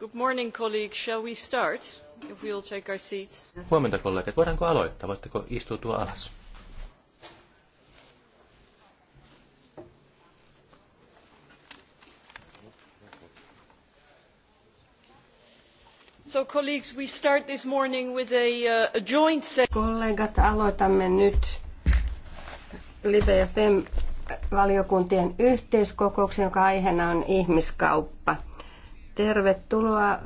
Good morning, colleagues. Shall we start? If take our seats. Huomenta, kollegat. Voidaanko aloittaa? Voitteko istutua alas? So colleagues, we start this morning with a, uh, a joint Kollegat, aloitamme nyt Libe ja FEM valiokuntien yhteiskokouksen, jonka aiheena on ihmiskauppa. Tervetuloa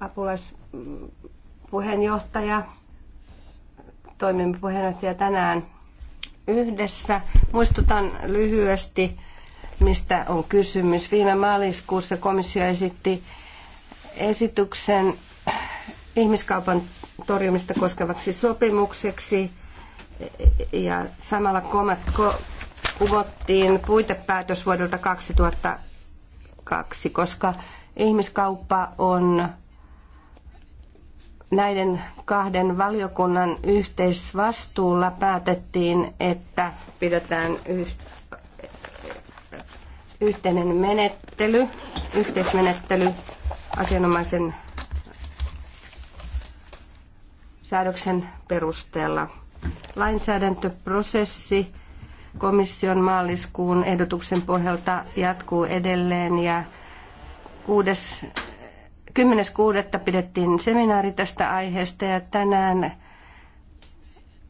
apulaispuheenjohtaja. Toimimme puheenjohtaja tänään yhdessä. Muistutan lyhyesti, mistä on kysymys. Viime maaliskuussa komissio esitti esityksen ihmiskaupan torjumista koskevaksi sopimukseksi ja samalla kuvottiin puitepäätös vuodelta 2002, koska Ihmiskauppa on näiden kahden valiokunnan yhteisvastuulla päätettiin, että pidetään yhteinen menettely, yhteismenettely asianomaisen säädöksen perusteella. Lainsäädäntöprosessi komission maaliskuun ehdotuksen pohjalta jatkuu edelleen ja 10.6. pidettiin seminaari tästä aiheesta ja tänään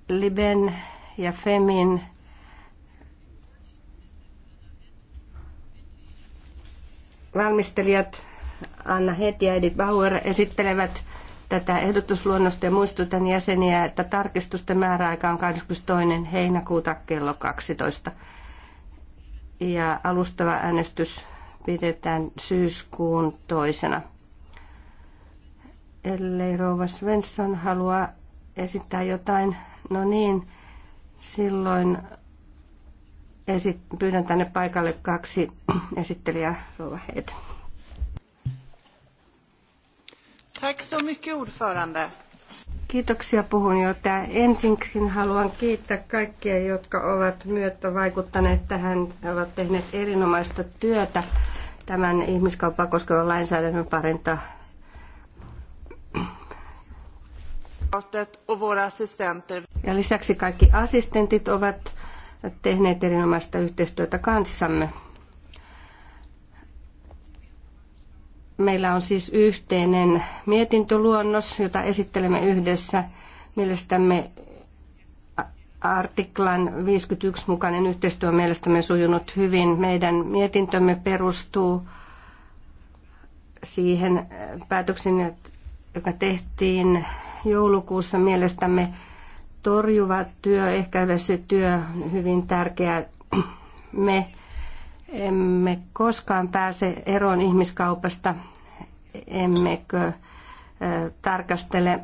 Liben ja Femin valmistelijat Anna Heti ja Edith Bauer esittelevät tätä ehdotusluonnosta ja muistutan jäseniä, että tarkistusten määräaika on 22. heinäkuuta kello 12. Ja alustava äänestys pidetään syyskuun toisena. Ellei rouva Svensson halua esittää jotain, no niin, silloin esit- pyydän tänne paikalle kaksi esittelijää, rouva Hed. Tack så mycket ordförande. Kiitoksia puheenjohtaja. Ensinkin haluan kiittää kaikkia, jotka ovat myötä vaikuttaneet tähän, ovat tehneet erinomaista työtä tämän ihmiskauppaa koskevan lainsäädännön parinta. Ja lisäksi kaikki assistentit ovat tehneet erinomaista yhteistyötä kanssamme. Meillä on siis yhteinen mietintöluonnos, jota esittelemme yhdessä. Mielestämme artiklan 51 mukainen yhteistyö on mielestämme sujunut hyvin. Meidän mietintömme perustuu siihen päätöksen, joka tehtiin joulukuussa. Mielestämme torjuva työ, ehkäivä se työ on hyvin tärkeää. Me emme koskaan pääse eroon ihmiskaupasta, emmekö tarkastele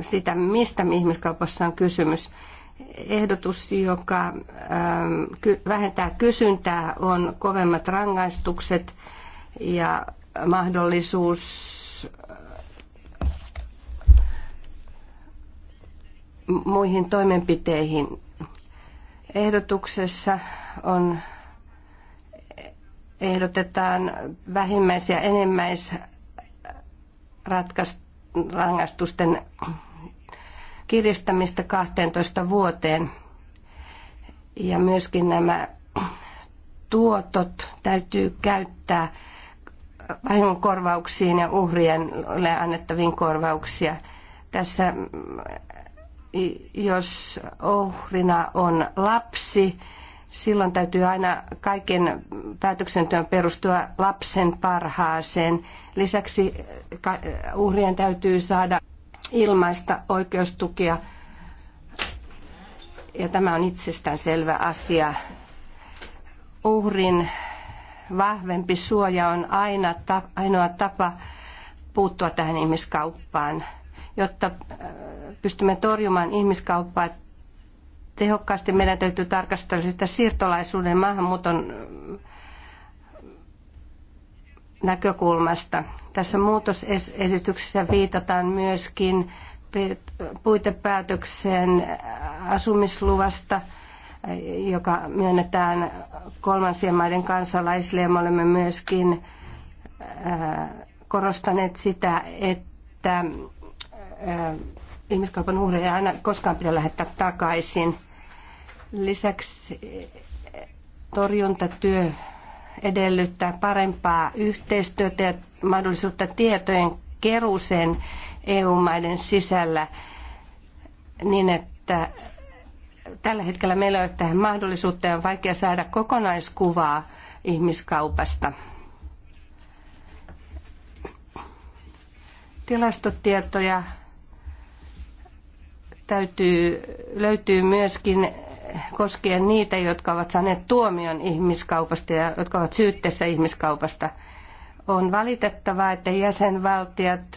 sitä, mistä ihmiskaupassa on kysymys. Ehdotus, joka ähm, vähentää kysyntää, on kovemmat rangaistukset ja mahdollisuus äh, muihin toimenpiteihin. Ehdotuksessa on ehdotetaan vähimmäis- ja enimmäisratkaistuksia rangaistusten kiristämistä 12 vuoteen. Ja myöskin nämä tuotot täytyy käyttää vahingonkorvauksiin ja uhrien annettaviin korvauksia. Tässä mm, jos uhrina on lapsi, silloin täytyy aina kaiken päätöksenteon perustua lapsen parhaaseen. Lisäksi eh, eh, uhrien täytyy saada ilmaista oikeustukia. Ja tämä on itsestäänselvä asia. Uhrin vahvempi suoja on aina ta- ainoa tapa puuttua tähän ihmiskauppaan. Jotta eh, pystymme torjumaan ihmiskauppaa, tehokkaasti meidän täytyy tarkastella sitä siirtolaisuuden maahanmuuton äh, näkökulmasta. Tässä muutosesityksessä viitataan myöskin puitepäätökseen asumisluvasta, äh, joka myönnetään kolmansien maiden kansalaisille. Ja me olemme myöskin äh, korostaneet sitä, että ihmiskaupan uhreja ei aina koskaan pidä lähettää takaisin – Lisäksi torjuntatyö edellyttää parempaa yhteistyötä ja mahdollisuutta tietojen keruuseen EU-maiden sisällä niin, että tällä hetkellä meillä ei ole tähän mahdollisuutta ja on vaikea saada kokonaiskuvaa ihmiskaupasta. Tilastotietoja täytyy, löytyy myöskin koskien niitä, jotka ovat saaneet tuomion ihmiskaupasta ja jotka ovat syytteessä ihmiskaupasta. On valitettavaa, että jäsenvaltiot,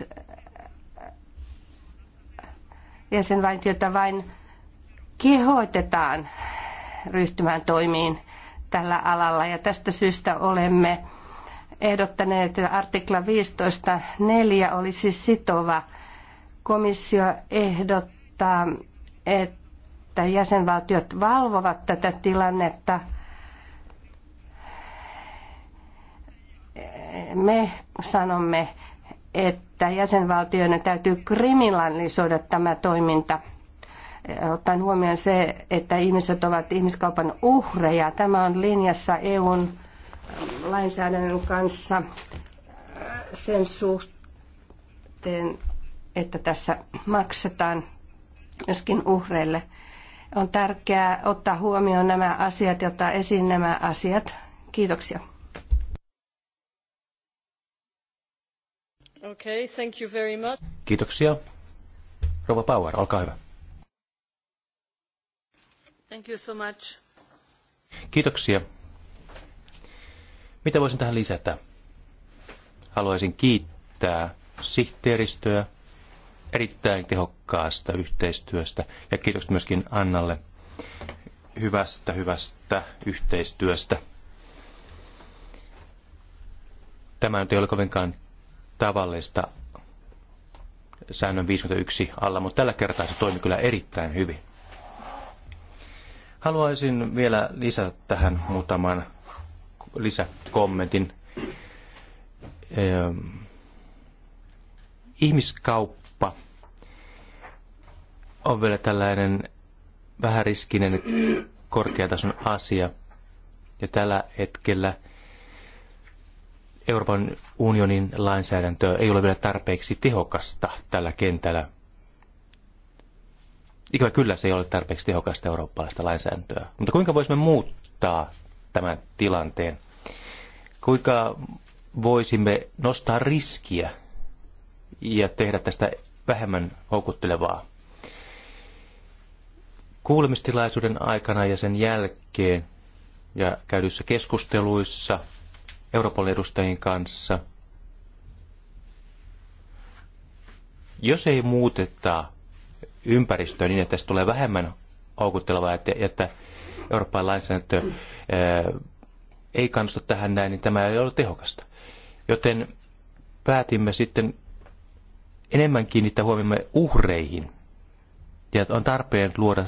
jäsenvaltioita vain kehoitetaan ryhtymään toimiin tällä alalla ja tästä syystä olemme ehdottaneet artikla 15.4 olisi sitova. Komissio ehdottaa, että että jäsenvaltiot valvovat tätä tilannetta. Me sanomme, että jäsenvaltioiden täytyy kriminalisoida tämä toiminta ottaen huomioon se, että ihmiset ovat ihmiskaupan uhreja. Tämä on linjassa EUn lainsäädännön kanssa sen suhteen, että tässä maksetaan myöskin uhreille. On tärkeää ottaa huomioon nämä asiat ja ottaa esiin nämä asiat. Kiitoksia. Okay, thank you very much. Kiitoksia. Rouva Power, olkaa hyvä. Thank you so much. Kiitoksia. Mitä voisin tähän lisätä? Haluaisin kiittää sihteeristöä, erittäin tehokkaasta yhteistyöstä ja kiitos myöskin Annalle hyvästä, hyvästä yhteistyöstä. Tämä nyt ei ole kovinkaan tavallista säännön 51 alla, mutta tällä kertaa se toimi kyllä erittäin hyvin. Haluaisin vielä lisätä tähän muutaman lisäkommentin. Ehm, ihmiskauppa kauppa on vielä tällainen vähän riskinen korkeatason asia. Ja tällä hetkellä Euroopan unionin lainsäädäntö ei ole vielä tarpeeksi tehokasta tällä kentällä. Ikävä kyllä se ei ole tarpeeksi tehokasta eurooppalaista lainsäädäntöä. Mutta kuinka voisimme muuttaa tämän tilanteen? Kuinka voisimme nostaa riskiä ja tehdä tästä vähemmän houkuttelevaa. Kuulemistilaisuuden aikana ja sen jälkeen ja käydyissä keskusteluissa Euroopan edustajien kanssa, jos ei muuteta ympäristöä niin, että tästä tulee vähemmän houkuttelevaa, että, että Euroopan lainsäädäntö ää, ei kannusta tähän näin, niin tämä ei ole tehokasta. Joten päätimme sitten enemmän kiinnittää huomiomme uhreihin. Ja on tarpeen luoda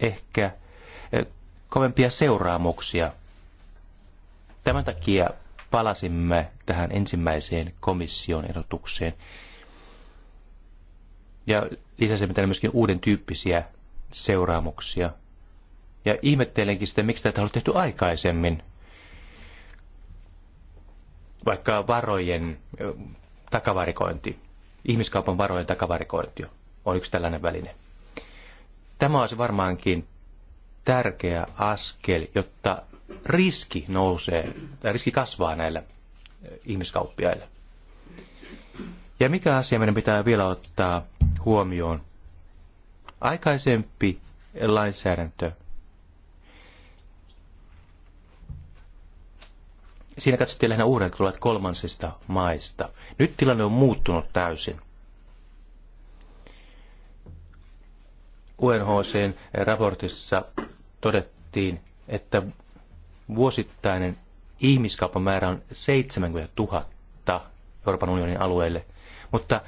ehkä e, kovempia seuraamuksia. Tämän takia palasimme tähän ensimmäiseen komission erotukseen. Ja lisäsimme tänne myöskin uuden tyyppisiä seuraamuksia. Ja ihmettelenkin sitä, miksi tätä on tehty aikaisemmin. Vaikka varojen e, takavarikointi ihmiskaupan varojen takavarikointio on yksi tällainen väline. Tämä olisi varmaankin tärkeä askel, jotta riski nousee, tai riski kasvaa näillä eh, ihmiskauppiaille. Ja mikä asia meidän pitää vielä ottaa huomioon? Aikaisempi lainsäädäntö siinä katsottiin lähinnä uhreja, tulevat kolmansista maista. Nyt tilanne on muuttunut täysin. UNHCn raportissa todettiin, että vuosittainen ihmiskaupan määrä on 70 000 Euroopan unionin alueelle. Mutta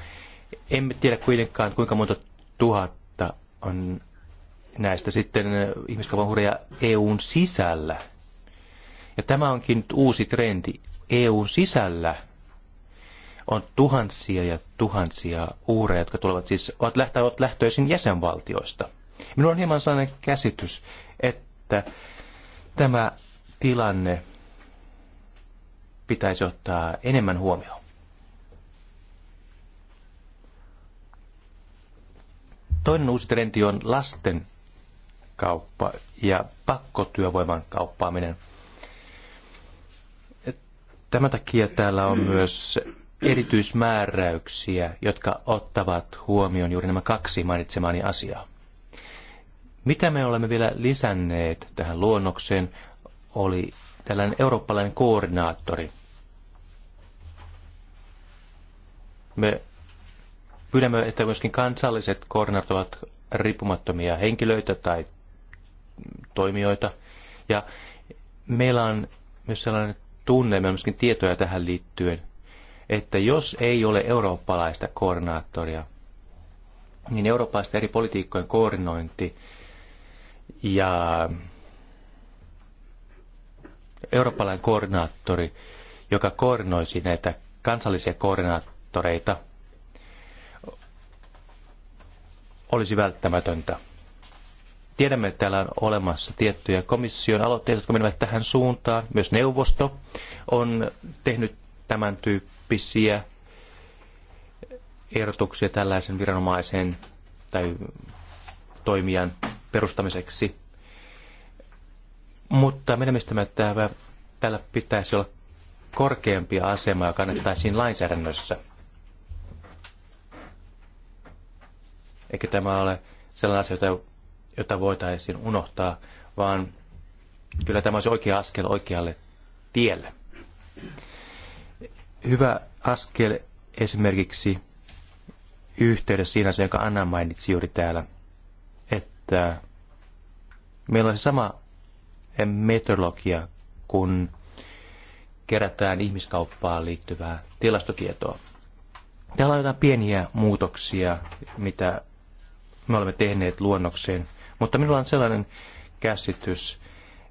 emme tiedä kuitenkaan, kuinka monta tuhatta on näistä sitten ihmiskaupan uhreja EUn sisällä – ja tämä onkin nyt uusi trendi. EUn sisällä on tuhansia ja tuhansia uureja, jotka tulevat siis, ovat, lähtö, lähtöisin jäsenvaltioista. Minulla on hieman sellainen käsitys, että tämä tilanne pitäisi ottaa enemmän huomioon. Toinen uusi trendi on lasten kauppa ja pakkotyövoiman kauppaaminen – Tämän takia täällä on myös erityismääräyksiä, jotka ottavat huomioon juuri nämä kaksi mainitsemaani asiaa. Mitä me olemme vielä lisänneet tähän luonnokseen, oli tällainen eurooppalainen koordinaattori. Me pyydämme, että myöskin kansalliset koordinaattorit riippumattomia henkilöitä tai toimijoita. Ja meillä on myös sellainen tunnemme myöskin tietoja tähän liittyen, että jos ei ole eurooppalaista koordinaattoria, niin eurooppalaisten eri politiikkojen koordinointi ja eurooppalainen koordinaattori, joka koordinoisi näitä kansallisia koordinaattoreita, olisi välttämätöntä. Tiedämme, että täällä on olemassa tiettyjä komission aloitteita, jotka menevät tähän suuntaan. Myös neuvosto on tehnyt tämän tyyppisiä ehdotuksia tällaisen viranomaisen tai toimijan perustamiseksi. Mutta meidän mielestämme täällä pitäisi olla korkeampia asemaa, joka annettaisiin lainsäädännössä. Eikä tämä ole sellainen asia, jota jota voitaisiin unohtaa, vaan kyllä tämä olisi oikea askel oikealle tielle. Hyvä askel esimerkiksi yhteydessä siinä se, joka Anna mainitsi juuri täällä, että meillä on se sama metodologia, kun kerätään ihmiskauppaan liittyvää tilastotietoa. Täällä on jotain pieniä muutoksia, mitä me olemme tehneet luonnokseen, mutta minulla on sellainen käsitys,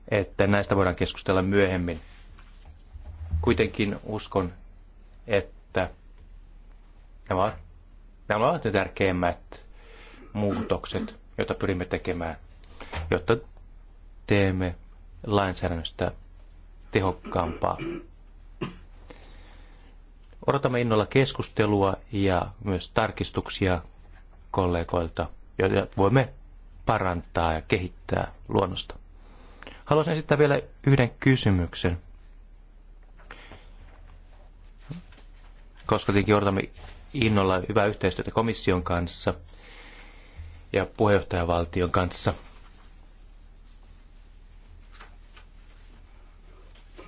että näistä voidaan keskustella myöhemmin. Kuitenkin uskon, että nämä ovat, nämä ovat ne tärkeimmät muutokset, joita pyrimme tekemään, jotta teemme lainsäädännöstä tehokkaampaa. Odotamme innolla keskustelua ja myös tarkistuksia kollegoilta, joita voimme parantaa ja kehittää luonnosta. Haluaisin esittää vielä yhden kysymyksen. Koska tietenkin odotamme innolla hyvää yhteistyötä komission kanssa ja puheenjohtajavaltion kanssa.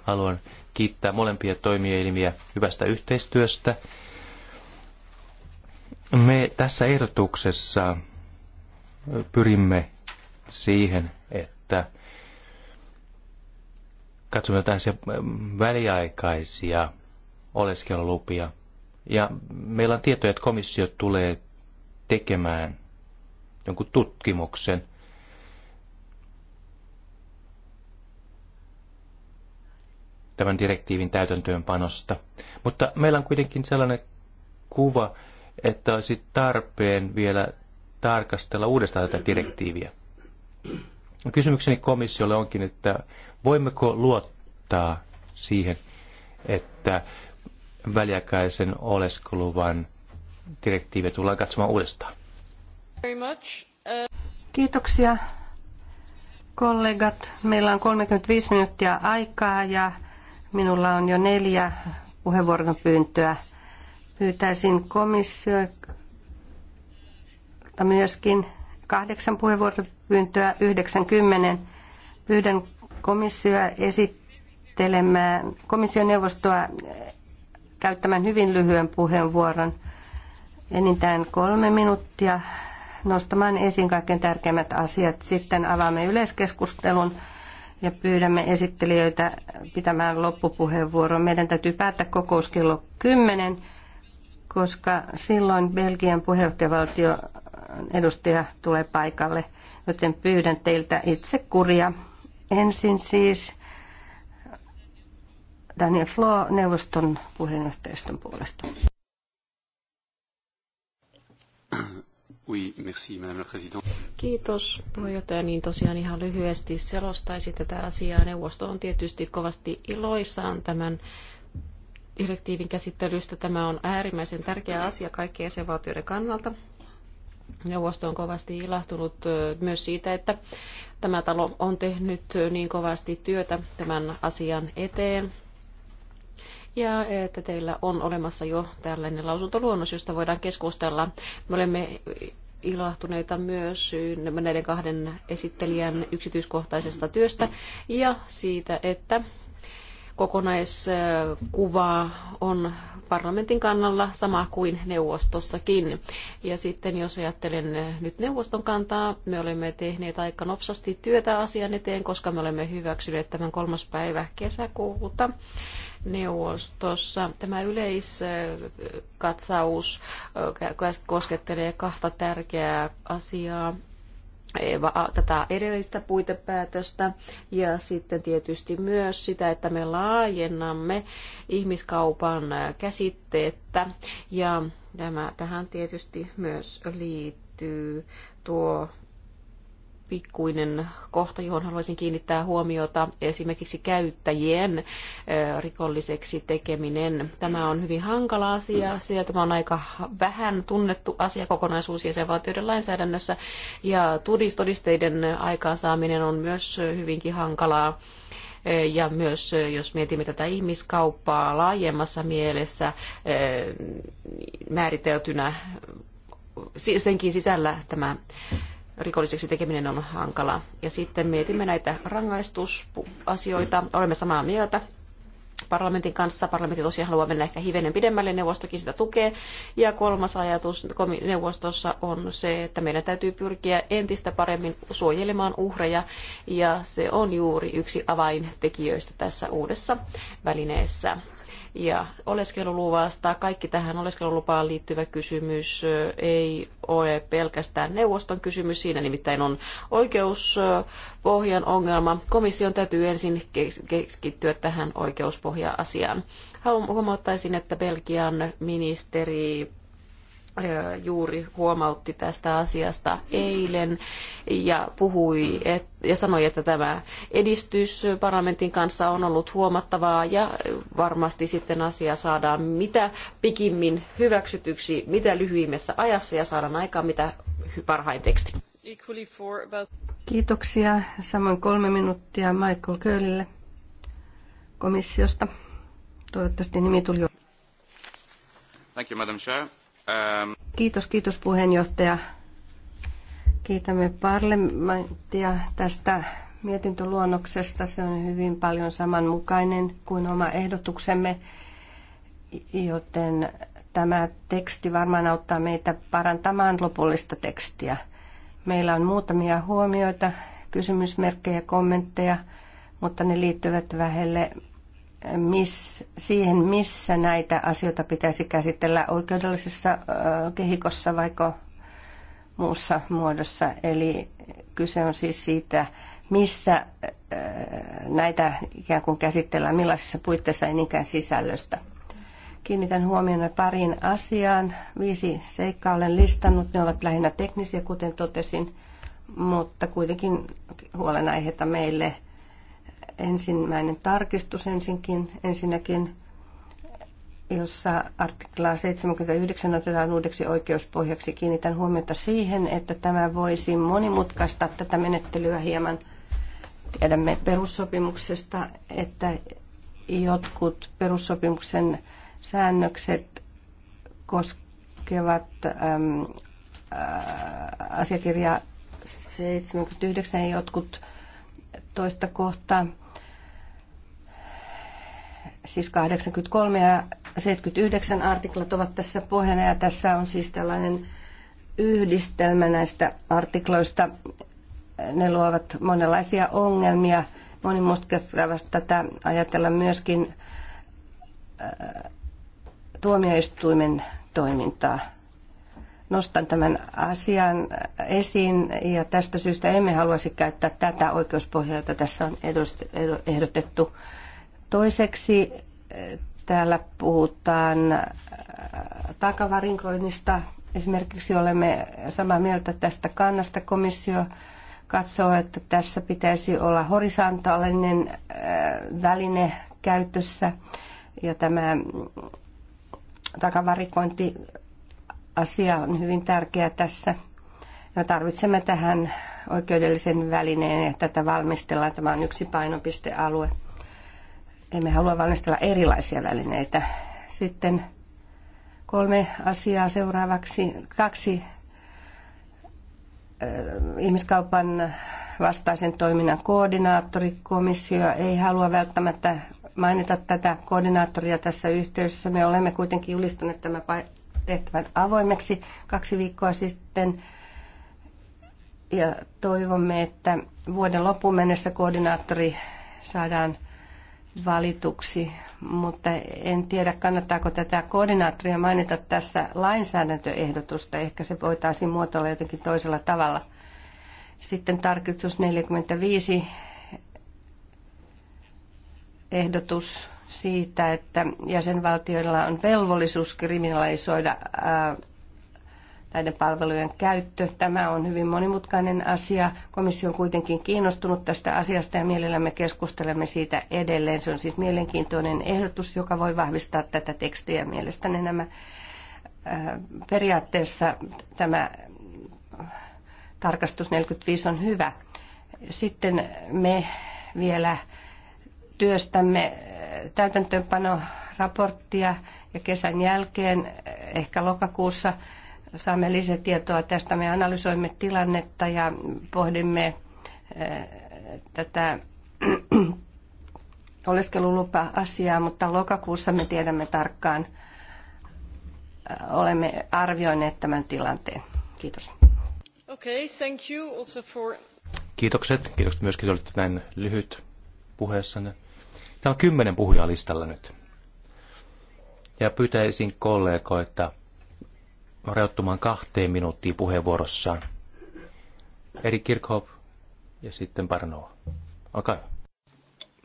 Haluan kiittää molempia toimielimiä hyvästä yhteistyöstä. Me tässä ehdotuksessa pyrimme siihen, että katsomme tällaisia väliaikaisia oleskelulupia. Ja meillä on tietoja, että komissio tulee tekemään jonkun tutkimuksen. tämän direktiivin täytäntöönpanosta. Mutta meillä on kuitenkin sellainen kuva, että olisi tarpeen vielä tarkastella uudestaan tätä direktiiviä. Kysymykseni komissiolle onkin, että voimmeko luottaa siihen, että väliaikaisen oleskeluvan direktiiviä tullaan katsomaan uudestaan? Uh- Kiitoksia kollegat. Meillä on 35 minuuttia aikaa ja minulla on jo neljä pyyntöä. Pyytäisin komissio, mutta myöskin kahdeksan puheenvuoropyyntöä 90. Pyydän komissioa esittelemään, komission neuvostoa käyttämään hyvin lyhyen puheenvuoron, enintään kolme minuuttia, nostamaan esiin kaikkein tärkeimmät asiat. Sitten avaamme yleiskeskustelun ja pyydämme esittelijöitä pitämään loppupuheenvuoron. Meidän täytyy päättää kokous kello 10, koska silloin Belgian puheenjohtajavaltio edustaja tulee paikalle, joten pyydän teiltä itse kuria. Ensin siis Daniel Flo neuvoston puheenjohtajiston puolesta. Kiitos puheenjohtaja. Niin tosiaan ihan lyhyesti selostaisi tätä asiaa. Neuvosto on tietysti kovasti iloissaan tämän direktiivin käsittelystä. Tämä on äärimmäisen tärkeä asia kaikkien jäsenvaltioiden kannalta. Neuvosto on kovasti ilahtunut myös siitä, että tämä talo on tehnyt niin kovasti työtä tämän asian eteen. Ja että teillä on olemassa jo tällainen lausuntoluonnos, josta voidaan keskustella. Me olemme ilahtuneita myös näiden kahden esittelijän yksityiskohtaisesta työstä ja siitä, että kokonaiskuva on parlamentin kannalla sama kuin neuvostossakin. Ja sitten jos ajattelen nyt neuvoston kantaa, me olemme tehneet aika nopsasti työtä asian eteen, koska me olemme hyväksyneet tämän kolmas päivä kesäkuuta neuvostossa. Tämä yleiskatsaus koskettelee kahta tärkeää asiaa tätä edellistä puitepäätöstä ja sitten tietysti myös sitä, että me laajennamme ihmiskaupan käsitteettä ja tämä, tähän tietysti myös liittyy tuo pikkuinen kohta, johon haluaisin kiinnittää huomiota, esimerkiksi käyttäjien rikolliseksi tekeminen. Tämä on hyvin hankala asia, sillä tämä on aika vähän tunnettu asiakokonaisuus jäsenvaltioiden lainsäädännössä, ja todisteiden aikaansaaminen on myös hyvinkin hankalaa. Ja myös jos mietimme tätä ihmiskauppaa laajemmassa mielessä niin määriteltynä, senkin sisällä tämä rikolliseksi tekeminen on hankalaa. Ja sitten mietimme näitä rangaistusasioita. Olemme samaa mieltä parlamentin kanssa. Parlamentti tosiaan haluaa mennä ehkä hivenen pidemmälle, neuvostokin sitä tukee. Ja kolmas ajatus neuvostossa on se, että meidän täytyy pyrkiä entistä paremmin suojelemaan uhreja, ja se on juuri yksi avaintekijöistä tässä uudessa välineessä ja oleskeluluvasta. Kaikki tähän oleskelulupaan liittyvä kysymys ei ole pelkästään neuvoston kysymys. Siinä nimittäin on oikeuspohjan ongelma. Komission täytyy ensin keskittyä tähän oikeuspohja-asiaan. Huomauttaisin, että Belgian ministeri juuri huomautti tästä asiasta eilen ja puhui et, ja sanoi, että tämä edistys parlamentin kanssa on ollut huomattavaa ja varmasti sitten asia saadaan mitä pikimmin hyväksytyksi, mitä lyhyimmässä ajassa ja saadaan aikaan mitä parhain teksti. Kiitoksia. Samoin kolme minuuttia Michael Köylille komissiosta. Toivottavasti nimi tuli jo. Thank you, Madam Chair. Ähm, kiitos, kiitos puheenjohtaja. Kiitämme parlamenttia tästä mietintöluonnoksesta. Se on hyvin paljon samanmukainen kuin oma ehdotuksemme, joten tämä teksti varmaan auttaa meitä parantamaan lopullista tekstiä. Meillä on muutamia huomioita, kysymysmerkkejä, kommentteja, mutta ne liittyvät vähelle miss, siihen, missä näitä asioita pitäisi käsitellä oikeudellisessa kehikossa vaiko muussa muodossa. Eli kyse on siis siitä, missä näitä ikään kuin käsitellään, millaisissa puitteissa enikään niinkään sisällöstä. Kiinnitän huomiota pariin asiaan. Viisi seikkaa olen listannut. Ne ovat lähinnä teknisiä, kuten totesin, mutta kuitenkin huolenaiheita meille – ensimmäinen tarkistus ensinkin, ensinnäkin, jossa artiklaa 79 otetaan uudeksi oikeuspohjaksi. Kiinnitän huomiota siihen, että tämä voisi monimutkaistaa tätä menettelyä hieman. Tiedämme perussopimuksesta, että jotkut perussopimuksen säännökset koskevat äm, ä, asiakirjaa 79 ja jotkut toista kohtaa. Siis 83 ja 79 artiklat ovat tässä pohjana ja tässä on siis tällainen yhdistelmä näistä artikloista. Ne luovat monenlaisia ongelmia. Monimutkaistavasti tätä ajatella myöskin äh, tuomioistuimen toimintaa. Nostan tämän asian esiin ja tästä syystä emme haluaisi käyttää tätä oikeuspohjaa, jota tässä on ehdotettu. Toiseksi eh, täällä puhutaan eh, takavarinkoinnista. Esimerkiksi olemme samaa mieltä tästä kannasta. Komissio katsoo, että tässä pitäisi olla horisontaalinen eh, väline käytössä ja tämä mm, takavarikointi asia on hyvin tärkeä tässä. Me tarvitsemme tähän oikeudellisen välineen ja tätä valmistellaan. Tämä on yksi painopistealue. Emme halua valmistella erilaisia välineitä. Sitten kolme asiaa seuraavaksi. Kaksi ihmiskaupan vastaisen toiminnan koordinaattorikomissio ei halua välttämättä mainita tätä koordinaattoria tässä yhteydessä. Me olemme kuitenkin julistaneet tämän tehtävän avoimeksi kaksi viikkoa sitten ja toivomme, että vuoden loppuun mennessä koordinaattori saadaan valituksi, mutta en tiedä kannattaako tätä koordinaattoria mainita tässä lainsäädäntöehdotusta. Ehkä se voitaisiin muotoilla jotenkin toisella tavalla. Sitten tarkistus 45 ehdotus siitä, että jäsenvaltioilla on velvollisuus kriminalisoida näiden palvelujen käyttö. Tämä on hyvin monimutkainen asia. Komissio on kuitenkin kiinnostunut tästä asiasta ja mielellämme keskustelemme siitä edelleen. Se on siis mielenkiintoinen ehdotus, joka voi vahvistaa tätä tekstiä. Mielestäni nämä äh, periaatteessa tämä tarkastus 45 on hyvä. Sitten me vielä työstämme äh, täytäntöönpanoraporttia ja kesän jälkeen, äh, ehkä lokakuussa, saamme lisätietoa tästä. Me analysoimme tilannetta ja pohdimme eh, tätä oleskelulupa-asiaa, mutta lokakuussa me tiedämme tarkkaan, eh, olemme arvioineet tämän tilanteen. Kiitos. Okay, thank you also for... Kiitokset. Kiitokset myöskin, että olitte näin lyhyt puheessanne. Täällä on kymmenen puhujaa listalla nyt. Ja pyytäisin kollegoita rajoittumaan kahteen minuuttiin puheenvuorossaan. Eri Kirchhoff ja sitten Parnoa. Olkaa hyvä.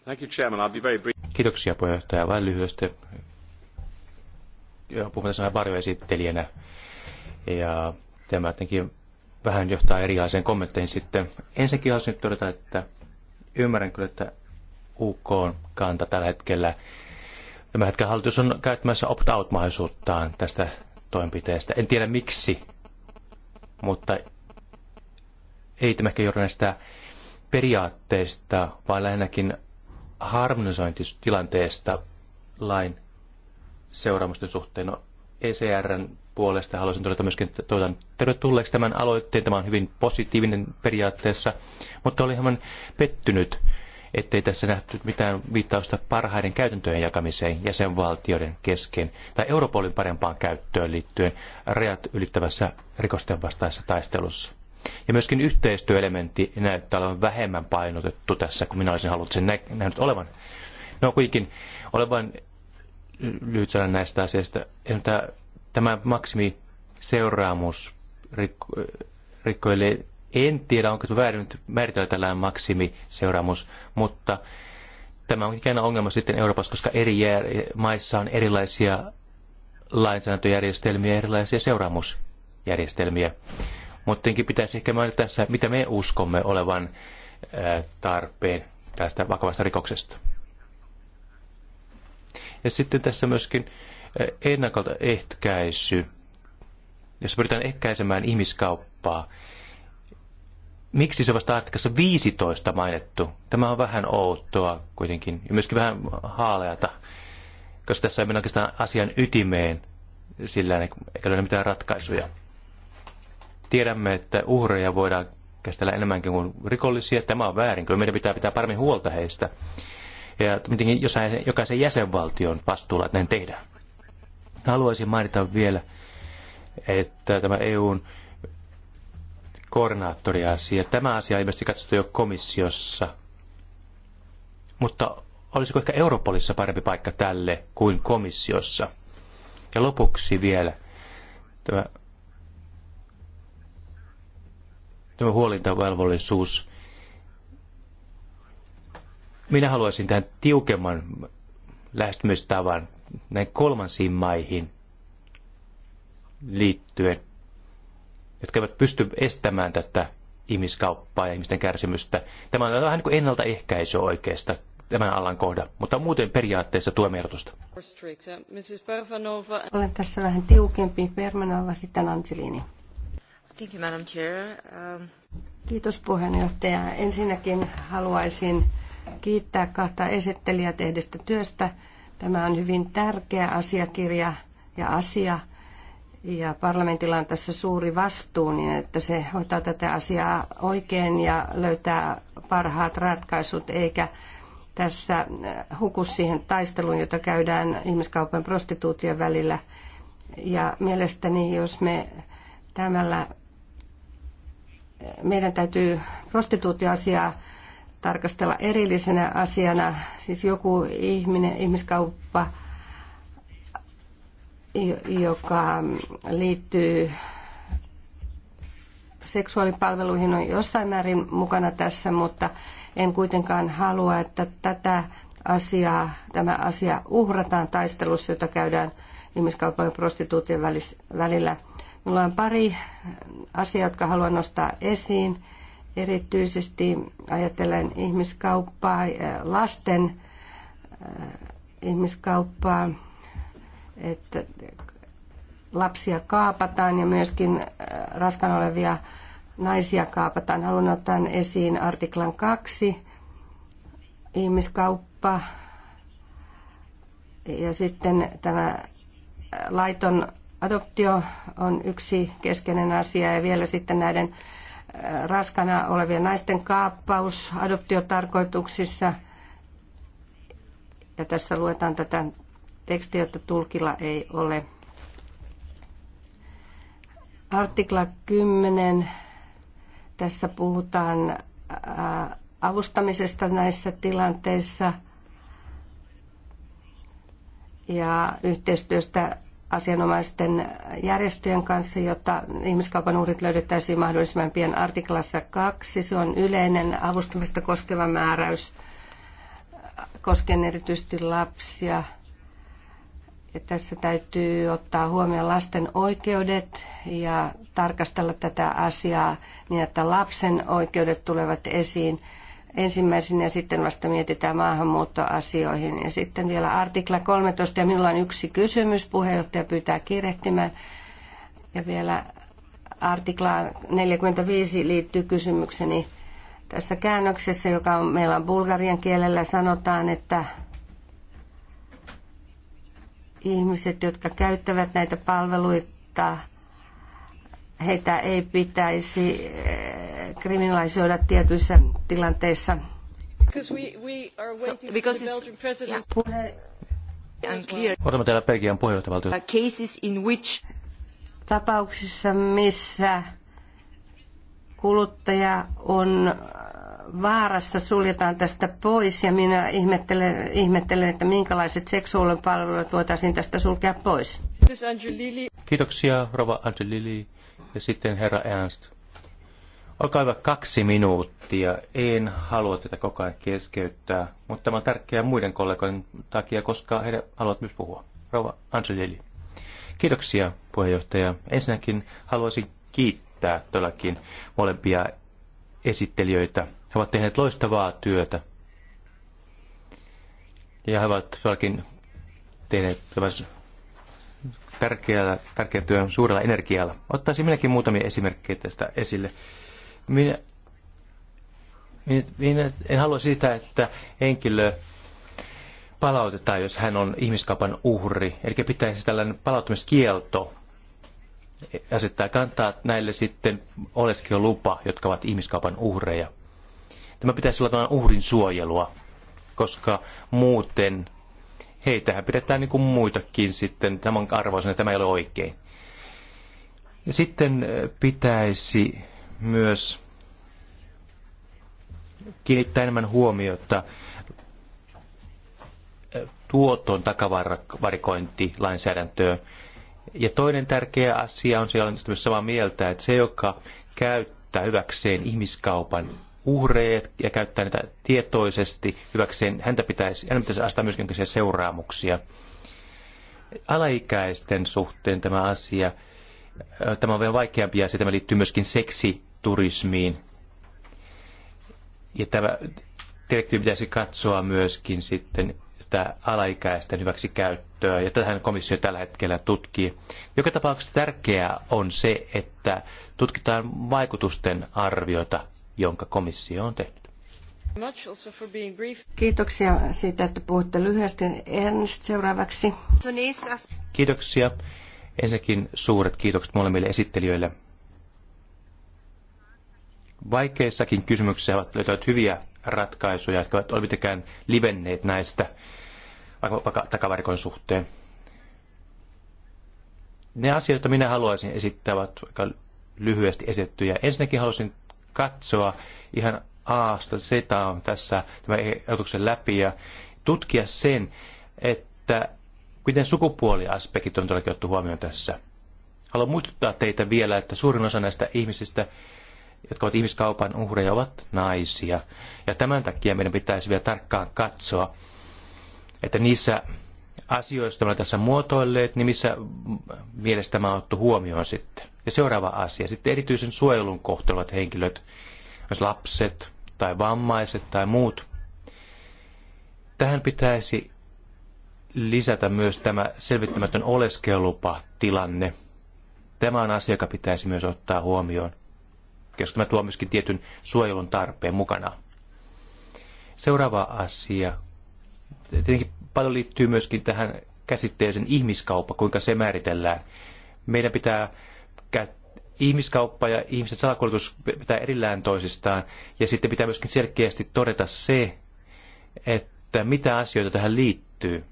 Thank you, Chairman. I'll be very brief. Kiitoksia puheenjohtaja. Vain lyhyesti. Puhun tässä varjoesittelijänä. Ja tämä jotenkin vähän johtaa erilaiseen kommentteihin sitten. Ensinnäkin haluaisin todeta, että ymmärrän kyllä, että UK on kanta tällä hetkellä. Tämä hetkellä hallitus on käyttämässä opt-out-mahdollisuuttaan tästä toimenpiteestä. En tiedä miksi, mutta ei ehkä johdu näistä periaatteista, vaan lähinnäkin harmonisointitilanteesta lain seuraamusten suhteen. No, ECRn puolesta haluaisin todeta myöskin, että toivotan tervetulleeksi tämän aloitteen. Tämä on hyvin positiivinen periaatteessa, mutta olin hieman pettynyt ettei tässä nähty mitään viittausta parhaiden käytäntöjen jakamiseen jäsenvaltioiden kesken tai Europolin parempaan käyttöön liittyen rajat ylittävässä rikosten vastaisessa taistelussa. Ja myöskin yhteistyöelementti näyttää olevan vähemmän painotettu tässä, kun minä olisin halunnut sen nä- nähnyt olevan. No kuitenkin olen vain lyhyt sanan näistä asioista. Tämä maksimi seuraamus rikko, rikkoille en tiedä, onko se väärin määritellä tällainen maksimiseuraamus, mutta tämä on ikään ongelma sitten Euroopassa, koska eri maissa on erilaisia lainsäädäntöjärjestelmiä, erilaisia seuraamusjärjestelmiä. Mutta tietenkin pitäisi ehkä mainita tässä, mitä me uskomme olevan tarpeen tästä vakavasta rikoksesta. Ja sitten tässä myöskin ennakolta ehkäisy, jos pyritään ehkäisemään ihmiskauppaa, miksi se vasta artikassa 15 mainittu? Tämä on vähän outoa kuitenkin, ja myöskin vähän haaleata, koska tässä ei mennä oikeastaan asian ytimeen, sillä niin eikä löydä mitään ratkaisuja. Tiedämme, että uhreja voidaan käsitellä enemmänkin kuin rikollisia. Tämä on väärin, kyllä meidän pitää pitää paremmin huolta heistä. Ja mitenkin jokaisen jäsenvaltion vastuulla, että näin tehdään. Haluaisin mainita vielä, että tämä EUn koordinaattoriasia. Tämä asia on ilmeisesti katsottu jo komissiossa. Mutta olisiko ehkä Europolissa parempi paikka tälle kuin komissiossa? Ja lopuksi vielä tämä, tämä huolintavelvollisuus. Minä haluaisin tähän tiukemman lähestymistavan näin kolmansiin maihin liittyen jotka eivät pysty estämään tätä ihmiskauppaa ja ihmisten kärsimystä. Tämä on vähän niin kuin ennaltaehkäisy oikeastaan tämän alan kohda, mutta muuten periaatteessa tuo ehdotusta. Olen tässä vähän tiukempi. Permanova, sitten Angelini. Thank you, Madam Chair. Um... Kiitos puheenjohtaja. Ensinnäkin haluaisin kiittää kahta esittelijää työstä. Tämä on hyvin tärkeä asiakirja ja asia, ja parlamentilla on tässä suuri vastuu niin, että se hoitaa tätä asiaa oikein ja löytää parhaat ratkaisut, eikä tässä äh, huku siihen taisteluun, jota käydään ihmiskaupan prostituution välillä. Ja mielestäni, jos me tämällä, äh, meidän täytyy prostituutioasiaa tarkastella erillisenä asiana, siis joku ihminen, ihmiskauppa, joka liittyy seksuaalipalveluihin, on jossain määrin mukana tässä, mutta en kuitenkaan halua, että tätä asiaa, tämä asia uhrataan taistelussa, jota käydään ihmiskaupan ja prostituution välillä. Minulla on pari asiaa, jotka haluan nostaa esiin. Erityisesti ajatellen ihmiskauppaa, eh, lasten eh, ihmiskauppaa että lapsia kaapataan ja myöskin äh, raskaana olevia naisia kaapataan. Haluan ottaa esiin artiklan kaksi ihmiskauppa ja sitten tämä äh, laiton adoptio on yksi keskeinen asia ja vielä sitten näiden äh, raskana olevien naisten kaappaus adoptiotarkoituksissa. Ja tässä luetaan tätä teksti, jotta tulkilla ei ole. Artikla 10. Tässä puhutaan äh, avustamisesta näissä tilanteissa ja yhteistyöstä asianomaisten järjestöjen kanssa, jotta ihmiskaupan uhrit löydettäisiin mahdollisimman pian artiklassa 2. Se on yleinen avustamista koskeva määräys koskien erityisesti lapsia – ja tässä täytyy ottaa huomioon lasten oikeudet ja tarkastella tätä asiaa niin, että lapsen oikeudet tulevat esiin ensimmäisenä ja sitten vasta mietitään maahanmuuttoasioihin. Ja sitten vielä artikla 13 ja minulla on yksi kysymys, puheenjohtaja pyytää kiirehtimään. Ja vielä artiklaan 45 liittyy kysymykseni. Tässä käännöksessä, joka on, meillä on bulgarian kielellä, sanotaan, että ihmiset, jotka käyttävät näitä palveluita, heitä ei pitäisi eh, kriminalisoida tietyissä tilanteissa. Odotamme täällä Belgian puheenjohtajavaltiota. Tapauksissa, missä kuluttaja on vaarassa suljetaan tästä pois ja minä ihmettelen, ihmettelen että minkälaiset seksuaalipalvelut voitaisiin tästä sulkea pois. Kiitoksia, Rova Angelili ja sitten herra Ernst. Olkaa hyvä kaksi minuuttia. En halua tätä koko ajan keskeyttää, mutta tämä on tärkeää muiden kollegoiden takia, koska he haluavat myös puhua. Rova Angelili. Kiitoksia puheenjohtaja. Ensinnäkin haluaisin kiittää todellakin molempia esittelijöitä he ovat tehneet loistavaa työtä. Ja he ovat todellakin tehneet tämän tärkeällä, tärkeän työn suurella energialla. Ottaisin minäkin muutamia esimerkkejä tästä esille. Minä, minä en halua sitä, että henkilö palautetaan, jos hän on ihmiskaupan uhri. Eli pitäisi tällainen palautumiskielto asettaa kantaa näille sitten oleskelulupa, jotka ovat ihmiskaupan uhreja. Tämä pitäisi olla tämän uhrin suojelua, koska muuten heitähän pidetään niin kuin muitakin sitten tämän arvoisena, tämä ei ole oikein. Ja sitten pitäisi myös kiinnittää enemmän huomiota tuoton takavarikointilainsäädäntöön. Ja toinen tärkeä asia on, siellä on samaa mieltä, että se, joka käyttää hyväkseen ihmiskaupan uhreja ja käyttää niitä tietoisesti hyväkseen. Häntä pitäisi, hän pitäisi astaa myöskin seuraamuksia. Alaikäisten suhteen tämä asia, tämä on vielä vaikeampi ja tämä liittyy myöskin seksiturismiin. Ja tämä direktiivi pitäisi katsoa myöskin sitten tätä alaikäisten hyväksi käyttöä ja tähän komissio tällä hetkellä tutkii. Joka tapauksessa tärkeää on se, että tutkitaan vaikutusten arviota jonka komissio on tehnyt. Kiitoksia siitä, että puhutte lyhyesti. Ernst seuraavaksi. Kiitoksia. Ensinnäkin suuret kiitokset molemmille esittelijöille. Vaikeissakin kysymyksissä ovat löytäneet hyviä ratkaisuja, jotka ovat mitenkään livenneet näistä vaikka takavarikon suhteen. Ne asiat, joita minä haluaisin esittää, ovat aika lyhyesti esitettyjä. Ensinnäkin haluaisin katsoa ihan aasta on tässä tämän ehdotuksen läpi ja tutkia sen, että miten sukupuoliaspektit on todellakin otettu huomioon tässä. Haluan muistuttaa teitä vielä, että suurin osa näistä ihmisistä, jotka ovat ihmiskaupan uhreja, ovat naisia. Ja tämän takia meidän pitäisi vielä tarkkaan katsoa, että niissä asioista, joita tässä muotoilleet, niin missä mielestä tämä on otettu huomioon sitten. Ja seuraava asia, sitten erityisen suojelun kohtelevat henkilöt, jos lapset tai vammaiset tai muut. Tähän pitäisi lisätä myös tämä selvittämätön oleskelulupatilanne. Tämä on asia, joka pitäisi myös ottaa huomioon, koska tämä tuo myöskin tietyn suojelun tarpeen mukana. Seuraava asia. Tietenkin paljon liittyy myöskin tähän käsitteeseen ihmiskauppa, kuinka se määritellään. Meidän pitää ihmiskauppa ja ihmisten salakuljetus pitää erillään toisistaan. Ja sitten pitää myöskin selkeästi todeta se, että mitä asioita tähän liittyy.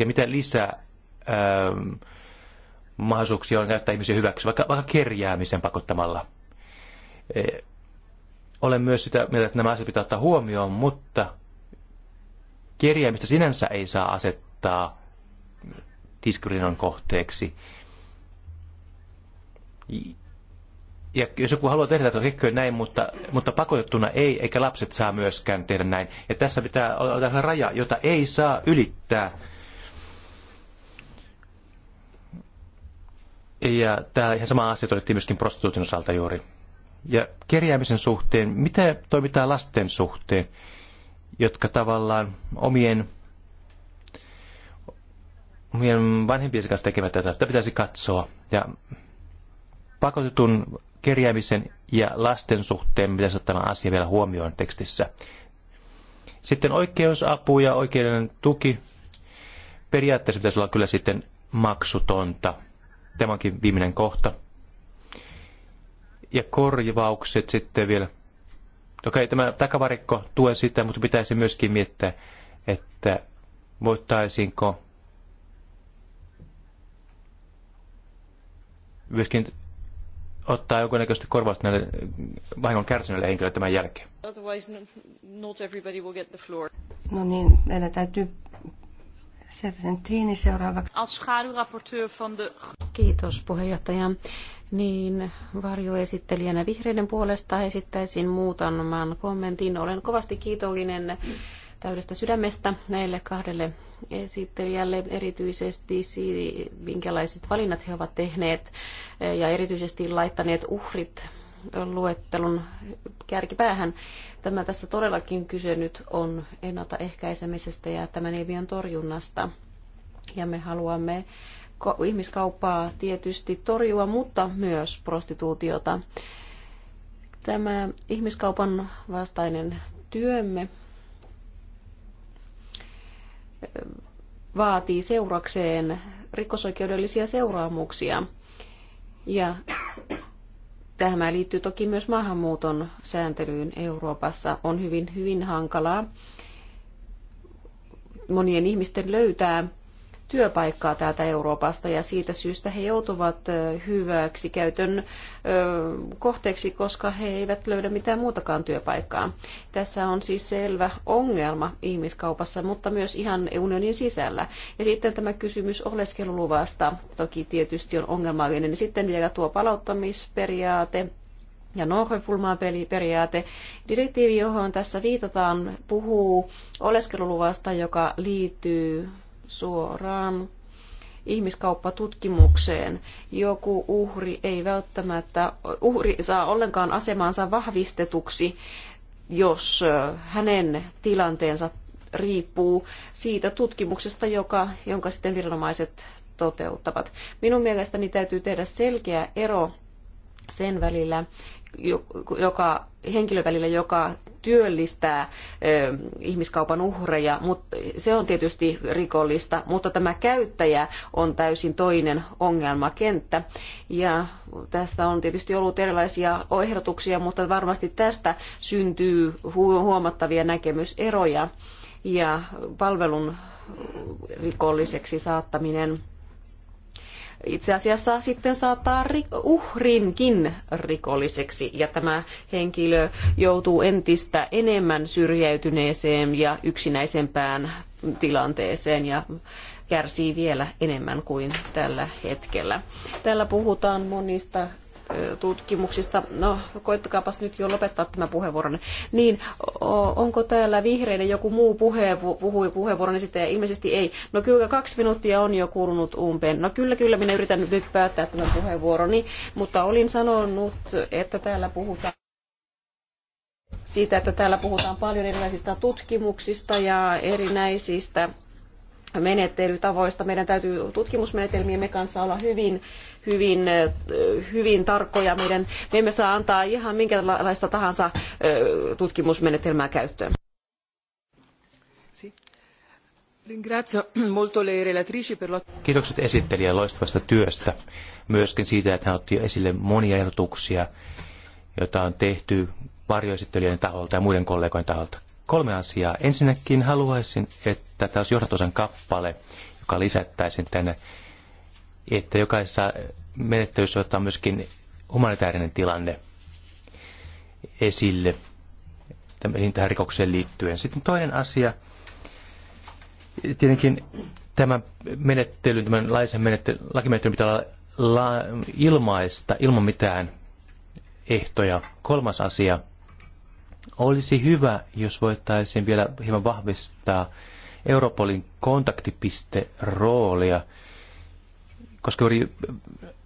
Ja mitä lisää ähm, mahdollisuuksia on käyttää ihmisiä hyväksi, vaikka, vaikka kerjäämisen pakottamalla. E, olen myös sitä mieltä, että nämä asiat pitää ottaa huomioon, mutta kerjäämistä sinänsä ei saa asettaa diskriminoinnin kohteeksi. Ja jos joku haluaa tehdä tätä rikkoja näin, mutta, mutta pakotettuna ei, eikä lapset saa myöskään tehdä näin. Ja tässä pitää olla raja, jota ei saa ylittää. Ja tämä ihan sama asia todettiin myöskin prostituutin osalta juuri. Ja kerjäämisen suhteen, miten toimitaan lasten suhteen, jotka tavallaan omien meidän vanhempien kanssa tekevät tätä. että pitäisi katsoa. Ja pakotetun kerjäämisen ja lasten suhteen pitäisi ottaa tämä asia vielä huomioon tekstissä. Sitten oikeusapu ja oikeuden tuki. Periaatteessa pitäisi olla kyllä sitten maksutonta. Tämä onkin viimeinen kohta. Ja korjaukset sitten vielä. Okei, tämä takavarikko tuen sitä, mutta pitäisi myöskin miettiä, että voittaisinko myöskin ottaa jonkunnäköistä korvausta näille vahingon kärsineille henkilöille tämän jälkeen. No niin, meidän täytyy Sergentini seuraavaksi. de... Kiitos puheenjohtaja. Niin, varjoesittelijänä vihreiden puolesta esittäisin muutaman kommentin. Olen kovasti kiitollinen mm täydestä sydämestä näille kahdelle esittelijälle erityisesti, minkälaiset valinnat he ovat tehneet eh, ja erityisesti laittaneet uhrit luettelun kärkipäähän. Tämä tässä todellakin kyse nyt on ennaltaehkäisemisestä ja tämän ilmiön torjunnasta. Ja me haluamme ihmiskauppaa tietysti torjua, mutta myös prostituutiota. Tämä ihmiskaupan vastainen työmme vaatii seurakseen rikosoikeudellisia seuraamuksia. Ja tämä liittyy toki myös maahanmuuton sääntelyyn Euroopassa. On hyvin, hyvin hankalaa monien ihmisten löytää työpaikkaa täältä Euroopasta ja siitä syystä he joutuvat hyväksi käytön kohteeksi, koska he eivät löydä mitään muutakaan työpaikkaa. Tässä on siis selvä ongelma ihmiskaupassa, mutta myös ihan unionin sisällä. Ja sitten tämä kysymys oleskeluluvasta toki tietysti on ongelmallinen. Sitten vielä tuo palauttamisperiaate, ja non-refoulement periaate. Direktiivi, johon tässä viitataan, puhuu oleskeluluvasta, joka liittyy suoraan ihmiskauppatutkimukseen. Joku uhri ei välttämättä, uhri saa ollenkaan asemaansa vahvistetuksi, jos hänen tilanteensa riippuu siitä tutkimuksesta, joka, jonka sitten viranomaiset toteuttavat. Minun mielestäni täytyy tehdä selkeä ero sen välillä, joka henkilövälillä, joka työllistää ihmiskaupan uhreja, mutta se on tietysti rikollista, mutta tämä käyttäjä on täysin toinen ongelmakenttä. Ja tästä on tietysti ollut erilaisia ehdotuksia, mutta varmasti tästä syntyy huomattavia näkemyseroja ja palvelun rikolliseksi saattaminen itse asiassa sitten saattaa uhrinkin rikolliseksi ja tämä henkilö joutuu entistä enemmän syrjäytyneeseen ja yksinäisempään tilanteeseen ja kärsii vielä enemmän kuin tällä hetkellä. Täällä puhutaan monista tutkimuksista. No, koittakaapas nyt jo lopettaa tämä puheenvuoronne. Niin, onko täällä vihreinen joku muu puhe, puhui puheenvuoron esittäjä? Ilmeisesti ei. No kyllä kaksi minuuttia on jo kulunut umpeen. No kyllä, kyllä, minä yritän nyt päättää tämän puheenvuoroni, mutta olin sanonut, että täällä puhutaan siitä, että täällä puhutaan paljon erilaisista tutkimuksista ja erinäisistä menettelytavoista. Meidän täytyy tutkimusmenetelmiemme kanssa olla hyvin, hyvin, hyvin tarkkoja. Meidän, me emme saa antaa ihan minkälaista tahansa tutkimusmenetelmää käyttöön. Kiitokset esittelijä loistavasta työstä. Myöskin siitä, että hän otti esille monia ehdotuksia, joita on tehty varjoesittelijöiden taholta ja muiden kollegojen taholta. Kolme asiaa. Ensinnäkin haluaisin, että tätä olisi johdantosan kappale, joka lisättäisiin tänne, että jokaisessa menettelyssä ottaa myöskin humanitaarinen tilanne esille tähän rikokseen liittyen. Sitten toinen asia, tietenkin tämän menettelyn, tämän laisen menettely, lakimenettelyn pitää olla la, ilmaista, ilman mitään ehtoja. Kolmas asia, olisi hyvä, jos voitaisiin vielä hieman vahvistaa Europolin kontaktipisteroolia, koska juuri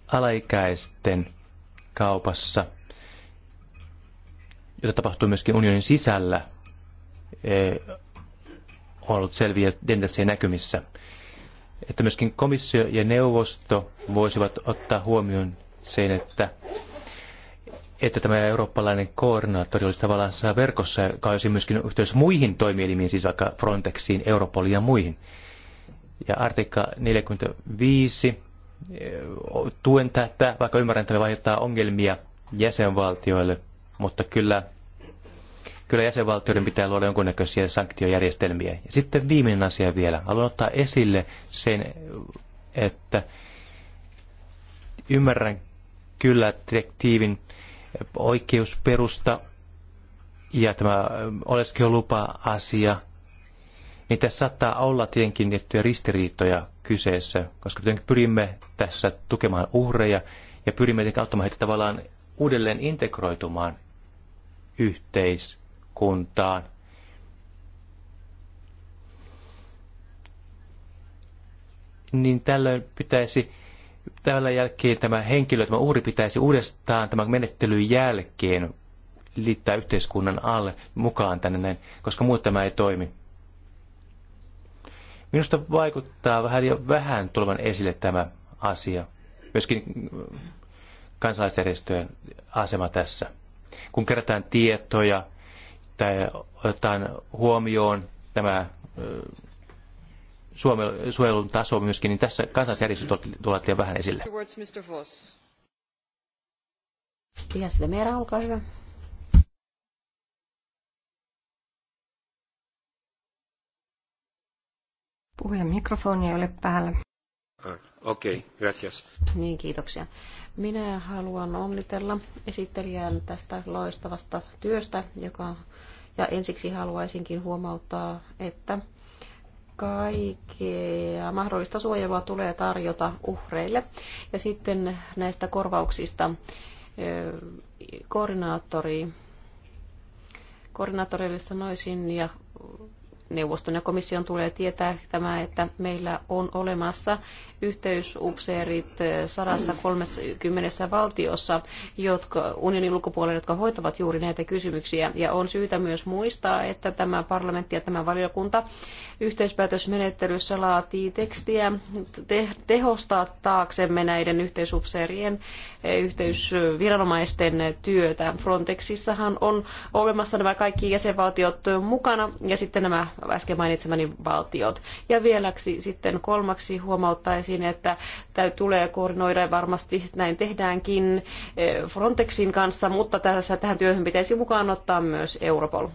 alaikäisten kaupassa, jota tapahtuu myöskin unionin sisällä, e, on ollut selviä tendenssejä näkymissä. Että myöskin komissio ja neuvosto voisivat ottaa huomioon sen, että että tämä eurooppalainen koordinaattori olisi tavallaan verkossa, joka olisi myöskin yhteydessä muihin toimielimiin, siis vaikka Frontexiin, Europoliin ja muihin. Ja artikka 45 eh, tuen tätä, vaikka ymmärrän, että me aiheuttaa ongelmia jäsenvaltioille, mutta kyllä, kyllä jäsenvaltioiden pitää luoda jonkunnäköisiä sanktiojärjestelmiä. Ja sitten viimeinen asia vielä. Haluan ottaa esille sen, että ymmärrän kyllä direktiivin oikeusperusta ja tämä oleskelulupa-asia, niin tässä saattaa olla tietenkin tiettyjä ristiriitoja kyseessä, koska tietenkin pyrimme tässä tukemaan uhreja ja pyrimme tietenkin auttamaan heitä tavallaan uudelleen integroitumaan yhteiskuntaan. Niin tällöin pitäisi tämän jälkeen tämä henkilö, tämä uhri pitäisi uudestaan tämän menettelyn jälkeen liittää yhteiskunnan alle mukaan tänne näin, koska muuten tämä ei toimi. Minusta vaikuttaa vähän ja vähän tulevan esille tämä asia, myöskin kansalaisjärjestöjen asema tässä. Kun kerätään tietoja tai otetaan huomioon tämä suojelun taso myöskin, niin tässä kansalaisjärjestöt tulevat liian vähän esille. Dias de Mera, olkaa hyvä. Puhujan mikrofoni ei ole päällä. Okei, ah, okay, gracias. Niin, kiitoksia. Minä haluan onnitella esittelijän tästä loistavasta työstä, joka ja ensiksi haluaisinkin huomauttaa, että kaikkea mahdollista suojelua tulee tarjota uhreille. Ja sitten näistä korvauksista koordinaattori, koordinaattorille sanoisin ja neuvoston ja komission tulee tietää tämä, että meillä on olemassa yhteysupseerit 130 eh, valtiossa, jotka, unionin ulkopuolella, jotka hoitavat juuri näitä kysymyksiä. Ja on syytä myös muistaa, että tämä parlamentti ja tämä valiokunta yhteispäätösmenettelyssä laatii tekstiä te- tehostaa taaksemme näiden eh, yhteysviranomaisten työtä. Frontexissahan on olemassa nämä kaikki jäsenvaltiot mukana ja sitten nämä äsken mainitsemani valtiot. Ja vieläksi sitten kolmaksi huomauttaisi totesin, että tulee koordinoida ja varmasti näin tehdäänkin eh, Frontexin kanssa, mutta tässä tähän työhön pitäisi mukaan ottaa myös Europol.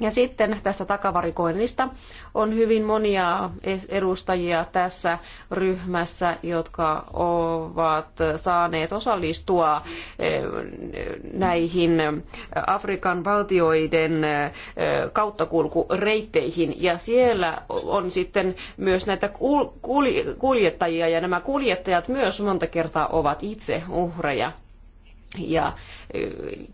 Ja sitten tästä takavarikoinnista on hyvin monia edustajia tässä ryhmässä, jotka ovat saaneet osallistua eh, näihin Afrikan valtioiden eh, kauttakulkureitteihin. Ja siellä on sitten myös näitä kuljettajia ja nämä kuljettajat myös monta kertaa ovat itse uhreja ja,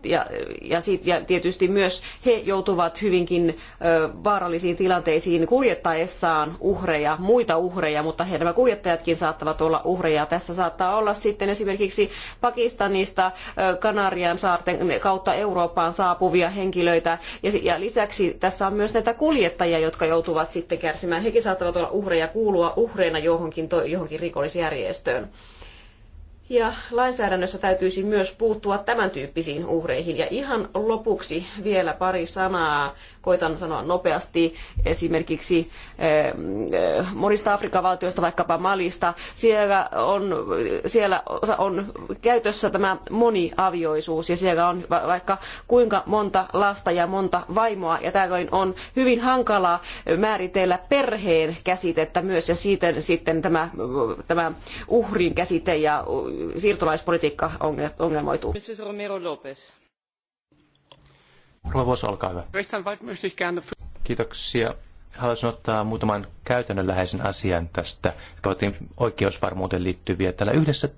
ja, ja, sit, ja tietysti myös he joutuvat hyvinkin ö, vaarallisiin tilanteisiin kuljettaessaan uhreja, muita uhreja, mutta he, nämä kuljettajatkin saattavat olla uhreja. Tässä saattaa olla sitten esimerkiksi Pakistanista ö, Kanarian saarten kautta Eurooppaan saapuvia henkilöitä. Ja, ja lisäksi tässä on myös näitä kuljettajia, jotka joutuvat sitten kärsimään. Hekin saattavat olla uhreja, kuulua uhreina johonkin, to, johonkin rikollisjärjestöön ja lainsäädännössä täytyisi myös puuttua tämän tyyppisiin uhreihin. Ja ihan lopuksi vielä pari sanaa koitan sanoa nopeasti esimerkiksi eh, eh, monista Afrikan valtioista, vaikkapa Malista. Siellä on, siellä on käytössä tämä moniavioisuus ja siellä on vaikka kuinka monta lasta ja monta vaimoa ja tällöin on hyvin hankalaa määritellä perheen käsitettä myös ja siitä sitten tämä, tämä uhrin käsite ja siirtolaispolitiikka ongelmoituu. Mrs. Romero Lopez. Rova olkaa hyvä. Kiitoksia. Haluaisin ottaa muutaman käytännönläheisen asian tästä, jotka oikeusvarmuuteen liittyviä. Täällä yhdessä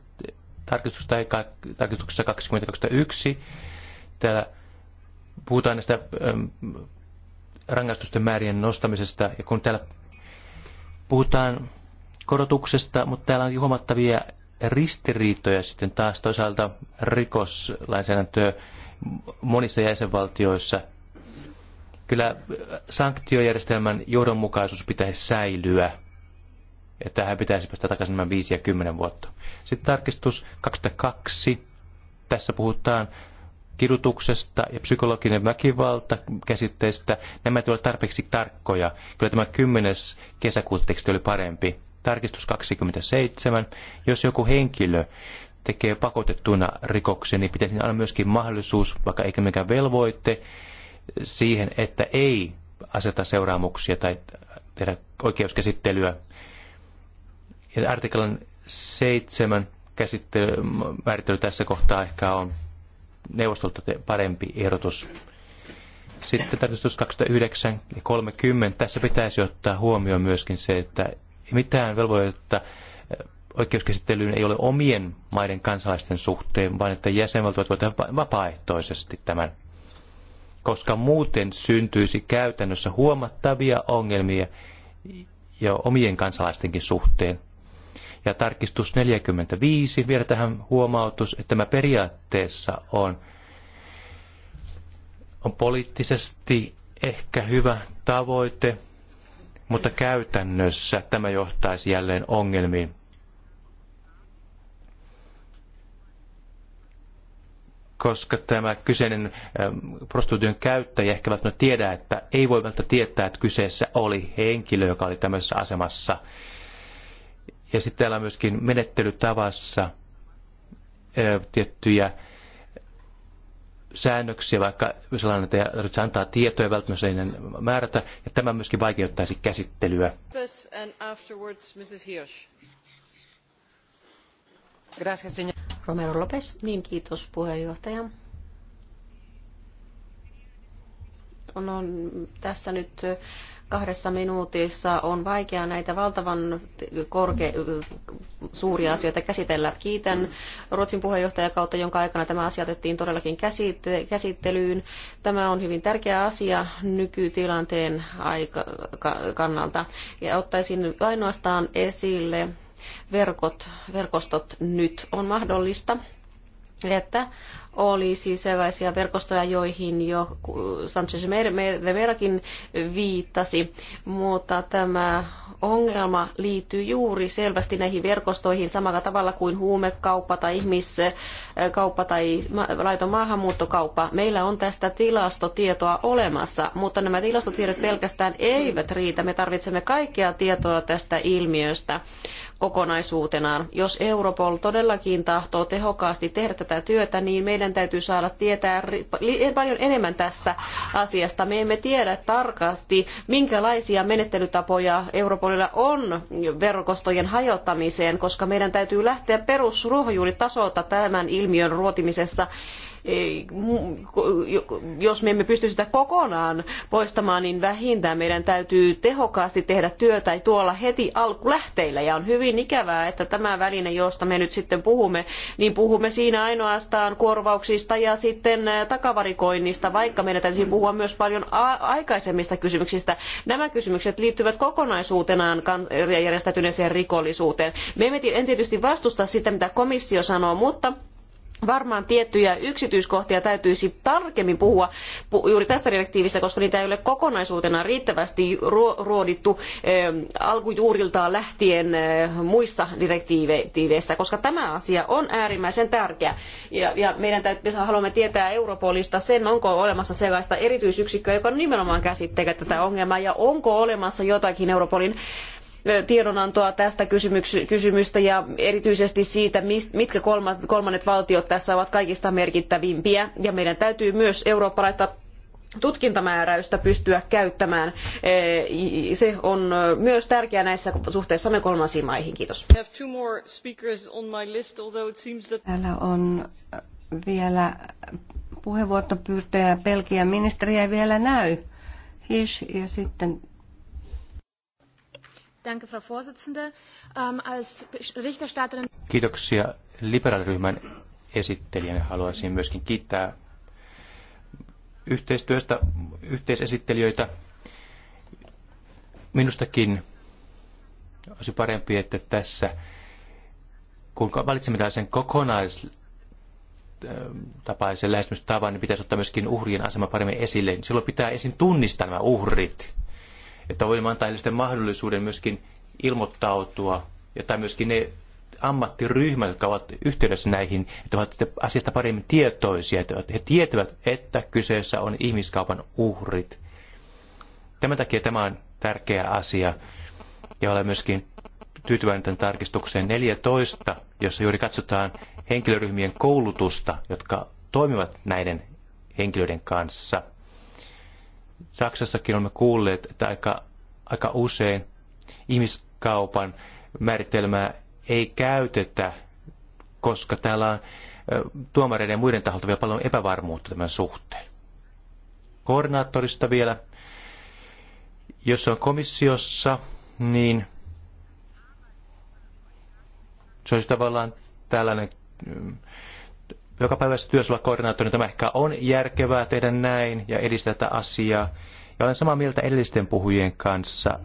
tarkistuksessa 2021 täällä puhutaan näistä ähm, rangaistusten määrien nostamisesta, ja kun täällä puhutaan korotuksesta, mutta täällä on huomattavia ristiriitoja sitten taas toisaalta rikoslainsäädäntöä monissa jäsenvaltioissa. Kyllä sanktiojärjestelmän johdonmukaisuus pitäisi säilyä. Ja tähän pitäisi päästä takaisin nämä 5 ja 10 vuotta. Sitten tarkistus 22. Tässä puhutaan kidutuksesta ja psykologinen väkivalta käsitteistä. Nämä eivät ole tarpeeksi tarkkoja. Kyllä tämä 10. kesäkuun teksti oli parempi. Tarkistus 27. Jos joku henkilö tekee pakotettuina rikoksia, niin pitäisi aina myöskin mahdollisuus, vaikka eikä mikään velvoitte, siihen, että ei aseta seuraamuksia tai tehdä oikeuskäsittelyä. Ja artiklan seitsemän käsittely, määrittely tässä kohtaa ehkä on neuvostolta parempi ehdotus. Sitten tarkistus 29 ja 30. Tässä pitäisi ottaa huomioon myöskin se, että mitään velvoitetta oikeuskäsittelyyn ei ole omien maiden kansalaisten suhteen, vaan että jäsenvaltiot voivat tehdä vapaaehtoisesti tämän. Koska muuten syntyisi käytännössä huomattavia ongelmia ja omien kansalaistenkin suhteen. Ja tarkistus 45, vielä tähän huomautus, että tämä periaatteessa on, on poliittisesti ehkä hyvä tavoite, mutta käytännössä tämä johtaisi jälleen ongelmiin koska tämä kyseinen eh, prostituution käyttäjä ehkä välttämättä tiedä, että ei voi välttämättä tietää, että kyseessä oli henkilö, joka oli tämmöisessä asemassa. Ja sitten täällä on myöskin menettelytavassa eh, tiettyjä säännöksiä, vaikka sellainen, että se antaa tietoja välttämättä määrätä, ja tämä myöskin vaikeuttaisi käsittelyä. Romero Lopes, niin kiitos puheenjohtaja. No, tässä nyt kahdessa minuutissa on vaikea näitä valtavan korke, suuria asioita käsitellä. Kiitän Ruotsin puheenjohtajakautta, jonka aikana tämä asia otettiin todellakin käsittelyyn. Tämä on hyvin tärkeä asia nykytilanteen aika, kannalta. Ja ottaisin ainoastaan esille verkot, verkostot nyt. On mahdollista, että olisi sellaisia verkostoja, joihin jo Sanchez Riverakin viittasi, mutta tämä ongelma liittyy juuri selvästi näihin verkostoihin samalla tavalla kuin huumekauppa tai ihmiskauppa tai laiton maahanmuuttokauppa. Meillä on tästä tilastotietoa olemassa, mutta nämä tilastotiedot pelkästään eivät riitä. Me tarvitsemme kaikkea tietoa tästä ilmiöstä kokonaisuutenaan. Jos Europol todellakin tahtoo tehokkaasti tehdä tätä työtä, niin meidän täytyy saada tietää paljon enemmän tästä asiasta. Me emme tiedä tarkasti, minkälaisia menettelytapoja Europolilla on verkostojen hajottamiseen, koska meidän täytyy lähteä perusruohonjuuritasolta tämän ilmiön ruotimisessa jos me emme pysty sitä kokonaan poistamaan, niin vähintään meidän täytyy tehokkaasti tehdä työtä tai tuolla heti alkulähteillä. Ja on hyvin ikävää, että tämä väline, josta me nyt sitten puhumme, niin puhumme siinä ainoastaan korvauksista ja sitten äh, takavarikoinnista, vaikka meidän täytyy puhua myös paljon aikaisemmista kysymyksistä. Nämä kysymykset liittyvät kokonaisuutenaan järjestäytyneeseen rikollisuuteen. Me emme en tietysti vastusta sitä, mitä komissio sanoo, mutta varmaan tiettyjä yksityiskohtia täytyisi tarkemmin puhua juuri tässä direktiivissä, koska niitä ei ole kokonaisuutena riittävästi ruodittu alkujuuriltaan lähtien eh, muissa direktiiveissä, koska tämä asia on äärimmäisen tärkeä. Ja, meidän täytyy, haluamme tietää Europolista sen, onko olemassa sellaista erityisyksikköä, joka nimenomaan käsittelee tätä ongelmaa, ja onko olemassa jotakin Europolin tiedonantoa tästä kysymystä ja erityisesti siitä, mitkä kolmannet valtiot tässä ovat kaikista merkittävimpiä. Ja meidän täytyy myös eurooppalaista tutkintamääräystä pystyä käyttämään. Se on myös tärkeää näissä suhteissamme kolmansiin maihin. Kiitos. Täällä on vielä puheenvuoropyyntöjä. Belgian ministeri ei vielä näy. Hish ja sitten Danke, Frau Vorsitzende. Ähm, als Berichterstatterin... Kiitoksia liberaaliryhmän esittelijänä. Haluaisin myöskin kiittää yhteistyöstä yhteisesittelijöitä. Minustakin olisi parempi, että tässä, kun valitsemme tällaisen kokonaistapaisen lähestymistavan, niin pitäisi ottaa myöskin uhrien asema paremmin esille. Silloin pitää ensin tunnistaa nämä uhrit että voimme antaa heille mahdollisuuden myöskin ilmoittautua, ja tai myöskin ne ammattiryhmät, jotka ovat yhteydessä näihin, että ovat asiasta paremmin tietoisia, että he tietävät, että kyseessä on ihmiskaupan uhrit. Tämän takia tämä on tärkeä asia, ja olen myöskin tyytyväinen tämän tarkistukseen 14, jossa juuri katsotaan henkilöryhmien koulutusta, jotka toimivat näiden henkilöiden kanssa – Saksassakin olemme kuulleet, että aika, aika usein ihmiskaupan määritelmää ei käytetä, koska täällä on tuomareiden ja muiden taholta vielä paljon epävarmuutta tämän suhteen. Koordinaattorista vielä. Jos se on komissiossa, niin se olisi tavallaan tällainen mm, joka työssä olla koordinaattori, niin tämä ehkä on järkevää tehdä näin ja edistää tätä asiaa. Ja olen samaa mieltä edellisten puhujien kanssa.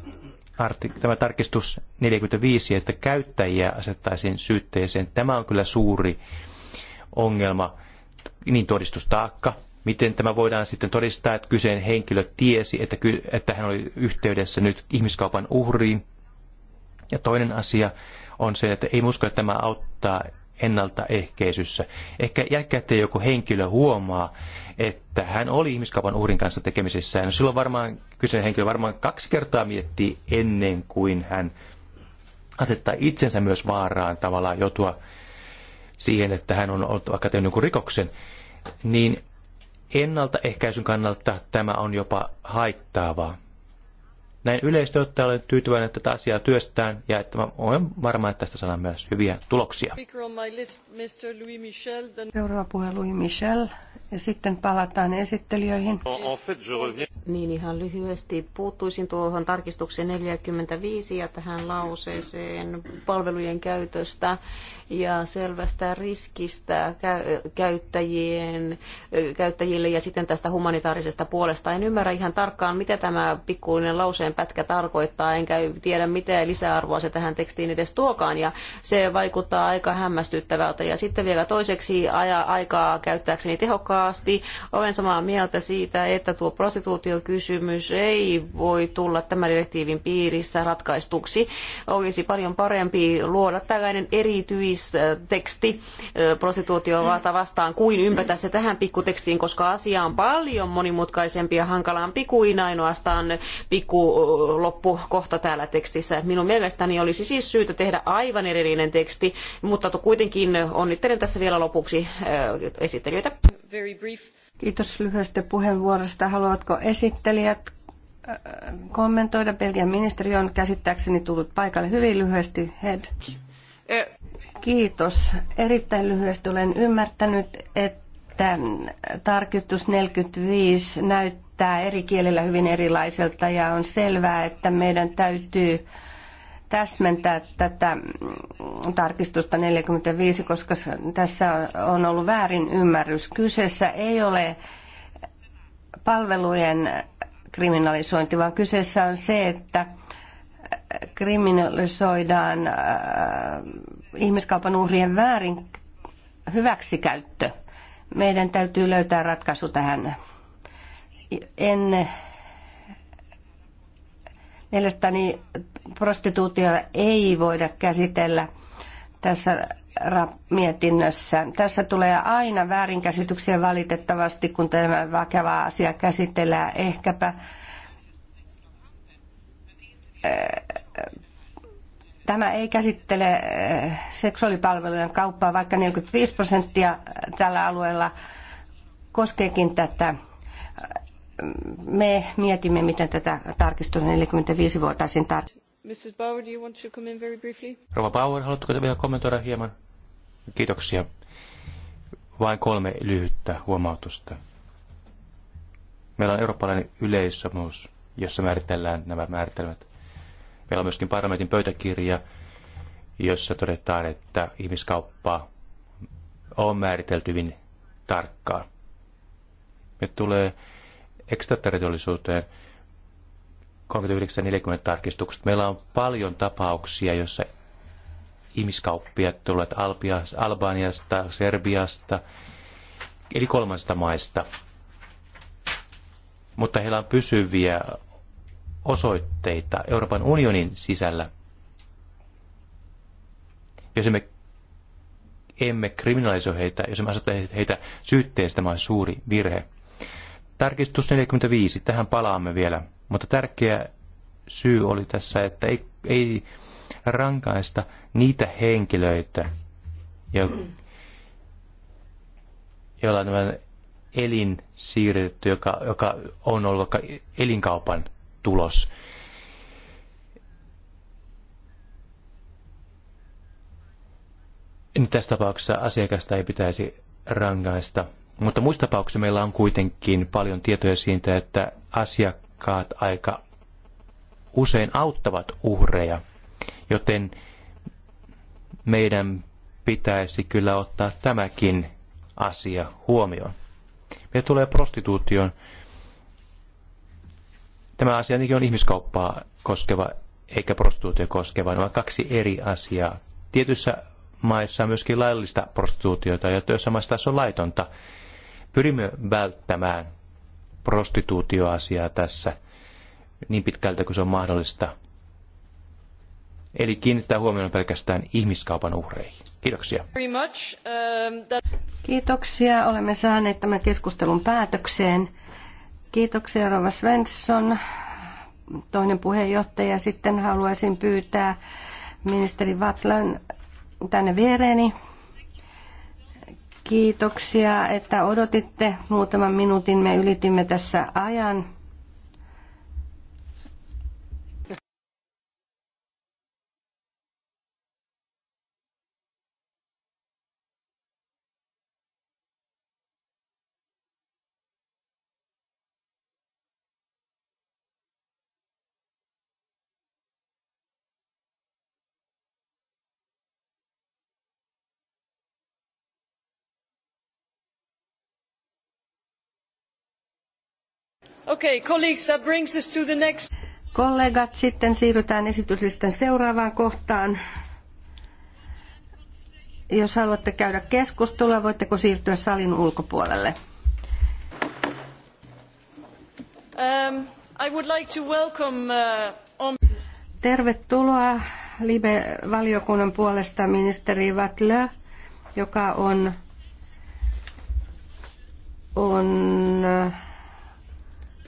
Tämä tarkistus 45, että käyttäjiä asettaisiin syytteeseen, tämä on kyllä suuri ongelma. Niin todistustaakka, miten tämä voidaan sitten todistaa, että kyseinen henkilö tiesi, että, ky- että hän oli yhteydessä nyt ihmiskaupan uhriin. Ja toinen asia on se, että ei usko, että tämä auttaa ennaltaehkäisyssä. Ehkä jälkikäteen joku henkilö huomaa, että hän oli ihmiskaupan uhrin kanssa tekemisissä. No silloin varmaan kyseinen henkilö varmaan kaksi kertaa miettii ennen kuin hän asettaa itsensä myös vaaraan tavallaan jotua siihen, että hän on ollut vaikka tehnyt jonkun rikoksen, niin ennaltaehkäisyn kannalta tämä on jopa haittaavaa. Näin yleisesti ottaen olen tyytyväinen, että tätä asiaa työstetään ja että olen varma, että tästä saadaan myös hyviä tuloksia. Seuraava puhe Louis Michel ja sitten palataan esittelijöihin. Niin ihan lyhyesti puuttuisin tuohon tarkistukseen 45 ja tähän lauseeseen palvelujen käytöstä ja selvästä riskistä käyttäjien, käyttäjille ja sitten tästä humanitaarisesta puolesta. En ymmärrä ihan tarkkaan, mitä tämä pikkuinen lauseen pätkä tarkoittaa, enkä tiedä, mitä lisäarvoa se tähän tekstiin edes tuokaan, ja se vaikuttaa aika hämmästyttävältä. Ja sitten vielä toiseksi aja, aikaa käyttääkseni tehokkaasti. Olen samaa mieltä siitä, että tuo prostituutiokysymys ei voi tulla tämän direktiivin piirissä ratkaistuksi. Olisi paljon parempi luoda tällainen erityis siis teksti prostituutiota vastaan kuin ympätä se tähän pikkutekstiin, koska asia on paljon monimutkaisempi ja hankalampi kuin ainoastaan pikku loppukohta täällä tekstissä. Minun mielestäni olisi siis syytä tehdä aivan erillinen teksti, mutta kuitenkin onnittelen tässä vielä lopuksi esittelijöitä. Kiitos lyhyestä puheenvuorosta. Haluatko esittelijät kommentoida? Belgian ministeri on käsittääkseni tullut paikalle hyvin lyhyesti. Head. Eh, Kiitos. Erittäin lyhyesti olen ymmärtänyt, että tarkistus 45 näyttää eri kielillä hyvin erilaiselta ja on selvää, että meidän täytyy täsmentää tätä tarkistusta 45, koska tässä on ollut väärin ymmärrys. Kyseessä ei ole palvelujen kriminalisointi, vaan kyseessä on se, että kriminalisoidaan äh, ihmiskaupan uhrien väärin hyväksikäyttö. Meidän täytyy löytää ratkaisu tähän. En mielestäni prostituutio ei voida käsitellä tässä mietinnössä. Tässä tulee aina väärinkäsityksiä valitettavasti, kun tämä vakava asia käsitellään. Ehkäpä Tämä ei käsittele eh, seksuaalipalvelujen kauppaa, vaikka 45 prosenttia tällä alueella koskeekin tätä. Me mietimme, miten tätä tarkistuneen 45-vuotaisiin tarkistuu. Bauer, Rova Bauer, haluatteko vielä kommentoida hieman? Kiitoksia. Vain kolme lyhyttä huomautusta. Meillä on eurooppalainen yleissopimus, jossa määritellään nämä määritelmät. Meillä on myöskin parlamentin pöytäkirja, jossa todetaan, että ihmiskauppaa on määritelty hyvin tarkkaan. Me tulee ekstraterritoriallisuuteen 39-40 tarkistukset. Meillä on paljon tapauksia, joissa ihmiskauppia tulevat Albaniasta, Serbiasta, eli kolmansista maista. Mutta heillä on pysyviä osoitteita Euroopan unionin sisällä. Jos emme, emme kriminalisoi heitä, jos emme aseta heitä syytteestä, tämä on suuri virhe. Tarkistus 45, tähän palaamme vielä, mutta tärkeä syy oli tässä, että ei, ei rankaista niitä henkilöitä, jo, joilla on tämä elin siirretty, joka, joka on ollut vaikka elinkaupan tulos. Nyt tässä tapauksessa asiakasta ei pitäisi rangaista, mutta muissa tapauksissa meillä on kuitenkin paljon tietoja siitä, että asiakkaat aika usein auttavat uhreja, joten meidän pitäisi kyllä ottaa tämäkin asia huomioon. Me tulee prostituution tämä asia on ihmiskauppaa koskeva eikä prostituutio koskeva. Ne ovat kaksi eri asiaa. Tietyissä maissa on myöskin laillista prostituutiota ja työssä maissa taas on laitonta. Pyrimme välttämään prostituutioasiaa tässä niin pitkältä kuin se on mahdollista. Eli kiinnittää huomioon pelkästään ihmiskaupan uhreihin. Kiitoksia. Um, Kiitoksia. Olemme saaneet tämän keskustelun päätökseen. Kiitoksia Rova Svensson. Toinen puheenjohtaja. Sitten haluaisin pyytää ministeri Vatlan tänne viereeni. Kiitoksia, että odotitte muutaman minuutin. Me ylitimme tässä ajan. Okay, colleagues, that brings us to the next... Kollegat, sitten siirrytään esityslistan seuraavaan kohtaan. Jos haluatte käydä keskustelua, voitteko siirtyä salin ulkopuolelle. Um, I would like to welcome, uh, Tervetuloa Libe-valiokunnan puolesta ministeri Vatlö, joka on, on uh,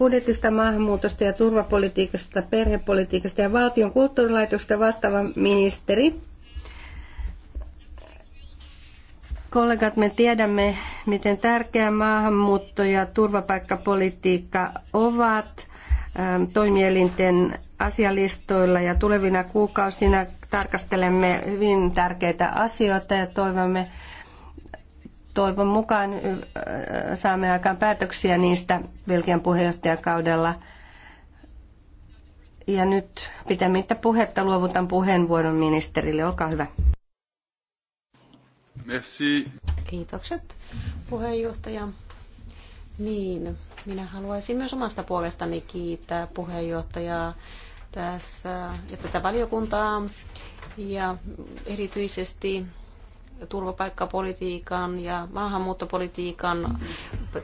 budjetista, maahanmuutosta ja turvapolitiikasta, perhepolitiikasta ja valtion kulttuurilaitoksesta vastaava ministeri. Kollegat, me tiedämme, miten tärkeä maahanmuutto- ja turvapaikkapolitiikka ovat ähm, toimielinten asialistoilla ja tulevina kuukausina tarkastelemme hyvin tärkeitä asioita ja toivomme, toivon mukaan saamme aikaan päätöksiä niistä Belgian puheenjohtajakaudella. Ja nyt pitämättä puhetta luovutan puheenvuoron ministerille. Olkaa hyvä. Merci. Kiitokset puheenjohtaja. Niin, minä haluaisin myös omasta puolestani kiittää puheenjohtajaa tässä ja tätä valiokuntaa ja erityisesti turvapaikkapolitiikan ja maahanmuuttopolitiikan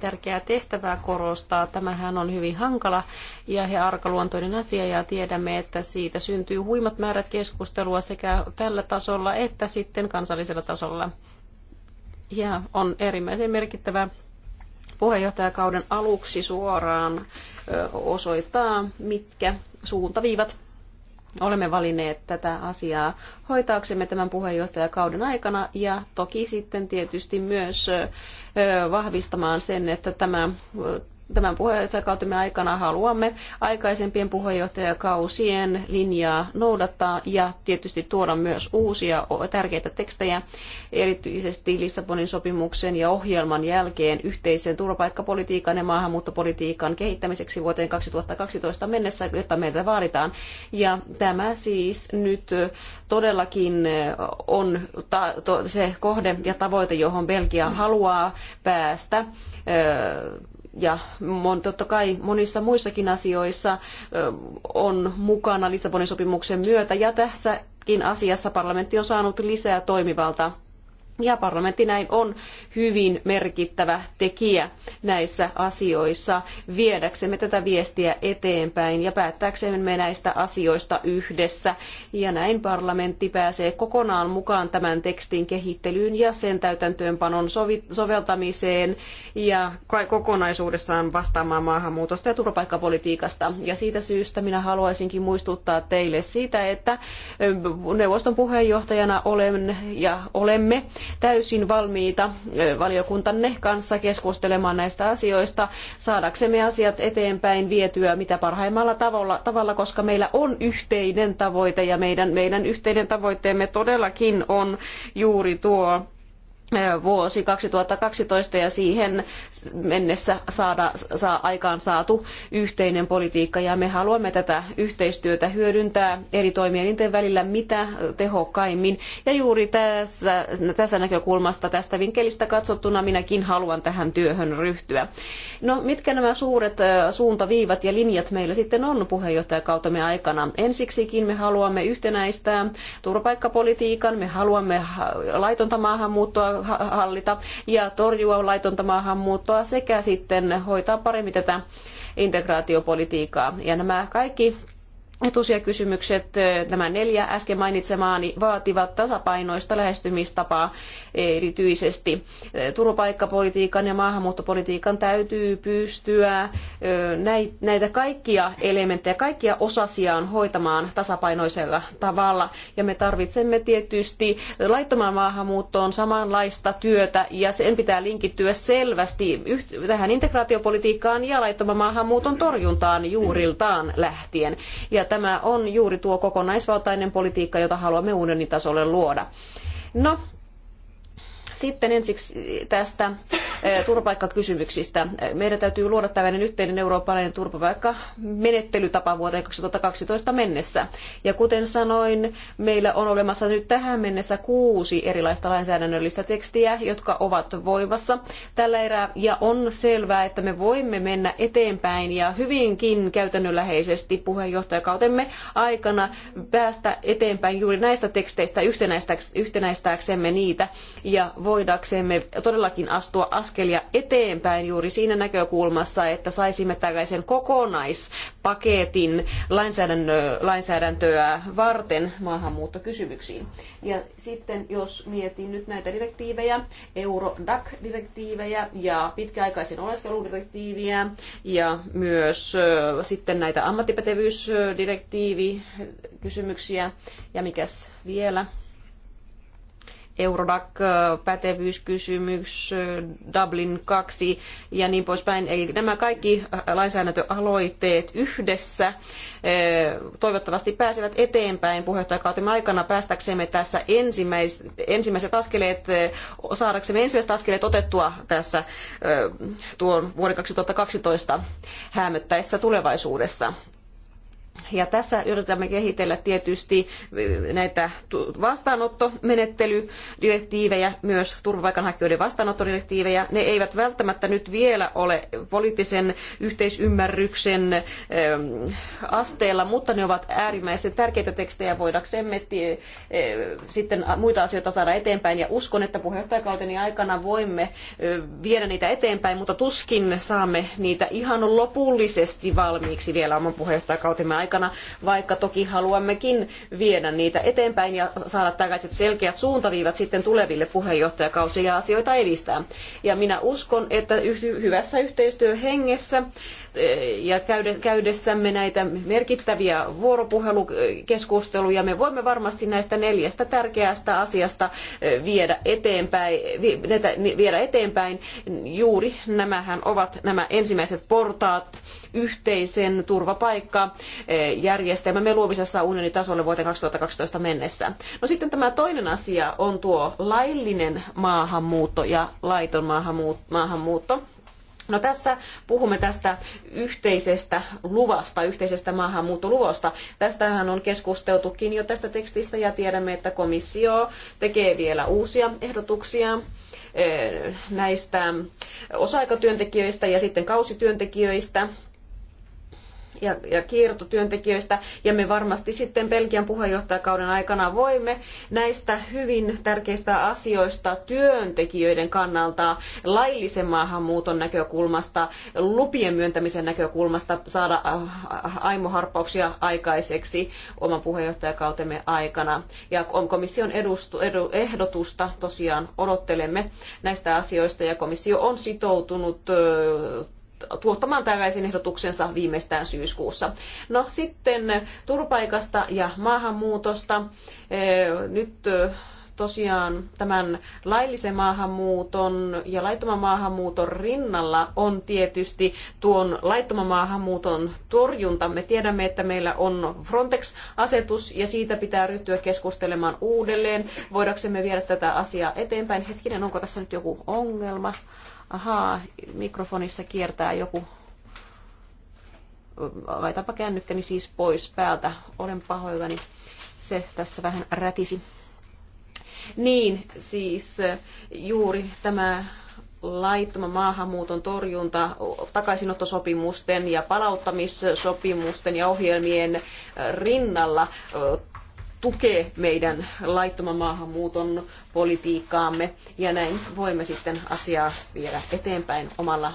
tärkeää tehtävää korostaa. Tämähän on hyvin hankala ja he arkaluontoinen asia ja tiedämme, että siitä syntyy huimat määrät keskustelua sekä tällä tasolla että sitten kansallisella tasolla. Ja on erimmäisen merkittävä puheenjohtajakauden aluksi suoraan osoittaa, mitkä suuntaviivat olemme valinneet tätä asiaa hoitaaksemme tämän puheenjohtajakauden aikana ja toki sitten tietysti myös vahvistamaan sen, että tämä tämän puheenjohtajakautemme aikana haluamme aikaisempien puheenjohtajakausien linjaa noudattaa ja tietysti tuoda myös uusia tärkeitä tekstejä, erityisesti Lissabonin sopimuksen ja ohjelman jälkeen yhteisen turvapaikkapolitiikan ja maahanmuuttopolitiikan kehittämiseksi vuoteen 2012 mennessä, jotta meiltä vaaditaan. Ja tämä siis nyt todellakin on se kohde ja tavoite, johon Belgia haluaa päästä ja totta kai monissa muissakin asioissa on mukana Lissabonin sopimuksen myötä ja tässäkin asiassa parlamentti on saanut lisää toimivaltaa ja parlamentti näin on hyvin merkittävä tekijä näissä asioissa viedäksemme tätä viestiä eteenpäin ja päättääksemme näistä asioista yhdessä. Ja näin parlamentti pääsee kokonaan mukaan tämän tekstin kehittelyyn ja sen täytäntöönpanon soveltamiseen ja kokonaisuudessaan vastaamaan maahanmuutosta ja turvapaikkapolitiikasta. Ja siitä syystä minä haluaisinkin muistuttaa teille siitä, että neuvoston puheenjohtajana olen ja olemme täysin valmiita valiokuntanne kanssa keskustelemaan näistä asioista saadaksemme asiat eteenpäin vietyä mitä parhaimmalla tavalla, tavalla koska meillä on yhteinen tavoite ja meidän, meidän yhteinen tavoitteemme todellakin on juuri tuo vuosi 2012 ja siihen mennessä saada, saa aikaan saatu yhteinen politiikka ja me haluamme tätä yhteistyötä hyödyntää eri toimielinten välillä mitä tehokkaimmin ja juuri tässä, tässä näkökulmasta tästä vinkkelistä katsottuna minäkin haluan tähän työhön ryhtyä. No mitkä nämä suuret suuntaviivat ja linjat meillä sitten on puheenjohtajakautemme aikana? Ensiksikin me haluamme yhtenäistää turvapaikkapolitiikan, me haluamme laitonta maahanmuuttoa hallita ja torjua laitonta maahanmuuttoa sekä sitten hoitaa paremmin tätä integraatiopolitiikkaa. Ja nämä kaikki etusijakysymykset, eh, nämä neljä äsken mainitsemaani, vaativat tasapainoista lähestymistapaa eh, erityisesti. Eh, turvapaikkapolitiikan ja maahanmuuttopolitiikan täytyy pystyä näitä kaikkia elementtejä, kaikkia osasiaan hoitamaan tasapainoisella tavalla. Ja me tarvitsemme tietysti laittomaan maahanmuuttoon samanlaista työtä ja sen pitää linkittyä selvästi tähän integraatiopolitiikkaan ja laittoman maahanmuuton torjuntaan juuriltaan lähtien. Ja tämä on juuri tuo kokonaisvaltainen politiikka, jota haluamme unionin tasolle luoda. No, sitten ensiksi tästä eh, turvapaikkakysymyksistä. Meidän täytyy luoda tällainen yhteinen eurooppalainen turvapaikkamenettelytapa vuoteen 2012 mennessä. Ja kuten sanoin, meillä on olemassa nyt tähän mennessä kuusi erilaista lainsäädännöllistä tekstiä, jotka ovat voimassa tällä erää. Ja on selvää, että me voimme mennä eteenpäin ja hyvinkin käytännönläheisesti puheenjohtajakautemme aikana päästä eteenpäin juuri näistä teksteistä yhtenäistääksemme niitä ja voidaksemme todellakin astua askelia eteenpäin juuri siinä näkökulmassa, että saisimme tällaisen kokonaispaketin lainsäädäntöä varten maahanmuuttokysymyksiin. Ja sitten jos mietin nyt näitä direktiivejä, Eurodac-direktiivejä ja pitkäaikaisen oleskeludirektiiviä ja myös sitten näitä ammattipätevyysdirektiivikysymyksiä ja mikäs vielä Eurodac-pätevyyskysymys, Dublin 2 ja niin poispäin. Eli nämä kaikki lainsäädäntöaloitteet yhdessä toivottavasti pääsevät eteenpäin puheenjohtajakautemme aikana päästäksemme tässä ensimmäis, ensimmäiset askeleet, saadaksemme ensimmäiset askeleet otettua tässä tuon vuoden 2012 häämöttäessä tulevaisuudessa. Ja tässä yritämme kehitellä tietysti näitä vastaanottomenettelydirektiivejä, myös turvapaikanhakijoiden vastaanottodirektiivejä. Ne eivät välttämättä nyt vielä ole poliittisen yhteisymmärryksen ähm, asteella, mutta ne ovat äärimmäisen tärkeitä tekstejä voidaksemme äh, sitten muita asioita saada eteenpäin. Ja uskon, että puheenjohtajakauteni aikana voimme äh, viedä niitä eteenpäin, mutta tuskin saamme niitä ihan lopullisesti valmiiksi vielä oman puheenjohtajakautemme aikana aikana, vaikka toki haluammekin viedä niitä eteenpäin ja saada takaisin selkeät suuntaviivat sitten tuleville puheenjohtajakausille ja asioita edistää. Ja minä uskon, että hyvässä yhteistyöhengessä ja käydessämme näitä merkittäviä vuoropuhelukeskusteluja me voimme varmasti näistä neljästä tärkeästä asiasta eh, viedä eteenpäin, viedä eteenpäin. Juuri nämähän ovat nämä ensimmäiset portaat yhteisen turvapaikkajärjestelmämme eh, luomisessa unionin tasolle vuoteen 2012 mennessä. No sitten tämä toinen asia on tuo laillinen maahanmuutto ja laiton maahanmuutto No tässä puhumme tästä yhteisestä luvasta, yhteisestä maahanmuuttoluvasta. Tästähän on keskusteltukin jo tästä tekstistä ja tiedämme, että komissio tekee vielä uusia ehdotuksia eh, näistä osa-aikatyöntekijöistä ja sitten kausityöntekijöistä ja, ja kiertotyöntekijöistä, ja me varmasti sitten Belgian puheenjohtajakauden aikana voimme näistä hyvin tärkeistä asioista työntekijöiden kannalta laillisen maahanmuuton näkökulmasta, lupien myöntämisen näkökulmasta saada äh, äh, aimoharppauksia aikaiseksi oman puheenjohtajakautemme aikana. Ja komission edustu, edu, ehdotusta tosiaan odottelemme näistä asioista, ja komissio on sitoutunut tuottamaan tällaisen ehdotuksensa viimeistään syyskuussa. No sitten turvapaikasta ja maahanmuutosta. Eh, nyt eh, tosiaan tämän laillisen maahanmuuton ja laittoman maahanmuuton rinnalla on tietysti tuon laittoman maahanmuuton torjunta. Me tiedämme, että meillä on Frontex-asetus ja siitä pitää ryhtyä keskustelemaan uudelleen. Voidaksemme viedä tätä asiaa eteenpäin? Hetkinen, onko tässä nyt joku ongelma? Ahaa, mikrofonissa kiertää joku. Laitapa kännykkäni siis pois päältä. Olen pahoillani. Se tässä vähän rätisi. Niin, siis eh, juuri tämä laittoman maahanmuuton torjunta, takaisinottosopimusten ja palauttamissopimusten ja ohjelmien eh, rinnalla eh, tukee meidän laittoman maahanmuuton politiikkaamme ja näin voimme sitten asiaa viedä eteenpäin omalla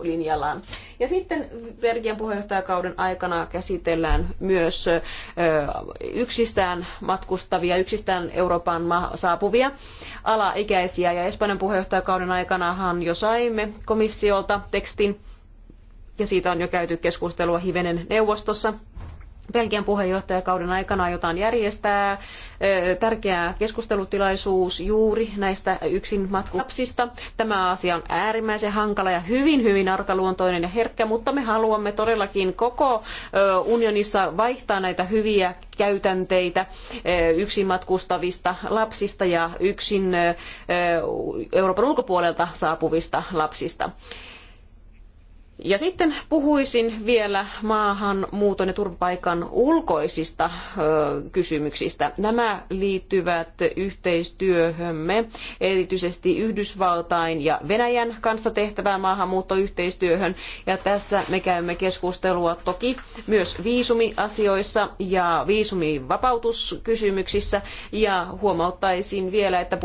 linjallaan. Ja sitten Vergian puheenjohtajakauden aikana käsitellään myös yksistään matkustavia, yksistään Euroopan saapuvia alaikäisiä. Ja Espanjan puheenjohtajakauden aikanahan jo saimme komissiolta tekstin, ja siitä on jo käyty keskustelua hivenen neuvostossa Belgian puheenjohtajakauden aikana aiotaan järjestää tärkeä keskustelutilaisuus juuri näistä yksin matkulapsista. Tämä asia on äärimmäisen hankala ja hyvin, hyvin arkaluontoinen ja herkkä, mutta me haluamme todellakin koko unionissa vaihtaa näitä hyviä käytänteitä yksin matkustavista lapsista ja yksin Euroopan ulkopuolelta saapuvista lapsista. Ja sitten puhuisin vielä maahanmuuton ja turvapaikan ulkoisista kysymyksistä. Nämä liittyvät yhteistyöhömme, erityisesti Yhdysvaltain ja Venäjän kanssa tehtävään maahanmuuttoyhteistyöhön. Ja tässä me käymme keskustelua toki myös viisumiasioissa ja viisumivapautuskysymyksissä. Ja huomauttaisin vielä, että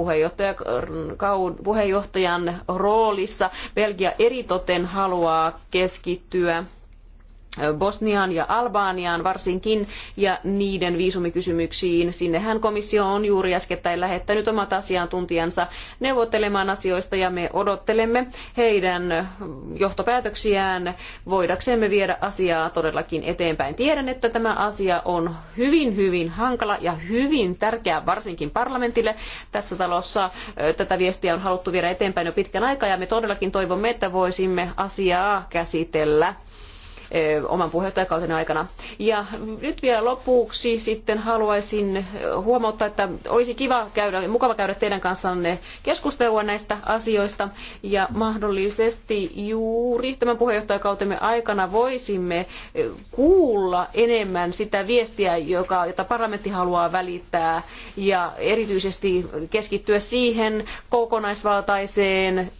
puheenjohtajan roolissa Belgia eritoten haluaa keskittyä Bosniaan ja Albaaniaan varsinkin ja niiden viisumikysymyksiin. Sinnehän komissio on juuri äskettäin lähettänyt omat asiantuntijansa neuvottelemaan asioista ja me odottelemme heidän johtopäätöksiään voidaksemme viedä asiaa todellakin eteenpäin. Tiedän, että tämä asia on hyvin, hyvin hankala ja hyvin tärkeä varsinkin parlamentille. Tässä talossa tätä viestiä on haluttu viedä eteenpäin jo pitkän aikaa ja me todellakin toivomme, että voisimme asiaa käsitellä oman puheenjohtajakauteni aikana. Ja nyt vielä lopuksi sitten haluaisin huomauttaa, että olisi kiva käydä, mukava käydä teidän kanssanne keskustelua näistä asioista ja mahdollisesti juuri tämän puheenjohtajakautemme aikana voisimme kuulla enemmän sitä viestiä, joka, jota parlamentti haluaa välittää ja erityisesti keskittyä siihen kokonaisvaltaiseen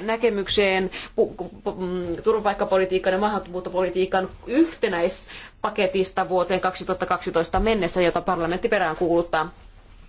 näkemykseen mm, turvapaikkapolitiikan ja maahanmuuttopolitiikan yhtenäispaketista vuoteen 2012 mennessä, jota parlamentti peräänkuuluttaa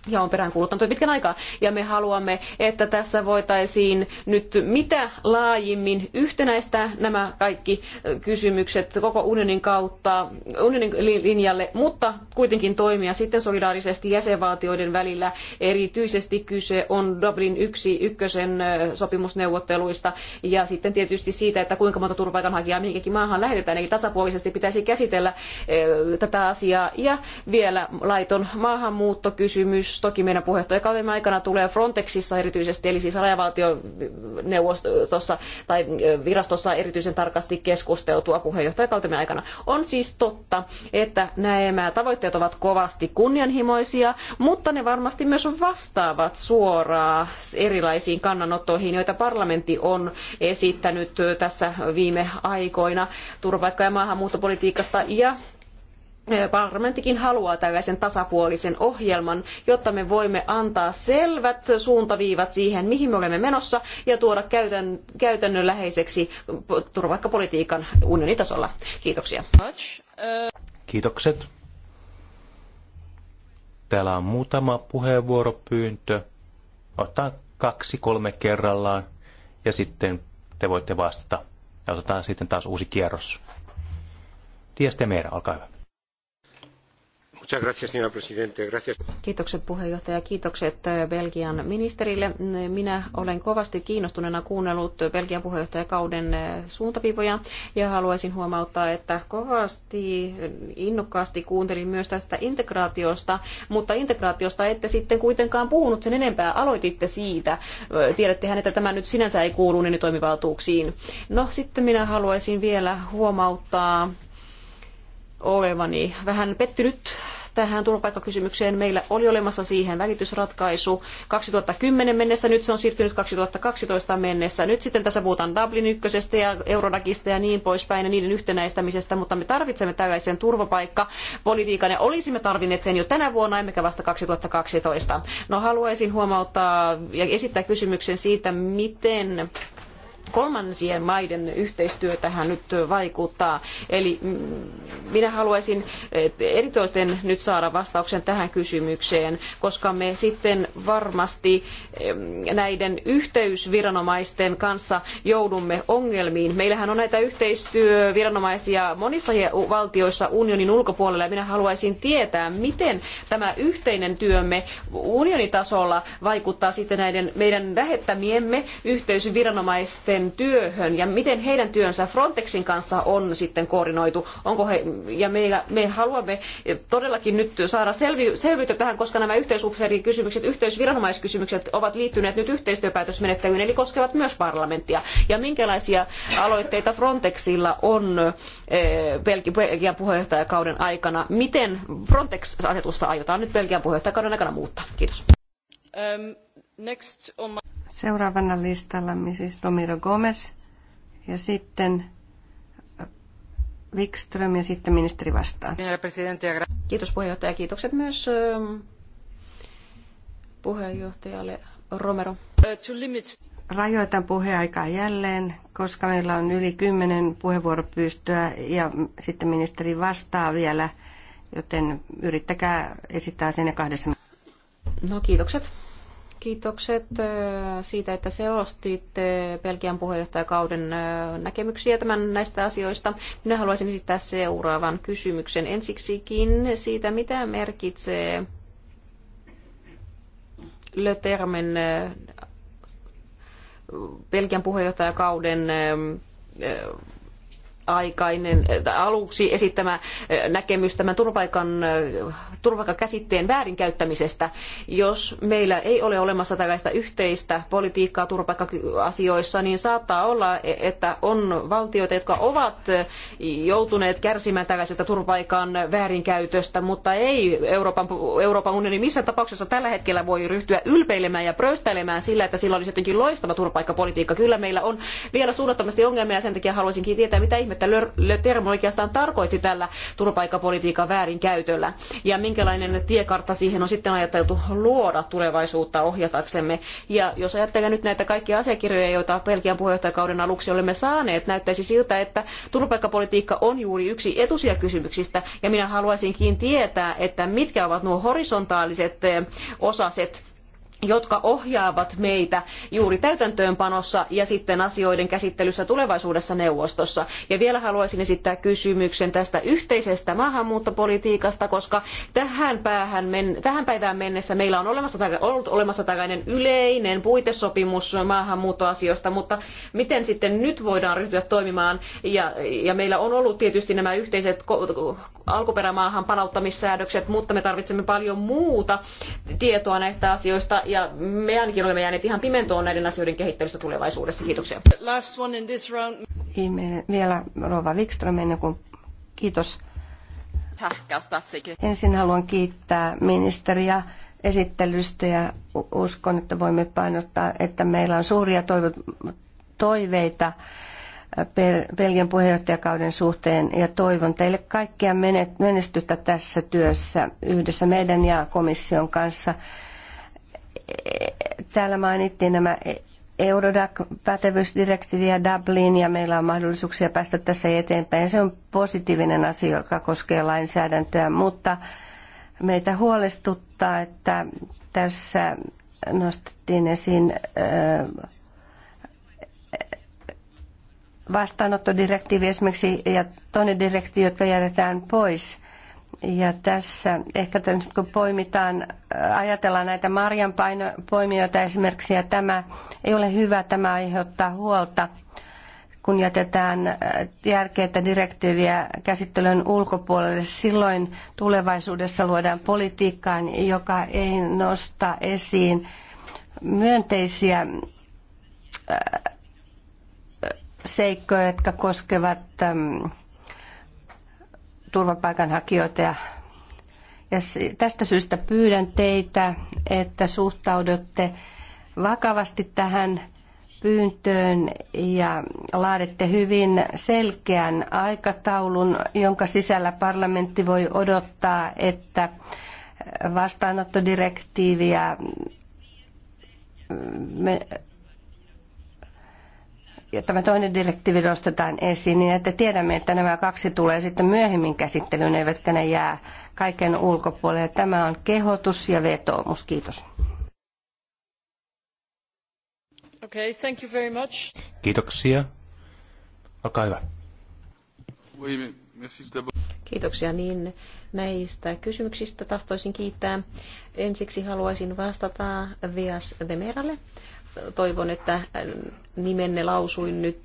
ja on peräänkuuluttanut pitkän aikaa. Ja me haluamme, että tässä voitaisiin nyt mitä laajimmin yhtenäistää nämä kaikki kysymykset koko unionin kautta, unionin linjalle, mutta kuitenkin toimia sitten solidaarisesti jäsenvaltioiden välillä. Erityisesti kyse on Dublin 1 ykkösen sopimusneuvotteluista ja sitten tietysti siitä, että kuinka monta turvapaikanhakijaa minkäkin maahan lähetetään. Eli tasapuolisesti pitäisi käsitellä tätä asiaa. Ja vielä laiton maahanmuuttokysymys toki meidän puheenjohtajakauden aikana tulee Frontexissa erityisesti, eli siis rajavaltioneuvostossa tai virastossa erityisen tarkasti keskusteltua puheenjohtajakautemme aikana. On siis totta, että nämä tavoitteet ovat kovasti kunnianhimoisia, mutta ne varmasti myös vastaavat suoraan erilaisiin kannanottoihin, joita parlamentti on esittänyt tässä viime aikoina turvapaikka- ja maahanmuuttopolitiikasta ja parlamenttikin haluaa tällaisen tasapuolisen ohjelman, jotta me voimme antaa selvät suuntaviivat siihen, mihin me olemme menossa ja tuoda käytän, käytännönläheiseksi turvapaikkapolitiikan unionitasolla. Kiitoksia. Kiitokset. Täällä on muutama puheenvuoropyyntö. Otetaan kaksi kolme kerrallaan ja sitten te voitte vastata. Ja otetaan sitten taas uusi kierros. Tieste Meera, olkaa hyvä. Kiitokset puheenjohtaja, kiitokset eh, Belgian ministerille. Minä olen kovasti kiinnostuneena kuunnellut Belgian puheenjohtajakauden eh, suuntaviivoja ja haluaisin huomauttaa, että kovasti eh, innokkaasti kuuntelin myös tästä integraatiosta, mutta integraatiosta ette sitten kuitenkaan puhunut sen enempää. Aloititte siitä. Tiedättehän, että tämä nyt sinänsä ei kuulu niin toimivaltuuksiin. No sitten minä haluaisin vielä huomauttaa olevani vähän pettynyt tähän turvapaikkakysymykseen. Meillä oli olemassa siihen välitysratkaisu 2010 mennessä, nyt se on siirtynyt 2012 mennessä. Nyt sitten tässä puhutaan Dublin ykkösestä ja Eurodagista ja niin poispäin ja niiden yhtenäistämisestä, mutta me tarvitsemme tällaisen turvapaikkapolitiikan ja olisimme tarvinneet sen jo tänä vuonna, emmekä vasta 2012. No haluaisin huomauttaa ja esittää kysymyksen siitä, miten kolmansien maiden yhteistyö tähän nyt vaikuttaa. Eli mm, minä haluaisin eritoten nyt saada vastauksen tähän kysymykseen, koska me sitten varmasti näiden yhteysviranomaisten kanssa joudumme ongelmiin. Meillähän on näitä yhteistyöviranomaisia monissa valtioissa unionin ulkopuolella ja minä haluaisin tietää, miten tämä yhteinen työmme unionitasolla vaikuttaa sitten näiden meidän lähettämiemme yhteysviranomaisten ihmisten työhön ja miten heidän työnsä Frontexin kanssa on sitten koordinoitu. Onko he, ja meillä, me haluamme todellakin nyt saada selvi, selvyyttä tähän, koska nämä kysymykset yhteisviranomaiskysymykset ovat liittyneet nyt yhteistyöpäätösmenettelyyn, eli koskevat myös parlamenttia. Ja minkälaisia aloitteita Frontexilla on eh, Belgian puheenjohtajakauden aikana? Miten Frontex-asetusta aiotaan nyt Belgian puheenjohtajakauden aikana muuttaa? Kiitos. Um, next on my... Seuraavana listalla siis Domiro Gomez ja sitten äh, Wikström ja sitten ministeri vastaa. Kiitos puheenjohtaja. Kiitokset myös ähm, puheenjohtajalle Romero. Uh, Rajoitan puheaikaa jälleen, koska meillä on yli kymmenen puheenvuoropyystöä ja sitten ministeri vastaa vielä, joten yrittäkää esittää sen ja kahdessa. No kiitokset. Kiitokset siitä, että selostitte Belgian puheenjohtajakauden näkemyksiä tämän näistä asioista. Minä haluaisin esittää seuraavan kysymyksen ensiksikin siitä, mitä merkitsee Le Termen Belgian puheenjohtajakauden aikainen, aluksi esittämä näkemys tämän turvapaikan, turvapaikkakäsitteen väärinkäyttämisestä. Jos meillä ei ole olemassa tällaista yhteistä politiikkaa turvapaikka-asioissa, niin saattaa olla, e, että on valtioita, jotka ovat joutuneet kärsimään tällaisesta turvapaikan väärinkäytöstä, mutta ei Euroopan, Euroopan unioni missään tapauksessa tällä hetkellä voi ryhtyä ylpeilemään ja pröystäilemään sillä, että sillä olisi jotenkin loistava turvapaikkapolitiikka. Kyllä meillä on vielä suunnattomasti ongelmia ja sen takia haluaisinkin tietää, mitä ihme että Le Terme oikeastaan tarkoitti tällä turvapaikkapolitiikan väärinkäytöllä ja minkälainen tiekartta siihen on sitten ajateltu luoda tulevaisuutta ohjataksemme. Ja jos ajattelee nyt näitä kaikkia asiakirjoja, joita Belgian puheenjohtajakauden aluksi olemme saaneet, näyttäisi siltä, että turvapaikkapolitiikka on juuri yksi etusia kysymyksistä ja minä haluaisinkin tietää, että mitkä ovat nuo horisontaaliset eh, osaset jotka ohjaavat meitä juuri täytäntöönpanossa ja sitten asioiden käsittelyssä tulevaisuudessa neuvostossa. Ja vielä haluaisin esittää kysymyksen tästä yhteisestä maahanmuuttopolitiikasta, koska tähän, päähän men, tähän päivään mennessä meillä on olemassa, ollut olemassa tällainen yleinen puitesopimus maahanmuuttoasioista, mutta miten sitten nyt voidaan ryhtyä toimimaan, ja, ja meillä on ollut tietysti nämä yhteiset alkuperämaahan palauttamissäädökset, mutta me tarvitsemme paljon muuta tietoa näistä asioista, ja me ainakin olemme jääneet ihan pimentoon näiden asioiden kehittelystä tulevaisuudessa. Kiitoksia. Last one in this round. Viimeinen, vielä Rova Wikström ennen kuin kiitos. Ensin haluan kiittää ministeriä esittelystä ja uskon, että voimme painottaa, että meillä on suuria toiveita Belgian puheenjohtajakauden suhteen ja toivon teille kaikkia menestystä tässä työssä yhdessä meidän ja komission kanssa täällä mainittiin nämä Eurodac-pätevyysdirektiivi ja Dublin, ja meillä on mahdollisuuksia päästä tässä eteenpäin. Se on positiivinen asia, joka koskee lainsäädäntöä, mutta meitä huolestuttaa, että tässä nostettiin esiin vastaanottodirektiivi esimerkiksi ja toinen direktiivi, jotka jätetään pois – ja tässä ehkä tämän, kun poimitaan, äh, ajatellaan näitä marjan poimijoita esimerkiksi, ja tämä ei ole hyvä, tämä aiheuttaa huolta, kun jätetään äh, järkeitä direktiiviä käsittelyn ulkopuolelle. Silloin tulevaisuudessa luodaan politiikkaa, joka ei nosta esiin myönteisiä äh, seikkoja, jotka koskevat turvapaikanhakijoita ja ja tästä syystä pyydän teitä, että suhtaudutte vakavasti tähän pyyntöön ja laaditte hyvin selkeän aikataulun, jonka sisällä parlamentti voi odottaa, että vastaanottodirektiiviä tämä toinen direktiivi nostetaan esiin niin, että tiedämme, että nämä kaksi tulee sitten myöhemmin käsittelyyn, eivätkä ne jää kaiken ulkopuolelle. Tämä on kehotus ja vetoomus. Kiitos. Okay, thank you very much. Kiitoksia. Olkaa hyvä. Kiitoksia niin näistä kysymyksistä. Tahtoisin kiittää. Ensiksi haluaisin vastata Vias Demeralle. Toivon, että nimenne lausuin nyt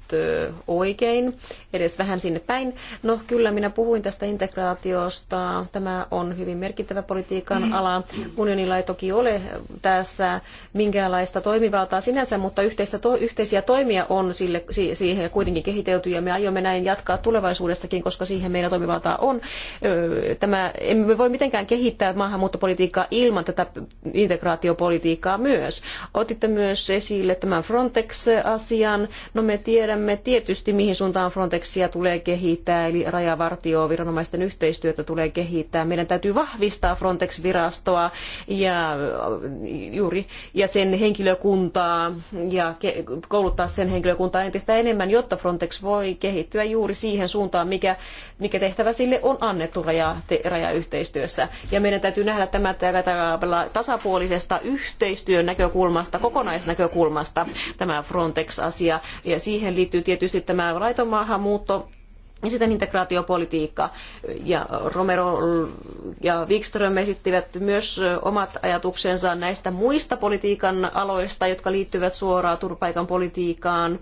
oikein, edes vähän sinne päin. No kyllä, minä puhuin tästä integraatiosta. Tämä on hyvin merkittävä politiikan mm. ala. Unionilla ei toki ole tässä minkäänlaista toimivaltaa sinänsä, mutta to, yhteisiä toimia on sille, siihen kuitenkin kehitelty ja me aiomme näin jatkaa tulevaisuudessakin, koska siihen meidän toimivaltaa on. Tämä, emme voi mitenkään kehittää maahanmuuttopolitiikkaa ilman tätä integraatiopolitiikkaa myös. Otitte myös esille tämän Frontex-asian asian. No me tiedämme tietysti, mihin suuntaan Frontexia tulee kehittää, eli rajavartioviranomaisten yhteistyötä tulee kehittää. Meidän täytyy vahvistaa Frontex-virastoa ja, äh, juuri, ja sen henkilökuntaa ja kouluttaa sen henkilökuntaa entistä enemmän, jotta Frontex voi kehittyä juuri siihen suuntaan, mikä, mikä tehtävä sille on annettu raja, te, rajayhteistyössä. Ja meidän täytyy nähdä tämä tasapuolisesta yhteistyön näkökulmasta, kokonaisnäkökulmasta tämä Frontex Frontex-asia ja siihen liittyy tietysti tämä laiton maahanmuutto ja sitten integraatiopolitiikka. Ja Romero ja Wikström esittivät myös omat ajatuksensa näistä muista politiikan aloista, jotka liittyvät suoraan turvapaikan politiikkaan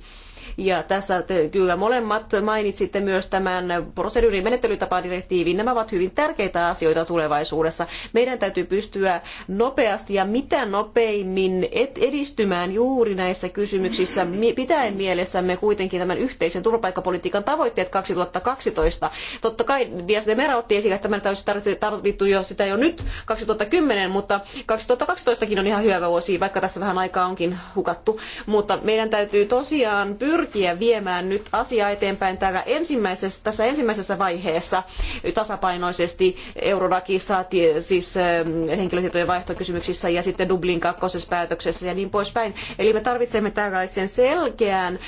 ja tässä kyllä molemmat mainitsitte myös tämän proseduurin menettelytapadirektiivin. Nämä ovat hyvin tärkeitä asioita tulevaisuudessa. Meidän täytyy pystyä nopeasti ja mitä nopeimmin edistymään juuri näissä kysymyksissä, pitäen mielessämme kuitenkin tämän yhteisen turvapaikkapolitiikan tavoitteet 2012. Totta kai Dias de Mera otti esille, että tämä olisi tarvittu jo sitä jo nyt 2010, mutta 2012kin on ihan hyvä vuosi, vaikka tässä vähän aikaa onkin hukattu. Mutta meidän täytyy tosiaan pyr pyrkiä viemään nyt asiaa eteenpäin täällä ensimmäisessä, tässä ensimmäisessä vaiheessa tasapainoisesti Eurodakissa, siis ähm, henkilötietojen vaihtokysymyksissä ja sitten Dublin kakkosessa päätöksessä ja niin poispäin. Eli me tarvitsemme tällaisen selkeän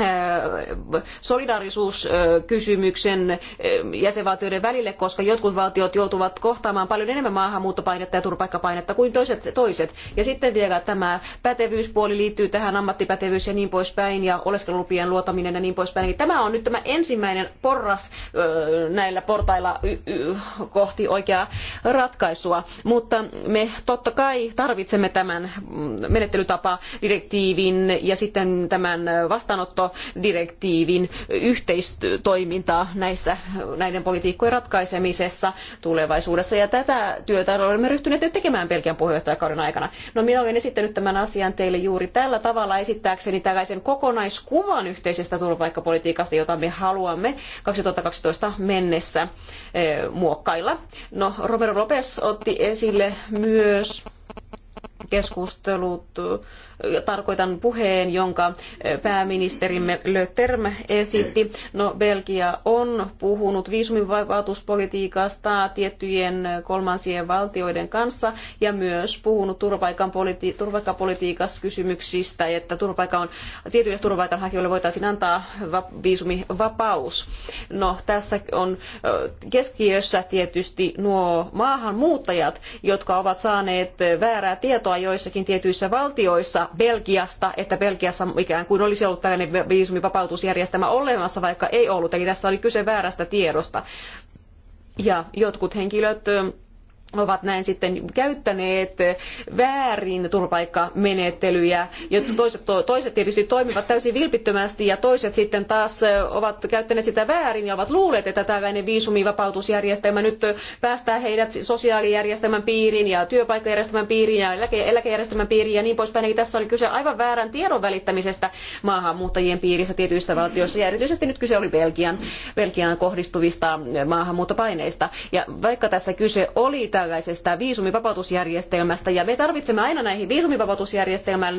Äh, solidaarisuuskysymyksen äh, jäsenvaltioiden välille, koska jotkut valtiot joutuvat kohtaamaan paljon enemmän maahanmuuttopainetta ja turvapaikkapainetta kuin toiset. toiset. Ja sitten vielä tämä pätevyyspuoli liittyy tähän ammattipätevyys ja niin poispäin ja oleskelulupien luotaminen ja niin poispäin. Eli tämä on nyt tämä ensimmäinen porras äh, näillä portailla kohti oikeaa ratkaisua. Mutta me totta kai tarvitsemme tämän mm, menettelytapadirektiivin ja sitten tämän vastaanotto avioliittodirektiivin yhteistoimintaa näissä, näiden politiikkojen ratkaisemisessa tulevaisuudessa. Ja tätä työtä olemme ryhtyneet nyt tekemään Belgian puheenjohtajakauden aikana. No minä olen esittänyt tämän asian teille juuri tällä tavalla esittääkseni tällaisen kokonaiskuvan yhteisestä turvapaikkapolitiikasta, jota me haluamme 2012 mennessä eh, muokkailla. No Romero Lopes otti esille myös keskustelut, tarkoitan puheen, jonka pääministerimme Lötterm esitti. No, Belgia on puhunut viisumivapautuspolitiikasta tiettyjen kolmansien valtioiden kanssa ja myös puhunut turvapaikkapolitiikassa kysymyksistä, että turvaikan, tietyille turvapaikanhakijoille voitaisiin antaa viisumivapaus. No, tässä on keskiössä tietysti nuo maahanmuuttajat, jotka ovat saaneet väärää tietoa tietoa joissakin tietyissä valtioissa Belgiasta, että Belgiassa ikään kuin olisi ollut tällainen viisumivapautusjärjestelmä olemassa, vaikka ei ollut. Eli tässä oli kyse väärästä tiedosta. Ja jotkut henkilöt ovat näin sitten käyttäneet väärin turvapaikkamenettelyjä. Ja toiset, toiset tietysti toimivat täysin vilpittömästi ja toiset sitten taas ovat käyttäneet sitä väärin ja ovat luulleet, että tällainen viisumivapautusjärjestelmä nyt päästää heidät sosiaalijärjestelmän piiriin ja työpaikkajärjestelmän piiriin ja eläke, eläkejärjestelmän piiriin ja niin poispäin. Eli tässä oli kyse aivan väärän tiedon välittämisestä maahanmuuttajien piirissä tietyissä valtioissa ja erityisesti nyt kyse oli Belgian, Belgian kohdistuvista maahanmuuttopaineista. Ja vaikka tässä kyse oli tällaisesta viisumivapautusjärjestelmästä. Ja me tarvitsemme aina näihin viisumivapautusjärjestelmän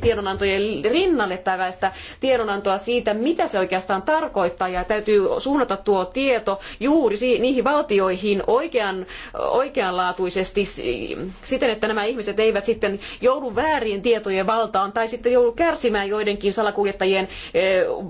tiedonantojen rinnalle tällaista tiedonantoa siitä, mitä se oikeastaan tarkoittaa. Ja täytyy suunnata tuo tieto juuri niihin valtioihin oikean, oikeanlaatuisesti siten, että nämä ihmiset eivät sitten joudu väärien tietojen valtaan tai sitten joudu kärsimään joidenkin salakuljettajien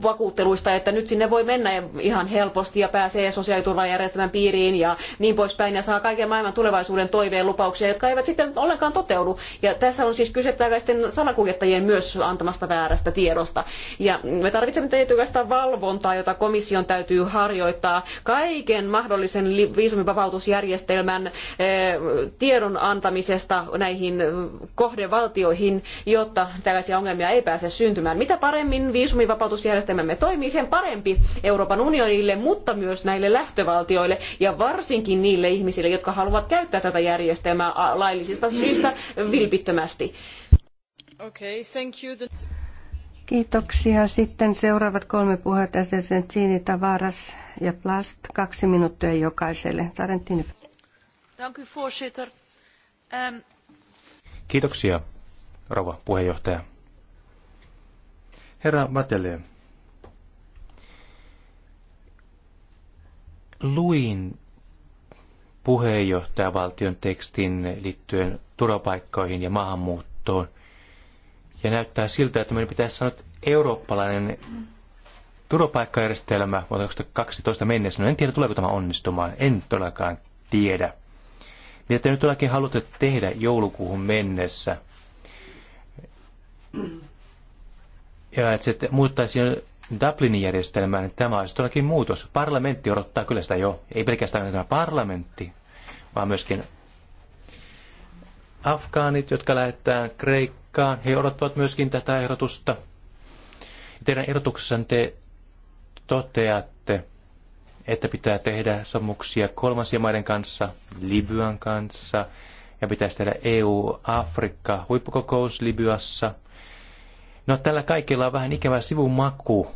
vakuutteluista, että nyt sinne voi mennä ihan helposti ja pääsee sosiaaliturvajärjestelmän piiriin ja niin poispäin ja saa antaa kaiken maailman tulevaisuuden toiveen lupauksia, jotka eivät sitten ollenkaan toteudu. Ja tässä on siis kyse tällaisten salakuljettajien myös antamasta väärästä tiedosta. Ja me tarvitsemme tietynlaista valvontaa, jota komission täytyy harjoittaa kaiken mahdollisen viisumivapautusjärjestelmän eh, tiedon antamisesta näihin eh, kohdevaltioihin, jotta tällaisia ongelmia ei pääse syntymään. Mitä paremmin viisumivapautusjärjestelmämme toimii, sen parempi Euroopan unionille, mutta myös näille lähtövaltioille ja varsinkin niille ihmisille, ihmisille, jotka haluavat käyttää tätä järjestelmää laillisista syistä vilpittömästi. Okay, thank you. Kiitoksia. Sitten seuraavat kolme puhetta. Sentini, Tavaras ja Plast. Kaksi minuuttia jokaiselle. Sarentini. Dank ehm, Kiitoksia, rouva puheenjohtaja. Herra Matele, luin puheenjohtajavaltion tekstin liittyen turvapaikkoihin ja maahanmuuttoon. Ja näyttää siltä, että meidän pitäisi sanoa, että eurooppalainen turvapaikkajärjestelmä vuonna 2012 mennessä, no en tiedä tuleeko tämä onnistumaan, en todellakaan tiedä. Mitä te nyt todellakin haluatte tehdä joulukuuhun mennessä? Ja että se muuttaisi Dublinin järjestelmään, niin tämä olisi todellakin muutos. Parlamentti odottaa kyllä sitä jo. Ei pelkästään tämä parlamentti, vaan myöskin afgaanit, jotka lähetetään Kreikkaan, he odottavat myöskin tätä ehdotusta. Teidän ehdotuksessanne te toteatte, että pitää tehdä sopimuksia kolmansien maiden kanssa, Libyan kanssa, ja pitäisi tehdä EU-Afrikka huippukokous Libyassa, No tällä kaikilla on vähän ikävä sivumaku,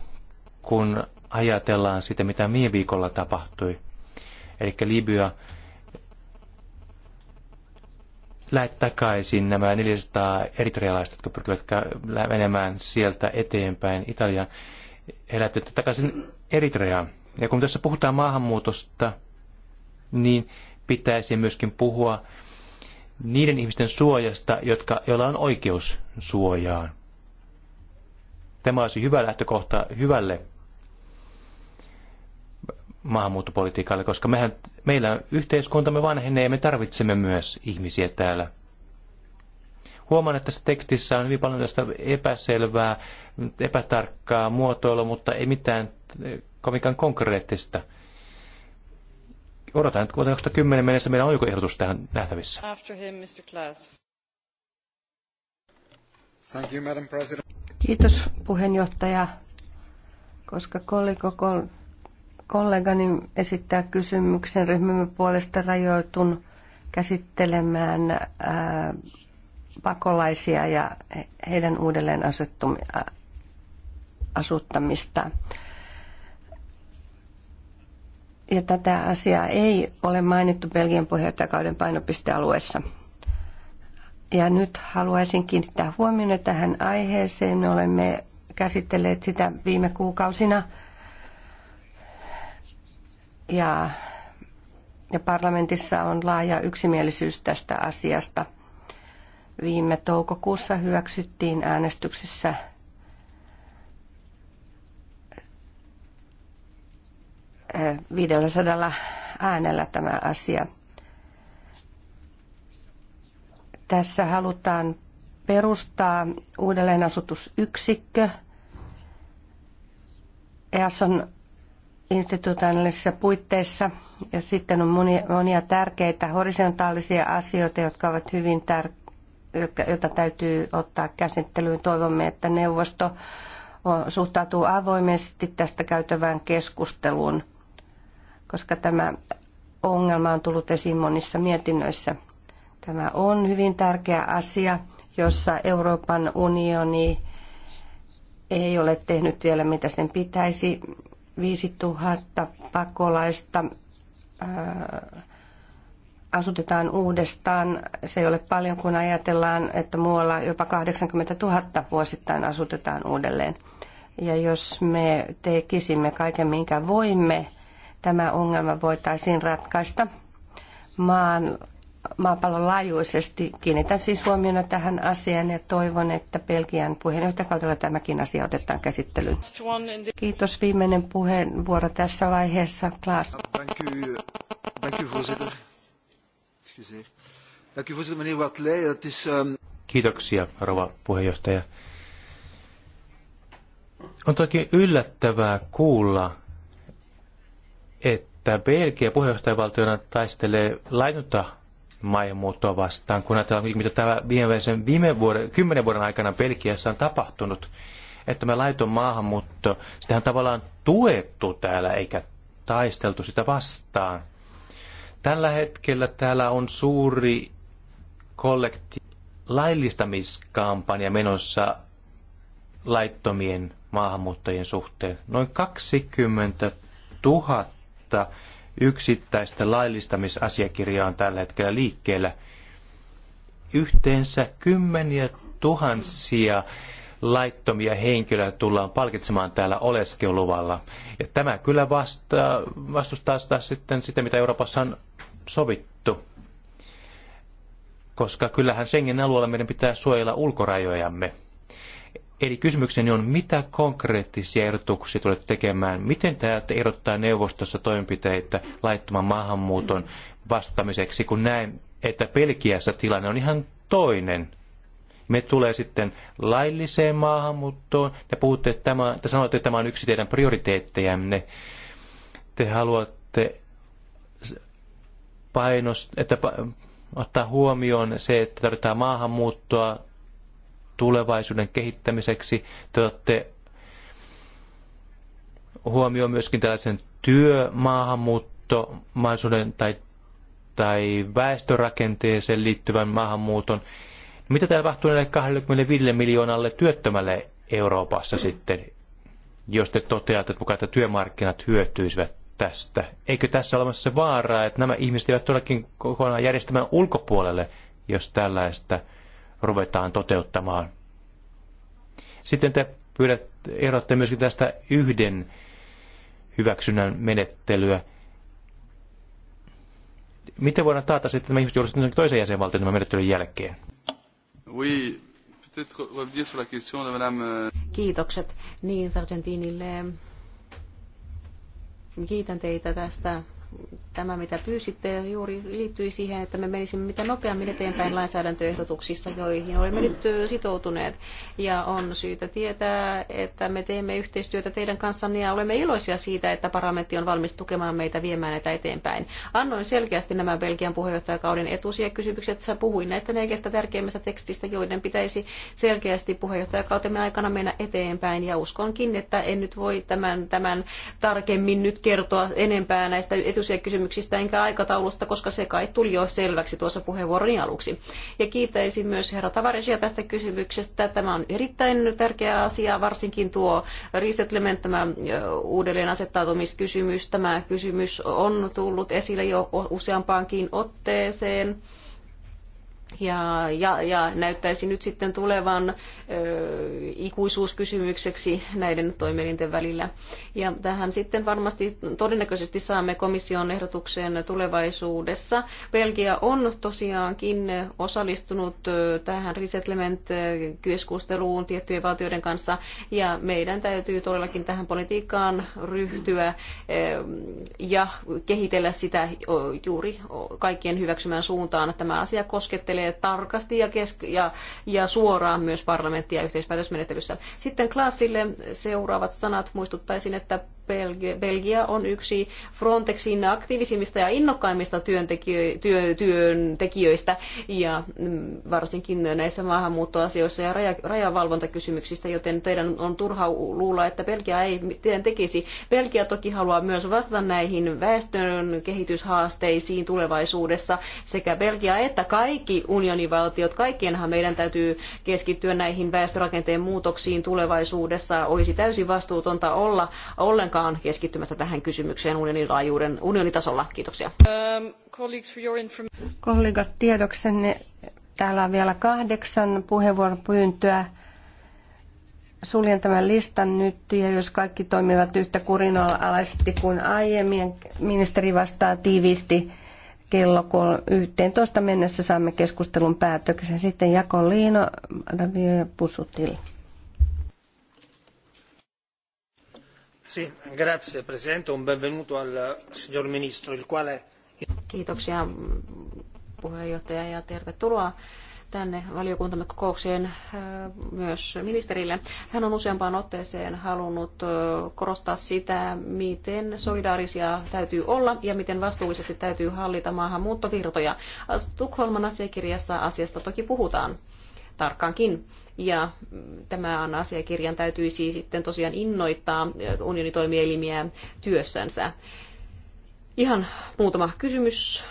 kun ajatellaan sitä, mitä viime viikolla tapahtui. Eli Libya lähti takaisin nämä 400 eritrealaista, jotka pyrkivät menemään sieltä eteenpäin Italiaan. He lähtivät takaisin Eritreaan. Ja kun tässä puhutaan maahanmuutosta, niin pitäisi myöskin puhua niiden ihmisten suojasta, jotka, joilla on oikeus suojaan. Tämä olisi hyvä lähtökohta hyvälle maahanmuuttopolitiikalle, koska mehän, meillä yhteiskuntamme vanhenee ja me tarvitsemme myös ihmisiä täällä. Huomaan, että tässä tekstissä on hyvin paljon tästä epäselvää, epätarkkaa muotoilua, mutta ei mitään kovinkaan konkreettista. Odotan, että vuoteen 2010 mennessä meillä on joku ehdotus tähän nähtävissä. After him, Mr. Klaas. Thank you, Madam President. Kiitos puheenjohtaja. Koska kollegani esittää kysymyksen ryhmämme puolesta rajoitun käsittelemään ää, äh, pakolaisia ja heidän uudelleen asuttamista. Ja tätä asiaa ei ole mainittu Belgian puheenjohtajakauden painopistealueessa. Ja nyt haluaisin kiinnittää huomioon tähän aiheeseen. Me olemme käsitelleet sitä viime kuukausina. Ja, ja parlamentissa on laaja yksimielisyys tästä asiasta. Viime toukokuussa hyväksyttiin äänestyksessä äh, 500 äänellä tämä asia – tässä halutaan perustaa uudelleenasutusyksikkö EASON institutionaalisissa puitteissa. Ja sitten on monia, monia tärkeitä horisontaalisia asioita, jotka ovat hyvin tärkeitä jotka, jota täytyy ottaa käsittelyyn. Toivomme, että neuvosto suhtautuu avoimesti tästä käytävään keskusteluun, koska tämä ongelma on tullut esiin monissa mietinnöissä. Tämä on hyvin tärkeä asia, jossa Euroopan unioni ei ole tehnyt vielä mitä sen pitäisi. 5000 pakolaista äh, asutetaan uudestaan. Se ei ole paljon, kun ajatellaan, että muualla jopa 80 000 vuosittain asutetaan uudelleen. Ja jos me tekisimme kaiken, minkä voimme, tämä ongelma voitaisiin ratkaista. Maan maapallon laajuisesti. Kiinnitän siis huomiona tähän asiaan ja toivon, että Belgian puheenjohtajakaudella tämäkin asia otetaan käsittelyyn. Kiitos. Viimeinen puheenvuoro tässä vaiheessa. Klaas. Ehm, Kiitoksia, rouva puheenjohtaja. On toki yllättävää kuulla, että Belgia puheenjohtajavaltiona taistelee lainuta maailmanmuuttoa vastaan, kun ajatellaan, mitä tämä viimeisen viime vuoden, kymmenen vuoden aikana Belgiassa on tapahtunut, että me laiton maahanmuutto, sitä on tavallaan tuettu täällä eikä taisteltu sitä vastaan. Tällä hetkellä täällä on suuri kollekti laillistamiskampanja menossa laittomien maahanmuuttajien suhteen. Noin 20 000 yksittäistä laillistamisasiakirjaa on tällä hetkellä liikkeellä. Yhteensä kymmeniä tuhansia laittomia henkilöä tullaan palkitsemaan täällä oleskeluvalla. Ja tämä kyllä vastaa, vastustaa sitä, sitten sitä, mitä Euroopassa on sovittu. Koska kyllähän Schengen alueella meidän pitää suojella ulkorajojamme. Eli kysymykseni on, mitä konkreettisia ehdotuksia tulet tekemään? Miten ajatte erottaa neuvostossa toimenpiteitä laittoman maahanmuuton vastustamiseksi, kun näen, että Pelkiässä tilanne on ihan toinen? Me tulee sitten lailliseen maahanmuuttoon. Te, puhutte, että tämä, te sanoitte, että tämä on yksi teidän prioriteettejämme. Te haluatte painost, että ottaa huomioon se, että tarvitaan maahanmuuttoa tulevaisuuden kehittämiseksi. Te olette huomioon myöskin tällaisen työmaahanmuuttomaisuuden tai, tai väestörakenteeseen liittyvän maahanmuuton. Mitä tämä tapahtuu näille 25 miljoonalle työttömälle Euroopassa sitten, jos te toteatte, että mukaan että työmarkkinat hyötyisivät tästä? Eikö tässä ole se vaara, että nämä ihmiset eivät todellakin kokonaan järjestämään ulkopuolelle, jos tällaista ruvetaan toteuttamaan. Sitten te pyydät, erotte myöskin tästä yhden hyväksynnän menettelyä. Miten voidaan taata sitten, että nämä ihmiset jouduvat toisen jäsenvaltion tämän menettelyn jälkeen? Oui, euh, Kiitokset niin Sargentinille. Kiitän teitä tästä tämä, mitä pyysitte, juuri liittyi siihen, että me menisimme mitä nopeammin eteenpäin lainsäädäntöehdotuksissa, joihin olemme nyt sitoutuneet. Ja on syytä tietää, että me teemme yhteistyötä teidän kanssanne ja olemme iloisia siitä, että parlamentti on valmis tukemaan meitä viemään näitä eteenpäin. Annoin selkeästi nämä Belgian puheenjohtajakauden etusia kysymykset. Sä puhuin näistä neljästä tärkeimmästä tekstistä, joiden pitäisi selkeästi puheenjohtajakautemme aikana mennä eteenpäin. Ja uskonkin, että en nyt voi tämän, tämän tarkemmin nyt kertoa enempää näistä etusia kyse kysymyksistä enkä aikataulusta, koska se kai tuli jo selväksi tuossa puheenvuoroni aluksi. Ja kiitäisin myös herra Tavarisia tästä kysymyksestä. Tämä on erittäin tärkeä asia, varsinkin tuo resettlement, tämä uudelleen asettautumiskysymys. Tämä kysymys on tullut esille jo useampaankin otteeseen ja, ja, ja näyttäisi nyt sitten tulevan ö, ikuisuuskysymykseksi näiden toimielinten välillä. Ja tähän sitten varmasti todennäköisesti saamme komission ehdotukseen tulevaisuudessa. Belgia on tosiaankin osallistunut tähän resettlement-keskusteluun tiettyjen valtioiden kanssa, ja meidän täytyy todellakin tähän politiikkaan ryhtyä ja kehitellä sitä juuri kaikkien hyväksymään suuntaan. Tämä asia koskettelee koskee tarkasti ja, kesk- ja, ja suoraan myös parlamenttia yhteispäätösmenettelyssä. Sitten Klaasille seuraavat sanat. Muistuttaisin, että Belgia on yksi Frontexin aktiivisimmista ja innokkaimmista työntekijöistä ja mm, varsinkin näissä maahanmuuttoasioissa ja rajavalvontakysymyksistä, joten teidän on turha luulla, että Belgia ei miten tekisi. Belgia toki haluaa myös vastata näihin väestön kehityshaasteisiin tulevaisuudessa sekä Belgia että kaikki unionivaltiot. Kaikkienhan meidän täytyy keskittyä näihin väestörakenteen muutoksiin tulevaisuudessa. Olisi täysin vastuutonta olla ollenkaan liikaan keskittymättä tähän kysymykseen unionin laajuuden, unionitasolla. Kiitoksia. Um, Kollegat tiedoksenne, täällä on vielä kahdeksan puheenvuoropyyntöä. Suljen tämän listan nyt ja jos kaikki toimivat yhtä kurinalaisesti kuin aiemmin, ministeri vastaa tiiviisti kello 11 mennessä saamme keskustelun päätöksen. Sitten Jako Liino, Ravio ja Pusutil. Grazie Presidente, un benvenuto al signor Ministro, il quale... Kiitoksia mm, puheenjohtaja ja tervetuloa tänne valiokuntamme kokoukseen äh, myös ministerille. Hän on useampaan otteeseen halunnut äh, korostaa sitä, miten solidaarisia täytyy olla ja miten vastuullisesti täytyy hallita maahanmuuttovirtoja. Tukholman asiakirjassa asiasta toki puhutaan tarkkaankin. Ja tämän asiakirjan täytyisi siis sitten tosiaan innoittaa unionitoimielimiä työssänsä. Ihan muutama kysymys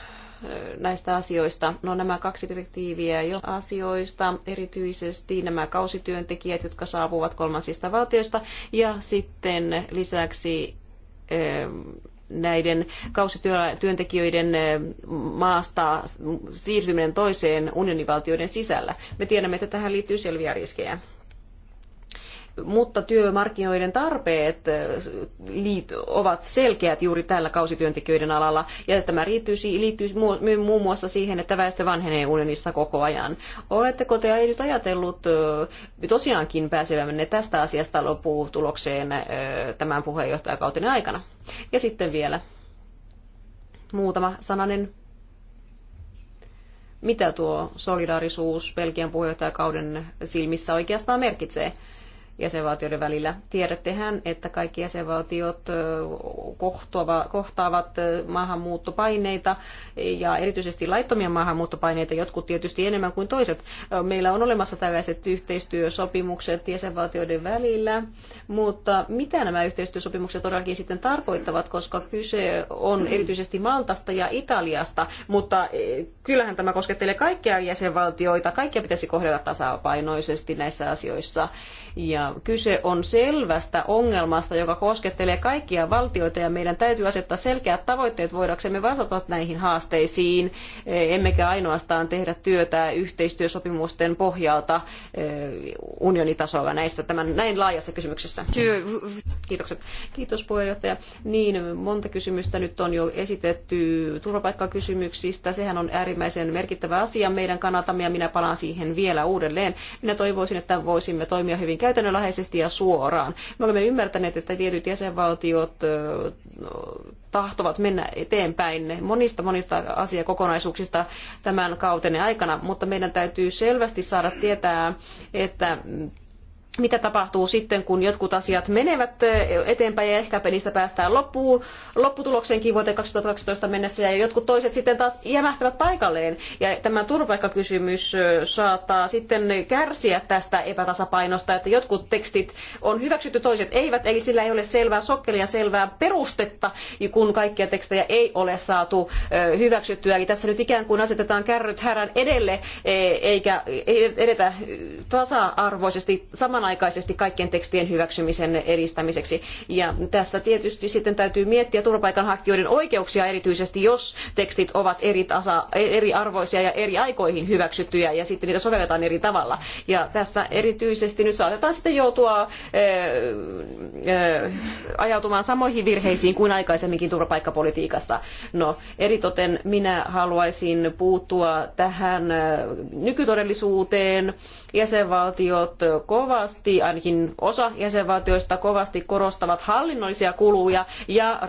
näistä asioista. No nämä kaksi direktiiviä jo asioista, erityisesti nämä kausityöntekijät, jotka saapuvat kolmansista valtioista, ja sitten lisäksi näiden kausityöntekijöiden maasta siirtyminen toiseen unionivaltioiden sisällä. Me tiedämme, että tähän liittyy selviä riskejä mutta työmarkkinoiden tarpeet äh, ovat selkeät juuri tällä kausityöntekijöiden alalla. Ja tämä liittyy muun muassa siihen, että väestö vanhenee unionissa koko ajan. Oletteko te nyt ajatellut äh, tosiaankin pääsevänne tästä asiasta lopputulokseen äh, tämän puheenjohtajakautenne aikana? Ja sitten vielä muutama sananen mitä tuo solidaarisuus Belgian puheenjohtajakauden silmissä oikeastaan merkitsee jäsenvaltioiden välillä. Tiedättehän, että kaikki jäsenvaltiot kohtoava, kohtaavat maahanmuuttopaineita ja erityisesti laittomia maahanmuuttopaineita, jotkut tietysti enemmän kuin toiset. Meillä on olemassa tällaiset yhteistyösopimukset jäsenvaltioiden välillä, mutta mitä nämä yhteistyösopimukset todellakin sitten tarkoittavat, koska kyse on erityisesti Maltasta ja Italiasta, mutta e, kyllähän tämä koskettelee kaikkia jäsenvaltioita. Kaikkia pitäisi kohdella tasapainoisesti näissä asioissa. Ja kyse on selvästä ongelmasta, joka koskettelee kaikkia valtioita ja meidän täytyy asettaa selkeät tavoitteet voidaksemme vastata näihin haasteisiin, eh, emmekä ainoastaan tehdä työtä yhteistyösopimusten pohjalta eh, unionitasolla näissä tämän, näin laajassa kysymyksessä. Kiitokset. Kiitos puheenjohtaja. Niin, monta kysymystä nyt on jo esitetty turvapaikkakysymyksistä. Sehän on äärimmäisen merkittävä asia meidän kannaltamme ja minä palaan siihen vielä uudelleen. Minä toivoisin, että voisimme toimia hyvin käytännönläheisesti ja suoraan. Me olemme ymmärtäneet, että tietyt jäsenvaltiot tahtovat mennä eteenpäin monista monista asiakokonaisuuksista tämän kauteni aikana, mutta meidän täytyy selvästi saada tietää, että mitä tapahtuu sitten, kun jotkut asiat menevät eh, eteenpäin ja ehkä niistä päästään loppuun, lopputulokseenkin vuoteen 2012 mennessä ja jotkut toiset sitten taas jämähtävät paikalleen. Ja tämä turvapaikkakysymys eh, saattaa sitten kärsiä tästä epätasapainosta, että jotkut tekstit on hyväksytty, toiset eivät, eli sillä ei ole selvää sokkelia, selvää perustetta, kun kaikkia tekstejä ei ole saatu eh, hyväksyttyä. Eli tässä nyt ikään kuin asetetaan kärryt härän edelle, eikä edetä tasa-arvoisesti saman samanaikaisesti kaikkien tekstien hyväksymisen edistämiseksi. Ja tässä tietysti sitten täytyy miettiä turvapaikanhakijoiden oikeuksia erityisesti, jos tekstit ovat eri tasa, eriarvoisia ja eri aikoihin hyväksyttyjä ja sitten niitä sovelletaan eri tavalla. Ja tässä erityisesti nyt saatetaan sitten joutua eh, eh, ajautumaan samoihin virheisiin kuin aikaisemminkin turvapaikkapolitiikassa. No, eritoten minä haluaisin puuttua tähän eh, nykytodellisuuteen. Jäsenvaltiot kovasti kovasti, ainakin osa jäsenvaltioista kovasti korostavat hallinnollisia kuluja ja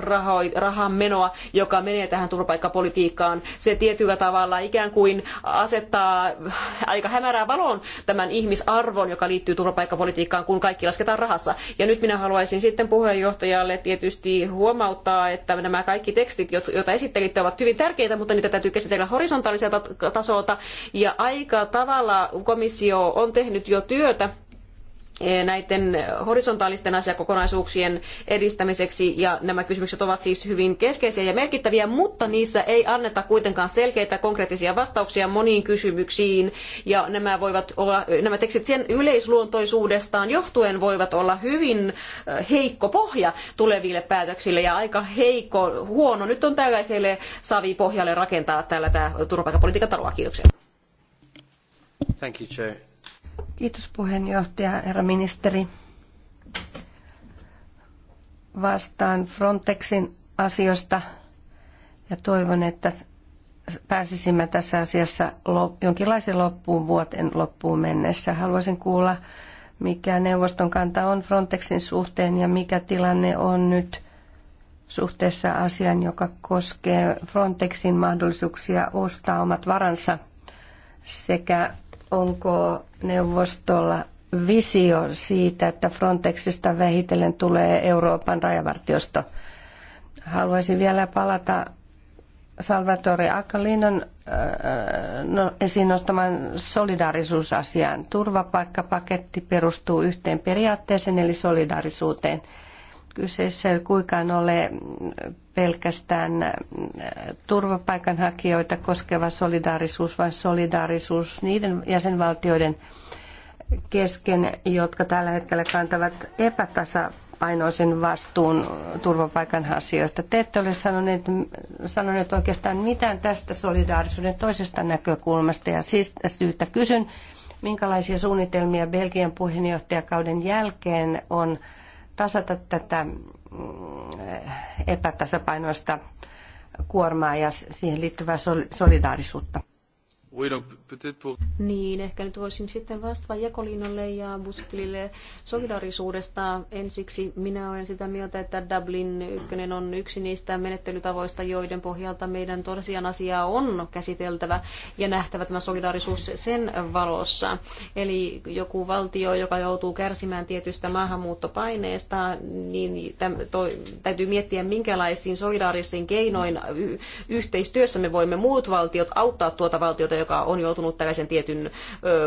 rahan menoa, joka menee tähän turvapaikkapolitiikkaan. Se tietyllä tavalla ikään kuin asettaa aika hämärään valoon tämän ihmisarvon, joka liittyy turvapaikkapolitiikkaan, kun kaikki lasketaan rahassa. Ja nyt minä haluaisin sitten puheenjohtajalle tietysti huomauttaa, että nämä kaikki tekstit, joita esittelitte, ovat hyvin tärkeitä, mutta niitä täytyy käsitellä horisontaaliselta tasolta. Ja aika tavalla komissio on tehnyt jo työtä Eh, näiden horisontaalisten asiakokonaisuuksien edistämiseksi ja nämä kysymykset ovat siis hyvin keskeisiä ja merkittäviä, mutta niissä ei anneta kuitenkaan selkeitä konkreettisia vastauksia moniin kysymyksiin ja nämä voivat olla, nämä tekstit sen yleisluontoisuudestaan johtuen voivat olla hyvin eh, heikko pohja tuleville päätöksille ja aika heikko, huono nyt on tällaiselle savipohjalle rakentaa tällä tämä turvapaikkapolitiikan taloa. Kiitoksia. Thank you, Kiitos puheenjohtaja, herra ministeri. Vastaan Frontexin asioista ja toivon, että pääsisimme tässä asiassa jonkinlaisen loppuun vuoden loppuun mennessä. Haluaisin kuulla, mikä neuvoston kanta on Frontexin suhteen ja mikä tilanne on nyt suhteessa asiaan, joka koskee Frontexin mahdollisuuksia ostaa omat varansa sekä Onko neuvostolla visio siitä, että Frontexista vähitellen tulee Euroopan rajavartiosto? Haluaisin vielä palata Salvatore Acalinon äh, no, esiin nostaman solidaarisuusasian. Turvapaikkapaketti perustuu yhteen periaatteeseen eli solidaarisuuteen. Kyseessä ei kuinkaan ole pelkästään äh, turvapaikanhakijoita koskeva solidaarisuus, vaan solidaarisuus niiden jäsenvaltioiden kesken, jotka tällä hetkellä kantavat epätasapainoisen vastuun turvapaikanhakijoista. Te ette ole sanoneet, sanoneet oikeastaan mitään tästä solidaarisuuden toisesta näkökulmasta ja siitä syystä kysyn, minkälaisia suunnitelmia Belgian puheenjohtajakauden jälkeen on tasata tätä mm, epätasapainoista kuormaa ja siihen liittyvää solidaarisuutta. Niin, ehkä nyt voisin sitten vastata Jakolinolle ja Busutilille solidarisuudesta. Ensiksi minä olen sitä mieltä, että Dublin 1 on yksi niistä menettelytavoista, joiden pohjalta meidän tosiaan asiaa on käsiteltävä ja nähtävä tämä solidarisuus sen valossa. Eli joku valtio, joka joutuu kärsimään tietystä maahanmuuttopaineesta, niin täm, toi, täytyy miettiä, minkälaisiin solidaarisiin keinoin yhteistyössä me voimme muut valtiot auttaa tuota valtiota, joka on joutunut tällaisen tietyn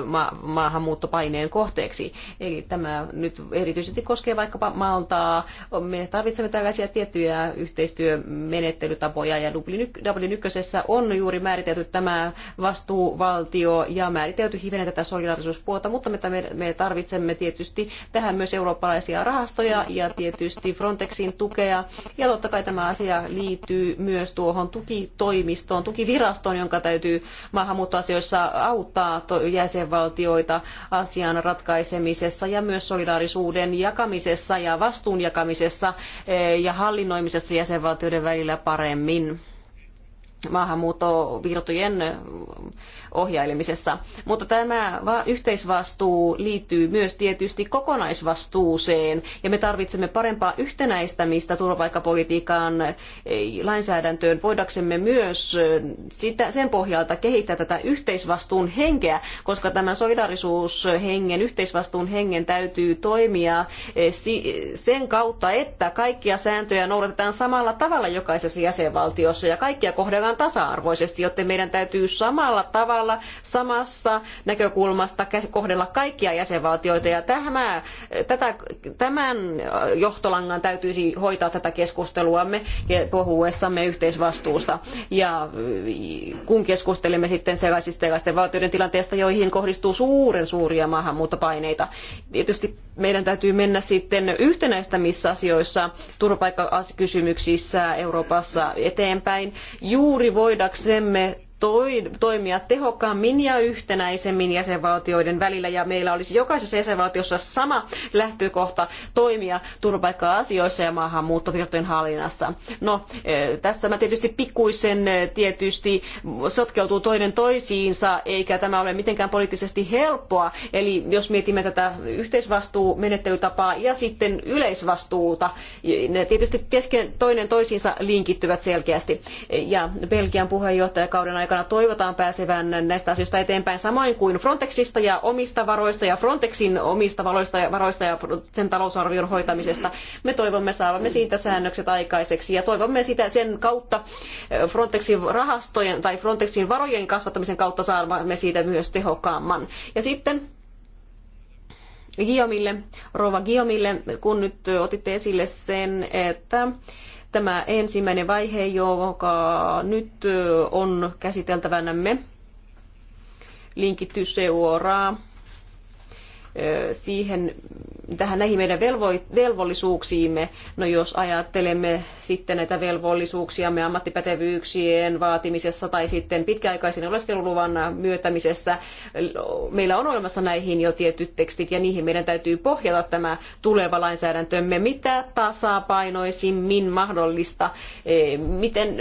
ma- maahanmuuttopaineen kohteeksi. Eli tämä nyt erityisesti koskee vaikkapa Maltaa. Me tarvitsemme tällaisia tiettyjä yhteistyömenettelytapoja ja Dublin, Dublin ykkösessä on juuri määritelty tämä vastuuvaltio ja määritelty hivenen tätä solidarisuuspuolta, mutta me tarvitsemme tietysti tähän myös eurooppalaisia rahastoja ja tietysti Frontexin tukea. Ja totta kai tämä asia liittyy myös tuohon tukitoimistoon, tukivirastoon, jonka täytyy maahanmuuttoa maahanmuuttoasioissa auttaa jäsenvaltioita asian ratkaisemisessa ja myös solidaarisuuden jakamisessa ja vastuun jakamisessa eh, ja hallinnoimisessa jäsenvaltioiden välillä paremmin maahanmuuttovirtojen ohjailemisessa. Mutta tämä yhteisvastuu liittyy myös tietysti kokonaisvastuuseen ja me tarvitsemme parempaa yhtenäistämistä turvapaikkapolitiikan eh, lainsäädäntöön voidaksemme myös eh, sitä, sen pohjalta kehittää tätä yhteisvastuun henkeä, koska tämä solidarisuushengen, yhteisvastuun hengen täytyy toimia eh, sen kautta, että kaikkia sääntöjä noudatetaan samalla tavalla jokaisessa jäsenvaltiossa ja kaikkia kohdellaan tasa-arvoisesti, joten meidän täytyy samalla tavalla tavalla samassa näkökulmasta kohdella kaikkia jäsenvaltioita. Ja tämä, tätä, tämän johtolangan täytyisi hoitaa tätä keskusteluamme puhuessamme yhteisvastuusta. Ja mm, kun keskustelemme sitten sellaisista sellaisten valtioiden tilanteesta, joihin kohdistuu suuren suuria maahanmuuttopaineita. Tietysti meidän täytyy mennä sitten yhtenäistämisasioissa, turvapaikkakysymyksissä Euroopassa eteenpäin, juuri voidaksemme toimia tehokkaammin ja yhtenäisemmin jäsenvaltioiden välillä ja meillä olisi jokaisessa jäsenvaltiossa sama lähtökohta toimia turvapaikka-asioissa ja maahanmuuttovirtojen hallinnassa. No, e, tässä mä tietysti pikkuisen e, tietysti sotkeutuu toinen toisiinsa, eikä tämä ole mitenkään poliittisesti helppoa. Eli jos mietimme tätä yhteisvastuumenettelytapaa ja sitten yleisvastuuta, ne tietysti toinen toisiinsa linkittyvät selkeästi. Ja Belgian puheenjohtajakauden aikana aikana toivotaan pääsevän näistä asioista eteenpäin, samoin kuin Frontexista ja omista varoista ja Frontexin omista varoista ja, varoista ja sen talousarvion hoitamisesta. Me toivomme saavamme siitä säännökset aikaiseksi ja toivomme sitä sen kautta eh, Frontexin rahastojen tai Frontexin varojen kasvattamisen kautta saavamme siitä myös tehokkaamman. Ja sitten Giomille, Rova Giomille, kun nyt otitte esille sen, että tämä ensimmäinen vaihe, joka nyt on käsiteltävänämme, linkittyy seuraa siihen, tähän näihin meidän velvollisuuksiimme. No jos ajattelemme sitten näitä velvollisuuksiamme ammattipätevyyksien vaatimisessa tai sitten pitkäaikaisen oleskeluluvan myötämisessä, meillä on olemassa näihin jo tietyt tekstit ja niihin meidän täytyy pohjata tämä tuleva lainsäädäntömme mitä tasapainoisimmin mahdollista, e, miten,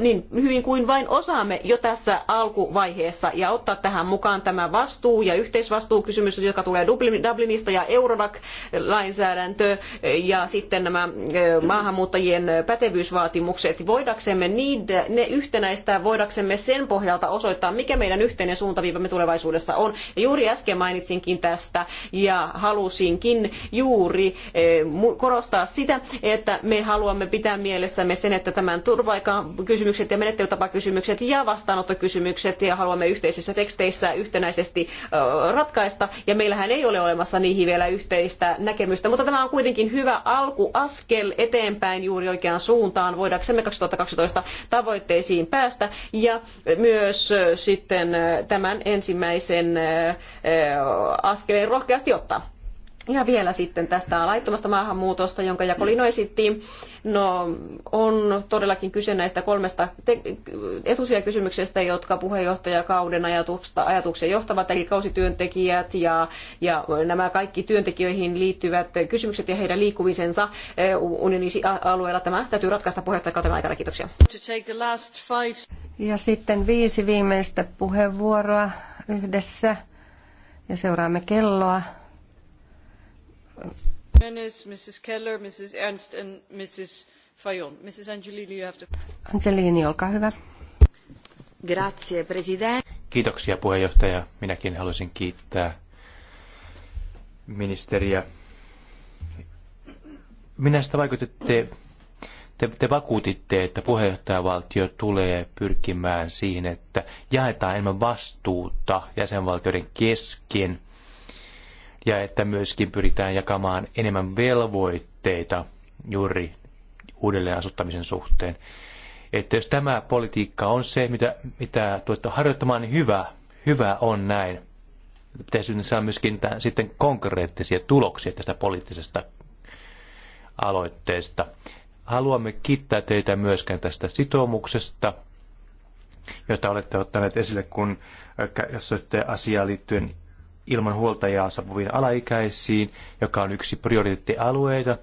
niin hyvin kuin vain osaamme jo tässä alkuvaiheessa ja ottaa tähän mukaan tämä vastuu ja yhteisvastuukysymys, joka tulee Dublinista ja Eurodac-lainsäädäntö ja sitten nämä eh, maahanmuuttajien pätevyysvaatimukset. Voidaksemme niitä, ne yhtenäistää, voidaksemme sen pohjalta osoittaa, mikä meidän yhteinen suuntaviivamme tulevaisuudessa on. Ja juuri äsken mainitsinkin tästä ja halusinkin juuri eh, korostaa sitä, että me haluamme pitää mielessämme sen, että tämän turvaikaan-kysymykset ja menettelytapakysymykset ja vastaanottokysymykset ja haluamme yhteisissä teksteissä yhtenäisesti eh, ratkaista. Ja meillähän ei ole olemassa niihin vielä yhteistä näkemystä, mutta tämä on kuitenkin hyvä alkuaskel eteenpäin juuri oikeaan suuntaan, voidaksemme 2012 tavoitteisiin päästä ja myös sitten tämän ensimmäisen askeleen rohkeasti ottaa. Ja vielä sitten tästä laittomasta maahanmuutosta, jonka Jakolino esitti. No, on todellakin kyse näistä kolmesta te- kysymyksestä, jotka puheenjohtajakauden ajatuksesta, ajatuksia johtavat, eli kausityöntekijät ja, ja nämä kaikki työntekijöihin liittyvät kysymykset ja heidän liikkumisensa eh, unionin alueella. Tämä täytyy ratkaista puheenjohtajakauden aikana. Kiitoksia. Ja sitten viisi viimeistä puheenvuoroa yhdessä ja seuraamme kelloa. Mrs. Keller, Minäkin haluaisin kiittää ministeriä. Minä sitä vaikutitte, te, te vakuutitte, että puheenjohtajavaltio tulee pyrkimään siihen, että jaetaan enemmän vastuuta jäsenvaltioiden kesken ja että myöskin pyritään jakamaan enemmän velvoitteita juuri uudelleen asuttamisen suhteen. Että jos tämä politiikka on se, mitä, mitä tuette harjoittamaan, niin hyvä, hyvä on näin. Pitäisi saada myöskin tämän, sitten konkreettisia tuloksia tästä poliittisesta aloitteesta. Haluamme kiittää teitä myöskin tästä sitoumuksesta, jota olette ottaneet esille, kun äh, jos olette asiaa liittyen ilman huoltajaa saapuviin alaikäisiin, joka on yksi prioriteettialueita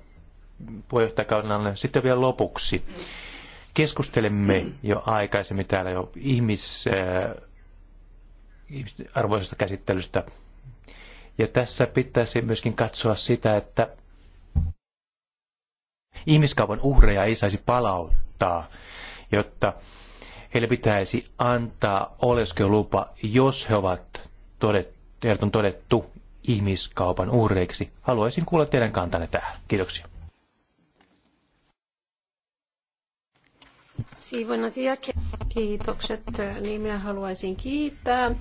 puheenjohtajakaudella. Sitten vielä lopuksi. Keskustelemme jo aikaisemmin täällä jo ihmis, äh, ihmisarvoisesta käsittelystä. Ja tässä pitäisi myöskin katsoa sitä, että ihmiskaupan uhreja ei saisi palauttaa, jotta heille pitäisi antaa oleskelulupa, jos he ovat todettu teidät on todettu ihmiskaupan uhreiksi. Haluaisin kuulla teidän kantanne tähän. Kiitoksia. Kiitokset. Niin minä haluaisin kiittää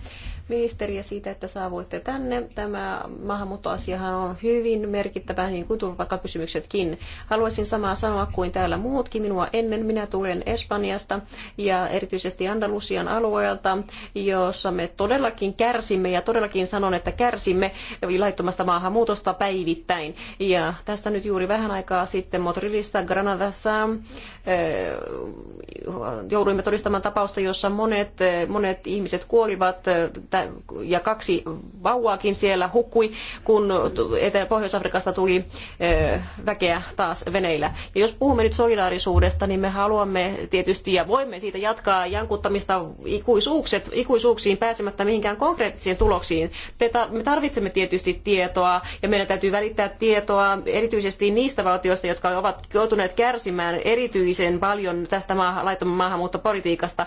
ministeriä siitä, että saavuitte tänne. Tämä maahanmuuttoasiahan on hyvin merkittävä, niin kuin turvapaikkakysymyksetkin. Haluaisin samaa sanoa kuin täällä muutkin minua ennen. Minä tulen Espanjasta ja erityisesti Andalusian alueelta, jossa me todellakin kärsimme ja todellakin sanon, että kärsimme laittomasta maahanmuutosta päivittäin. Ja tässä nyt juuri vähän aikaa sitten Motorilista Granadassa jouduimme todistamaan tapausta, jossa monet, monet ihmiset kuolivat ja kaksi vauvaakin siellä hukkui, kun Pohjois-Afrikasta tuli väkeä taas veneillä. Ja jos puhumme nyt solidaarisuudesta, niin me haluamme tietysti ja voimme siitä jatkaa jankuttamista ikuisuukset, ikuisuuksiin pääsemättä mihinkään konkreettisiin tuloksiin. me tarvitsemme tietysti tietoa ja meidän täytyy välittää tietoa erityisesti niistä valtioista, jotka ovat joutuneet kärsimään erityisesti erityisen paljon tästä laittoman maahanmuuttopolitiikasta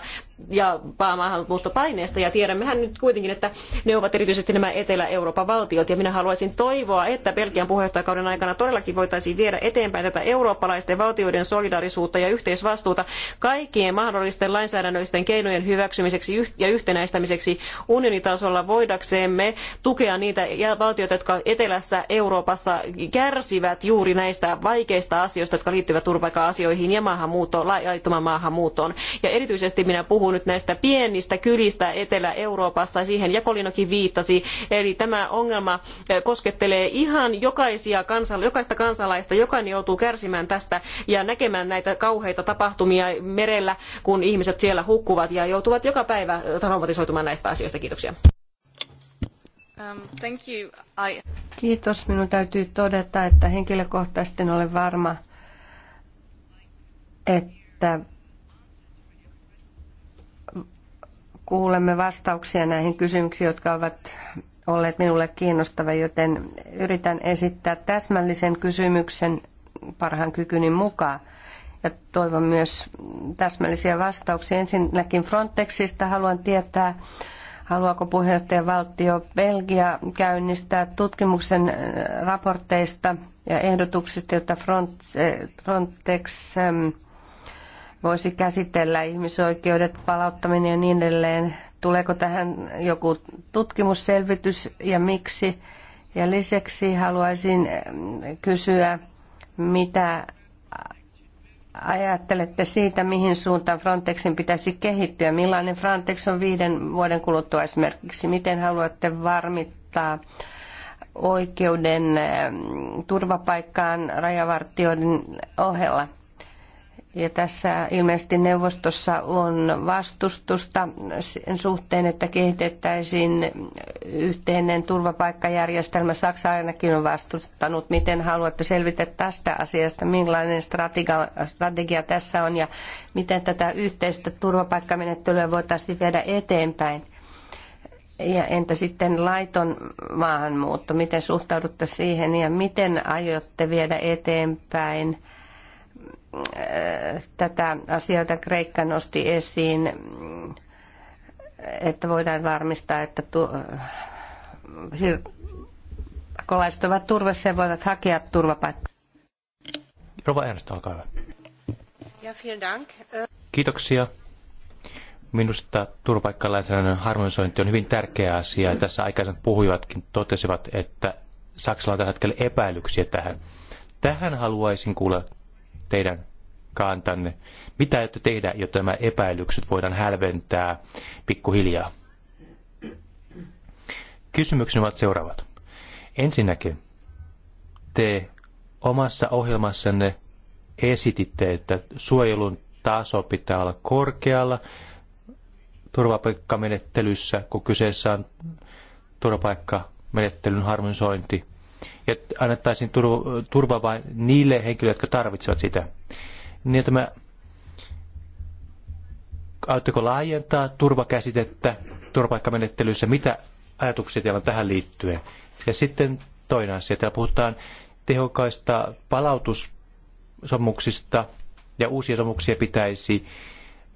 ja maahanmuuttopaineesta. Ja tiedämmehän nyt kuitenkin, että ne ovat erityisesti nämä Etelä-Euroopan valtiot. Ja minä haluaisin toivoa, että Belgian puheenjohtajakauden aikana todellakin voitaisiin viedä eteenpäin tätä eurooppalaisten valtioiden solidaarisuutta ja yhteisvastuuta kaikkien mahdollisten lainsäädännöllisten keinojen hyväksymiseksi ja yhtenäistämiseksi unionitasolla voidaksemme tukea niitä valtioita, jotka etelässä Euroopassa kärsivät juuri näistä vaikeista asioista, jotka liittyvät turvapaikka-asioihin ja maahanmuuttoon, laittoman maahanmuuttoon. Ja erityisesti minä puhun nyt näistä pienistä kylistä Etelä-Euroopassa, siihen Jakolinokin viittasi. Eli tämä ongelma eh, koskettelee ihan jokaisia kansala- jokaista kansalaista, jokainen joutuu kärsimään tästä ja näkemään näitä kauheita tapahtumia merellä, kun ihmiset siellä hukkuvat ja joutuvat joka päivä eh, traumatisoitumaan näistä asioista. Kiitoksia. Um, thank you. I... Kiitos. Minun täytyy todeta, että henkilökohtaisesti en ole varma, että kuulemme vastauksia näihin kysymyksiin, jotka ovat olleet minulle kiinnostavia, joten yritän esittää täsmällisen kysymyksen parhaan kykyni mukaan. Ja toivon myös täsmällisiä vastauksia. Ensinnäkin Frontexista haluan tietää, haluaako valtio Belgia käynnistää tutkimuksen äh, raporteista ja ehdotuksista, joita Frontex ähm, voisi käsitellä ihmisoikeudet, palauttaminen ja niin edelleen. Tuleeko tähän joku tutkimusselvitys ja miksi? Ja lisäksi haluaisin mm, kysyä, mitä ajattelette siitä, mihin suuntaan Frontexin pitäisi kehittyä? Millainen Frontex on viiden vuoden kuluttua esimerkiksi? Miten haluatte varmittaa oikeuden mm, turvapaikkaan rajavartioiden ohella? Ja tässä ilmeisesti neuvostossa on vastustusta sen suhteen, että kehitettäisiin yhteinen turvapaikkajärjestelmä. Saksa ainakin on vastustanut. Miten haluatte selvitä tästä asiasta? Millainen strategia, strategia tässä on ja miten tätä yhteistä turvapaikkamenettelyä voitaisiin viedä eteenpäin? Ja entä sitten laiton maahanmuutto? Miten suhtaudutte siihen ja miten aiotte viedä eteenpäin – tätä asiaa, jota Kreikka nosti esiin, että voidaan varmistaa, että tu- pakolaiset ovat turvassa ja voivat hakea turvapaikkaa. Rova Ernst, olkaa hyvä. Ja, dank. Kiitoksia. Minusta turvapaikkalainsäädännön harmonisointi on hyvin tärkeä asia. Tässä aikaisemmat puhujatkin totesivat, että Saksalla on tällä hetkellä epäilyksiä tähän. Tähän haluaisin kuulla teidän kantanne? Mitä aiotte tehdä, jotta nämä epäilykset voidaan hälventää pikkuhiljaa? Kysymykset ovat seuraavat. Ensinnäkin, te omassa ohjelmassanne esititte, että suojelun taso pitää olla korkealla turvapaikkamenettelyssä, kun kyseessä on turvapaikkamenettelyn harmonisointi ja annettaisiin turva vain niille henkilöille, jotka tarvitsevat sitä. Niin tämä, aiotteko laajentaa turvakäsitettä turvapaikkamenettelyssä, mitä ajatuksia teillä on tähän liittyen? Ja sitten toinen asia, täällä puhutaan tehokkaista palautussomuksista ja uusia somuksia pitäisi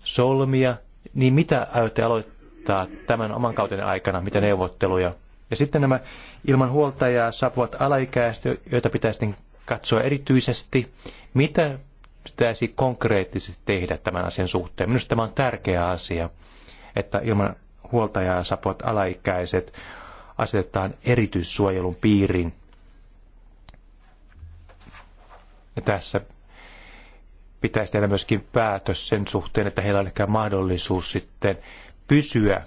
solmia, niin mitä aiotte aloittaa tämän oman kautenne aikana, mitä neuvotteluja ja sitten nämä ilman huoltajaa saapuvat alaikäiset, joita pitäisi katsoa erityisesti, mitä pitäisi konkreettisesti tehdä tämän asian suhteen. Minusta tämä on tärkeä asia, että ilman huoltajaa saapuvat alaikäiset asetetaan erityissuojelun piiriin. Ja tässä pitäisi tehdä myöskin päätös sen suhteen, että heillä on ehkä mahdollisuus sitten pysyä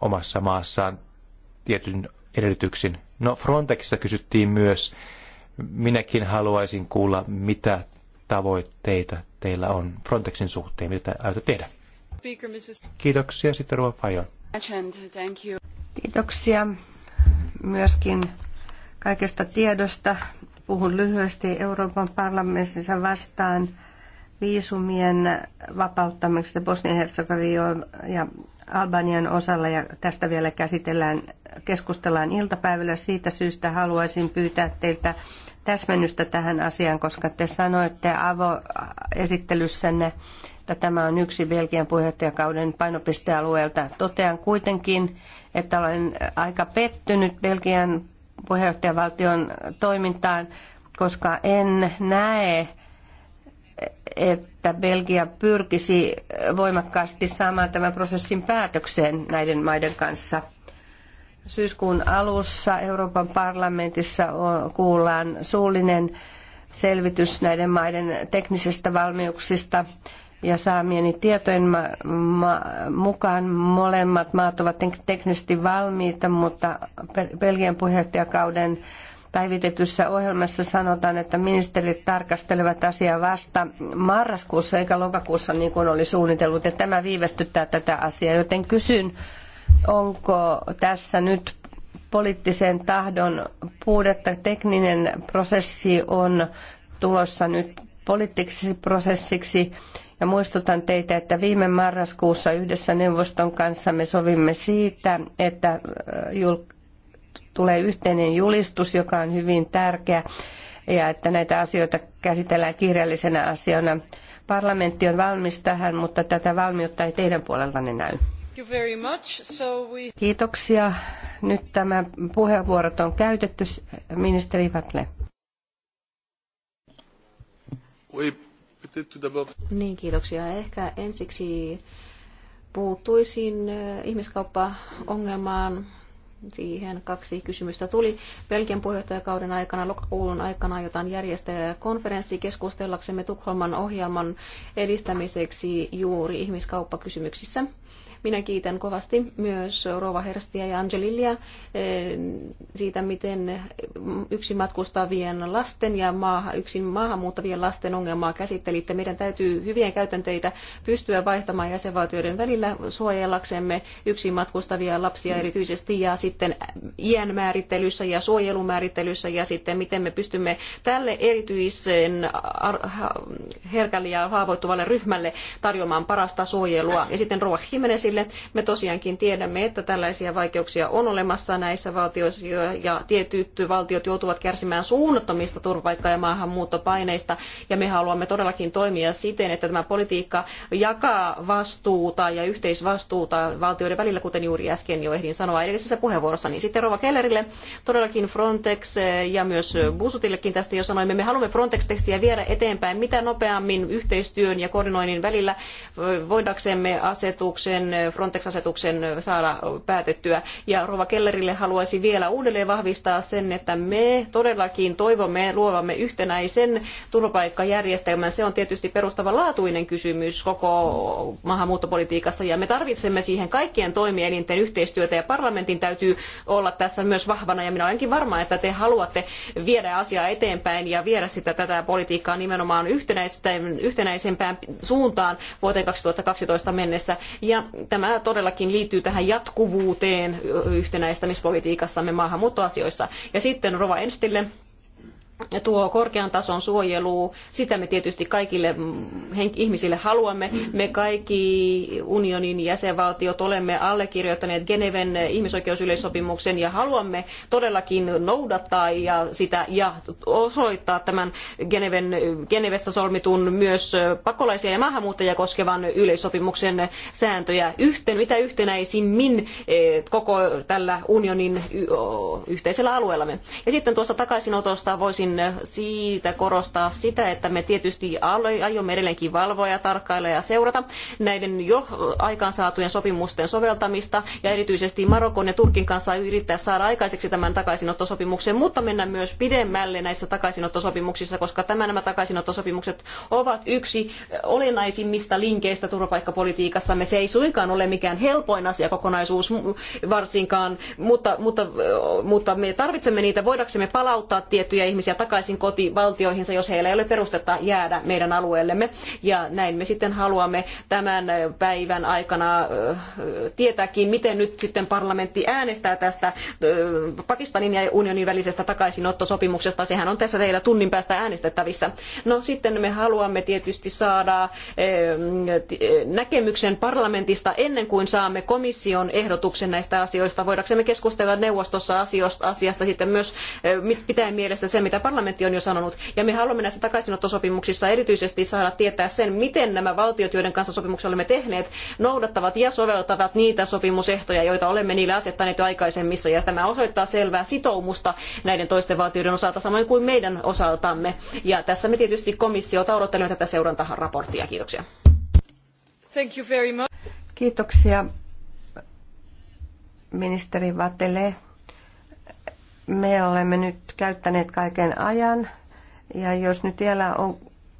omassa maassaan tietyn edellytyksin. No Frontexissa kysyttiin myös, minäkin haluaisin kuulla, mitä tavoitteita teillä on Frontexin suhteen, mitä aiotte tehdä. Kiitoksia, sitten Ruo Fajon. Kiitoksia myöskin kaikesta tiedosta. Puhun lyhyesti Euroopan parlamentissa vastaan viisumien vapauttamisesta bosnia herzegovina ja Albanian osalla ja tästä vielä käsitellään, keskustellaan iltapäivällä. Siitä syystä haluaisin pyytää teiltä täsmennystä tähän asiaan, koska te sanoitte avoesittelyssänne, että tämä on yksi Belgian puheenjohtajakauden painopistealueelta. Totean kuitenkin, että olen aika pettynyt Belgian puheenjohtajavaltion toimintaan, koska en näe että Belgia pyrkisi voimakkaasti saamaan tämän prosessin päätökseen näiden maiden kanssa. Syyskuun alussa Euroopan parlamentissa kuullaan suullinen selvitys näiden maiden teknisistä valmiuksista ja saamieni tietojen mukaan molemmat maat ovat teknisesti valmiita, mutta Belgian puheenjohtajakauden päivitetyssä ohjelmassa sanotaan, että ministerit tarkastelevat asiaa vasta marraskuussa eikä lokakuussa niin kuin oli suunnitellut. Ja tämä viivästyttää tätä asiaa, joten kysyn, onko tässä nyt poliittisen tahdon puudetta. Tekninen prosessi on tulossa nyt poliittiseksi prosessiksi. Ja muistutan teitä, että viime marraskuussa yhdessä neuvoston kanssa me sovimme siitä, että julk- tulee yhteinen julistus, joka on hyvin tärkeä, ja että näitä asioita käsitellään kirjallisena asiana. Parlamentti on valmis tähän, mutta tätä valmiutta ei teidän puolellanne näy. Kiitoksia. Nyt tämä puheenvuorot on käytetty. Ministeri Vatle. Niin, kiitoksia. Ehkä ensiksi puuttuisin eh, ihmiskauppaongelmaan Siihen kaksi kysymystä tuli Belgian puheenjohtajakauden aikana, lokakuun aikana, jotain konferenssi keskustellaksemme Tukholman ohjelman edistämiseksi juuri ihmiskauppakysymyksissä. kysymyksissä minä kiitän kovasti myös Rova Herstiä ja Angelilia eh, siitä, miten yksin matkustavien lasten ja maaha, yksin maahanmuuttavien lasten ongelmaa käsittelitte. Meidän täytyy hyviä käytänteitä pystyä vaihtamaan jäsenvaltioiden välillä suojellaksemme yksin matkustavia lapsia erityisesti ja sitten iän määrittelyssä ja suojelumäärittelyssä ja sitten miten me pystymme tälle erityisen herkälle ja haavoittuvalle ryhmälle tarjoamaan parasta suojelua. Ja sitten Rova Jimenezille esille. Me tosiaankin tiedämme, että tällaisia vaikeuksia on olemassa näissä valtioissa ja tietyt valtiot joutuvat kärsimään suunnattomista turvapaikka- ja maahanmuuttopaineista ja me haluamme todellakin toimia siten, että tämä politiikka jakaa vastuuta ja yhteisvastuuta valtioiden välillä, kuten juuri äsken jo ehdin sanoa edellisessä puheenvuorossani. Sitten Rova Kellerille todellakin Frontex eh, ja myös Busutillekin tästä jo sanoimme. Me haluamme Frontex-tekstiä viedä eteenpäin mitä nopeammin yhteistyön ja koordinoinnin välillä eh, voidaksemme asetuksen eh, Frontex-asetuksen saada päätettyä. Ja Rova Kellerille haluaisin vielä uudelleen vahvistaa sen, että me todellakin toivomme luovamme yhtenäisen turvapaikkajärjestelmän. Se on tietysti perustavanlaatuinen kysymys koko maahanmuuttopolitiikassa ja me tarvitsemme siihen kaikkien toimielinten yhteistyötä ja parlamentin täytyy olla tässä myös vahvana ja minä olenkin varma, että te haluatte viedä asiaa eteenpäin ja viedä sitä tätä politiikkaa nimenomaan yhtenäisempään suuntaan vuoteen 2012 mennessä. Ja tämä todellakin liittyy tähän jatkuvuuteen yhtenäistämispolitiikassamme maahanmuuttoasioissa. Ja sitten Rova Enstille tuo korkean tason suojelu, sitä me tietysti kaikille mm, ihmisille haluamme. Me kaikki unionin jäsenvaltiot olemme allekirjoittaneet Geneven ihmisoikeusyleissopimuksen ja haluamme todellakin noudattaa ja sitä ja osoittaa tämän Geneven, Genevessä solmitun myös pakolaisia ja maahanmuuttajia koskevan yleissopimuksen sääntöjä yhten, mitä yhtenäisimmin eh, koko tällä unionin yhteisellä alueellamme. Ja sitten tuosta takaisinotosta voisin haluaisin siitä korostaa sitä, että me tietysti aiomme edelleenkin valvoa ja tarkkailla ja seurata näiden jo aikaansaatujen sopimusten soveltamista ja erityisesti Marokon ja Turkin kanssa yrittää saada aikaiseksi tämän takaisinottosopimuksen, mutta mennä myös pidemmälle näissä takaisinottosopimuksissa, koska tämä, nämä takaisinottosopimukset ovat yksi olennaisimmista linkeistä turvapaikkapolitiikassamme. Se ei suinkaan ole mikään helpoin asiakokonaisuus varsinkaan, mutta, mutta, mutta me tarvitsemme niitä voidaksemme palauttaa tiettyjä ihmisiä takaisin kotivaltioihinsa, jos heillä ei ole perustetta jäädä meidän alueellemme. Ja näin me sitten haluamme tämän päivän aikana tietääkin, miten nyt sitten parlamentti äänestää tästä Pakistanin ja unionin välisestä takaisinottosopimuksesta. Sehän on tässä teillä tunnin päästä äänestettävissä. No sitten me haluamme tietysti saada näkemyksen parlamentista ennen kuin saamme komission ehdotuksen näistä asioista. Voidaksemme keskustella neuvostossa asiasta sitten myös pitäen mielessä se, mitä parlamentti on jo sanonut. Ja me haluamme näissä takaisinottosopimuksissa erityisesti saada tietää sen, miten nämä valtiot, joiden kanssa sopimuksia olemme tehneet, noudattavat ja soveltavat niitä sopimusehtoja, joita olemme niille asettaneet jo aikaisemmissa. Ja tämä osoittaa selvää sitoumusta näiden toisten valtioiden osalta, samoin kuin meidän osaltamme. Ja tässä me tietysti komissiota odottelemme tätä seurantaraporttia. Kiitoksia. Thank you very much. Kiitoksia ministeri Vatele me olemme nyt käyttäneet kaiken ajan ja jos nyt vielä on,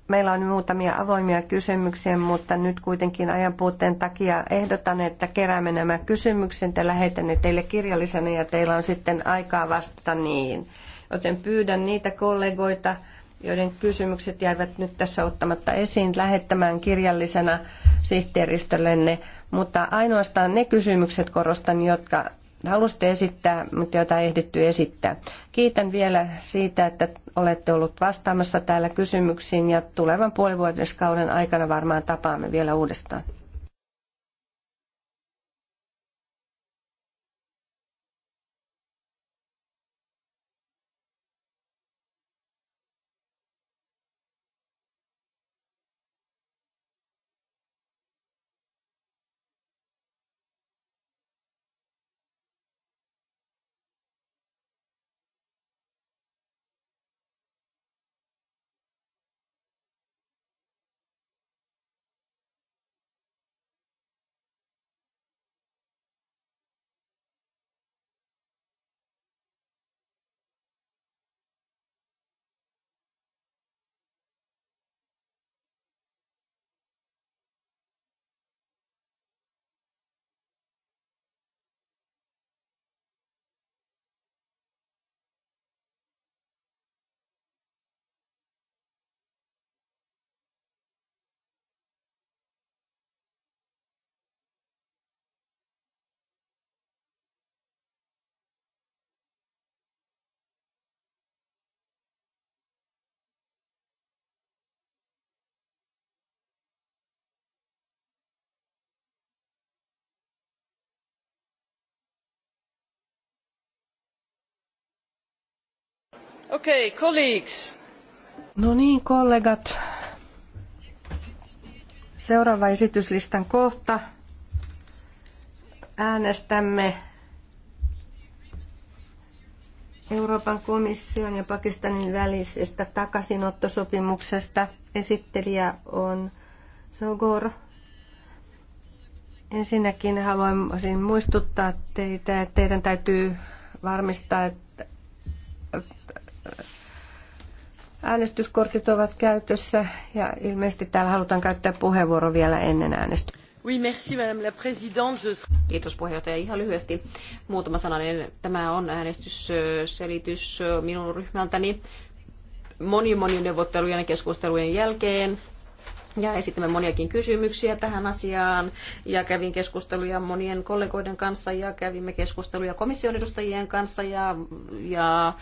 meillä on muutamia avoimia kysymyksiä, mutta nyt kuitenkin ajan puutteen takia ehdotan, että keräämme nämä kysymykset ja lähetän ne teille kirjallisena ja teillä on sitten aikaa vastata niin. Joten pyydän niitä kollegoita, joiden kysymykset jäivät nyt tässä ottamatta esiin, lähettämään kirjallisena sihteeristöllenne, mutta ainoastaan ne kysymykset korostan, jotka halusitte esittää, mutta joita ei ehditty esittää. Kiitän vielä siitä, että olette ollut vastaamassa täällä kysymyksiin ja tulevan puolivuotiskauden aikana varmaan tapaamme vielä uudestaan. Okay, colleagues. No niin, kollegat. Seuraava esityslistan kohta. Äänestämme Euroopan komission ja Pakistanin välisestä takaisinottosopimuksesta. Esittelijä on Sogor. Ensinnäkin haluaisin muistuttaa teitä, että teidän täytyy varmistaa, että äänestyskortit ovat käytössä ja ilmeisesti täällä halutaan käyttää puheenvuoro vielä ennen äänestystä. Oui, merci, madame la présidente. Kiitos puheenjohtaja. Ihan lyhyesti muutama sananen. Tämä on äänestysselitys minun ryhmältäni. Moni, moni neuvottelujen ja keskustelujen jälkeen ja esitimme moniakin kysymyksiä tähän asiaan ja kävin keskusteluja monien kollegoiden kanssa ja kävimme keskusteluja komission edustajien kanssa ja, ja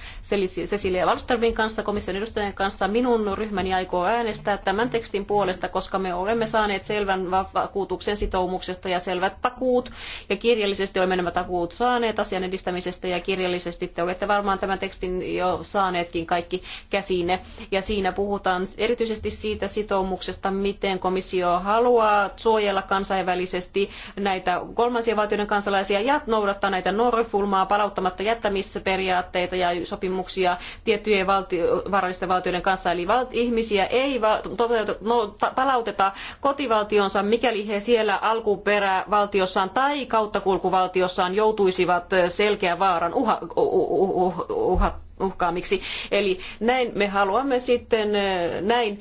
Cecilia Wallströmin kanssa, komission edustajien kanssa. Minun ryhmäni aikoo äänestää tämän tekstin puolesta, koska me olemme saaneet selvän vakuutuksen sitoumuksesta ja selvät takuut ja kirjallisesti olemme nämä takuut saaneet asian edistämisestä ja kirjallisesti te olette varmaan tämän tekstin jo saaneetkin kaikki käsiinne ja siinä puhutaan erityisesti siitä sitoumuksesta, miten komissio haluaa suojella kansainvälisesti näitä kolmansien valtioiden kansalaisia ja noudattaa näitä norfulmaa palauttamatta jättämissä periaatteita ja sopimuksia tiettyjen valtio, varallisten valtioiden kanssa. Eli val, ihmisiä ei toteuta, no, palauteta kotivaltionsa, mikäli he siellä alkuperävaltiossaan tai kauttakulkuvaltiossaan joutuisivat selkeän vaaran uha, uh, uh, uh, uhkaamiksi. Eli näin me haluamme sitten näin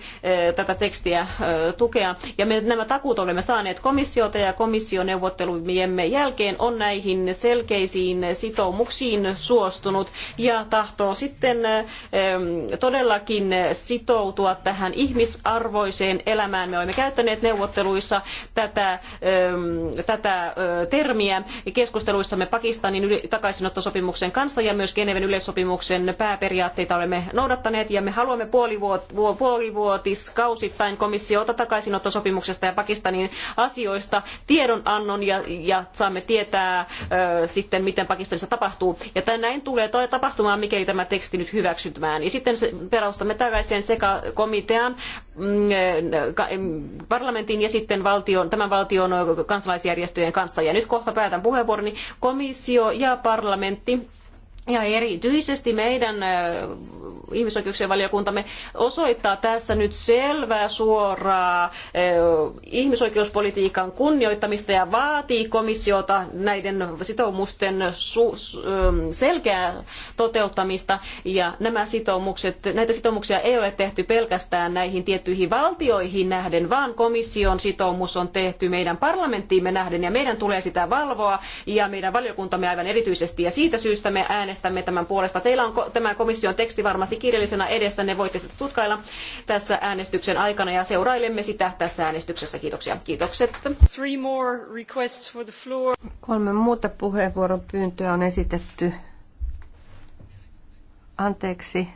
tätä tekstiä tukea. Ja me nämä takuut olemme saaneet komissiota ja komissioneuvottelujemme jälkeen on näihin selkeisiin sitoumuksiin suostunut ja tahtoo sitten todellakin sitoutua tähän ihmisarvoiseen elämään. Me olemme käyttäneet neuvotteluissa tätä, tätä termiä keskusteluissamme Pakistanin takaisinottosopimuksen kanssa ja myös Geneven yleissopimuksen komission pääperiaatteita olemme noudattaneet ja me haluamme puolivuot, puolivuotiskausittain komissiolta takaisinottosopimuksesta ja Pakistanin asioista tiedonannon ja, ja saamme tietää ö, sitten, miten Pakistanissa tapahtuu. Ja näin tulee tapahtumaan, mikäli tämä teksti nyt hyväksytään. Ja sitten se, perustamme takaisin sekä komitean mm, parlamentin ja sitten valtion, tämän valtion kansalaisjärjestöjen kanssa. Ja nyt kohta päätän puheenvuoroni. Komissio ja parlamentti ja erityisesti meidän ihmisoikeuksien valiokuntamme osoittaa tässä nyt selvää suoraa eh, ihmisoikeuspolitiikan kunnioittamista ja vaatii komissiota näiden sitoumusten eh, selkeää toteuttamista ja nämä sitoumukset, näitä sitoumuksia ei ole tehty pelkästään näihin tiettyihin valtioihin nähden, vaan komission sitoumus on tehty meidän parlamenttiimme nähden ja meidän tulee sitä valvoa ja meidän valiokuntamme aivan erityisesti ja siitä syystä me äänestämme tämän puolesta. Teillä on tämä komission teksti varmaan varmasti kirjallisena edessänne. Voitte sitä tutkailla tässä äänestyksen aikana ja seurailemme sitä tässä äänestyksessä. Kiitoksia. Kiitokset. Three more requests for the floor. Kolme muuta puheenvuoropyyntöä on esitetty. Anteeksi.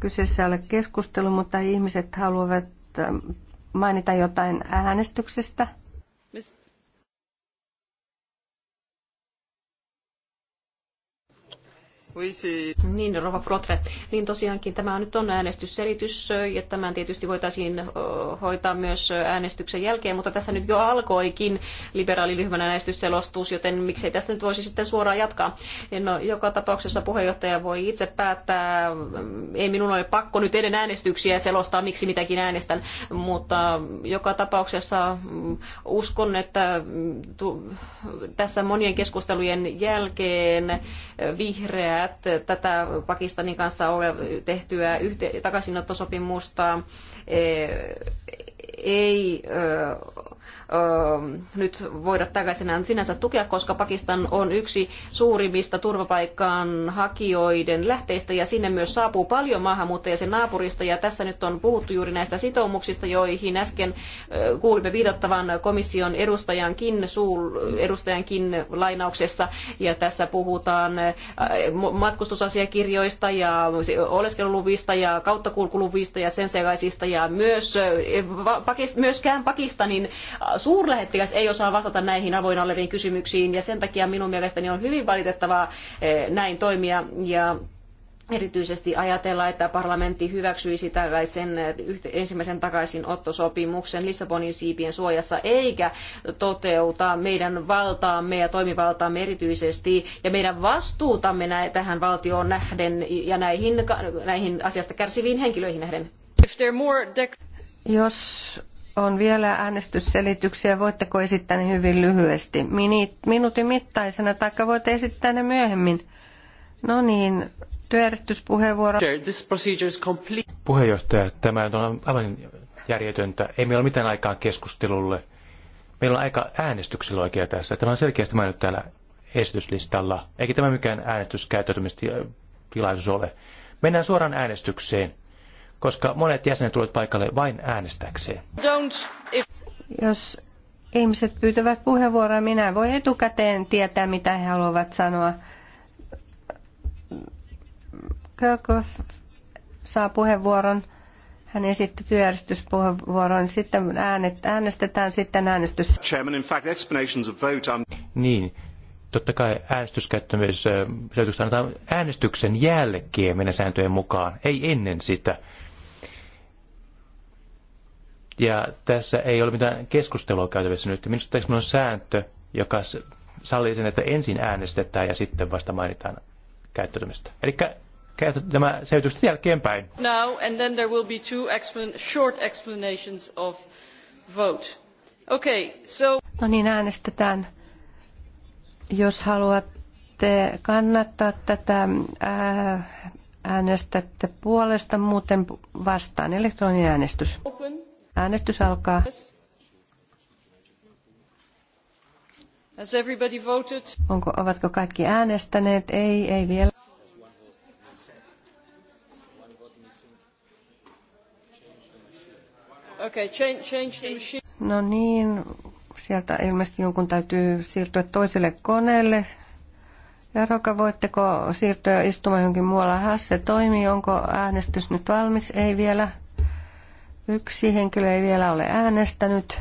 Kyseessä ei ole keskustelu, mutta ihmiset haluavat äh, mainita jotain äänestyksestä. Miss Niin, Rova Flotre. Niin tosiaankin tämä nyt on äänestysselitys ja tämän tietysti voitaisiin hoitaa myös äänestyksen jälkeen, mutta tässä nyt jo alkoikin liberaaliryhmän äänestysselostus, joten miksei tässä nyt voisi sitten suoraan jatkaa. No, joka tapauksessa puheenjohtaja voi itse päättää, ei minun ole pakko nyt ennen äänestyksiä selostaa, miksi mitäkin äänestän, mutta joka tapauksessa mm, uskon, että mm, tässä monien keskustelujen jälkeen vihreä että tätä Pakistanin kanssa tehtyä yhte- takaisinottosopimusta eh, ei Ähm, nyt voida takaisinään sinänsä tukea, koska Pakistan on yksi suurimmista turvapaikan hakijoiden lähteistä ja sinne myös saapuu paljon maahanmuuttajia sen naapurista ja tässä nyt on puhuttu juuri näistä sitoumuksista, joihin äsken äh, kuulimme viitattavan komission edustajankin, suul, edustajankin lainauksessa ja tässä puhutaan äh, matkustusasiakirjoista ja oleskeluluvista ja kauttakulkuluvista ja sen sellaisista ja myös, äh, myöskään Pakistanin suurlähettiläs ei osaa vastata näihin avoinna oleviin kysymyksiin ja sen takia minun mielestäni on hyvin valitettavaa eh, näin toimia ja erityisesti ajatella, että parlamentti hyväksyisi tällaisen eh, ensimmäisen takaisinottosopimuksen Lissabonin siipien suojassa, eikä toteuta meidän valtaamme ja toimivaltaamme erityisesti ja meidän vastuutamme tähän valtioon nähden ja näihin, näihin asiasta kärsiviin henkilöihin nähden. Jos on vielä äänestysselityksiä. Voitteko esittää ne hyvin lyhyesti? minuutin mittaisena, taikka voitte esittää ne myöhemmin. No niin, työjärjestyspuheenvuoro. Puheenjohtaja, tämä on aivan järjetöntä. Ei meillä ole mitään aikaa keskustelulle. Meillä on aika äänestyksellä oikea tässä. Tämä on selkeästi mainittu täällä esityslistalla. Eikä tämä mikään äänestyskäyttäytymistilaisuus ole. Mennään suoraan äänestykseen koska monet jäsenet tulevat paikalle vain äänestäkseen. Jos ihmiset pyytävät puheenvuoroa, minä voi etukäteen tietää, mitä he haluavat sanoa. Kirkhoff saa puheenvuoron. Hän esitti työjärjestyspuheenvuoron. Sitten äänet, äänestetään sitten äänestys. Chairman, in fact, explanations of vote on... Niin, totta kai äänestyskäyttömyys äh, äänestyksen jälkeen meidän sääntöjen mukaan, ei ennen sitä. Ja tässä ei ole mitään keskustelua käytävissä nyt. Minusta tässä on sääntö, joka sallii sen, että ensin äänestetään ja sitten vasta mainitaan käyttäytymistä. Eli tämä selitys jälkeenpäin. Now and then there will be two explan short explanations of vote. Okay, so... No niin, äänestetään. Jos haluatte kannattaa tätä, äänestätte puolesta, muuten vastaan. Elektroninen äänestys. Open. Äänestys alkaa. Onko, ovatko kaikki äänestäneet? Ei, ei vielä. Okay, change, change the machine. No niin, sieltä ilmeisesti jonkun täytyy siirtyä toiselle koneelle. Jaroka, voitteko siirtyä istumaan johonkin muualla? Hasse toimii, onko äänestys nyt valmis? Ei vielä. Yksi henkilö ei vielä ole äänestänyt.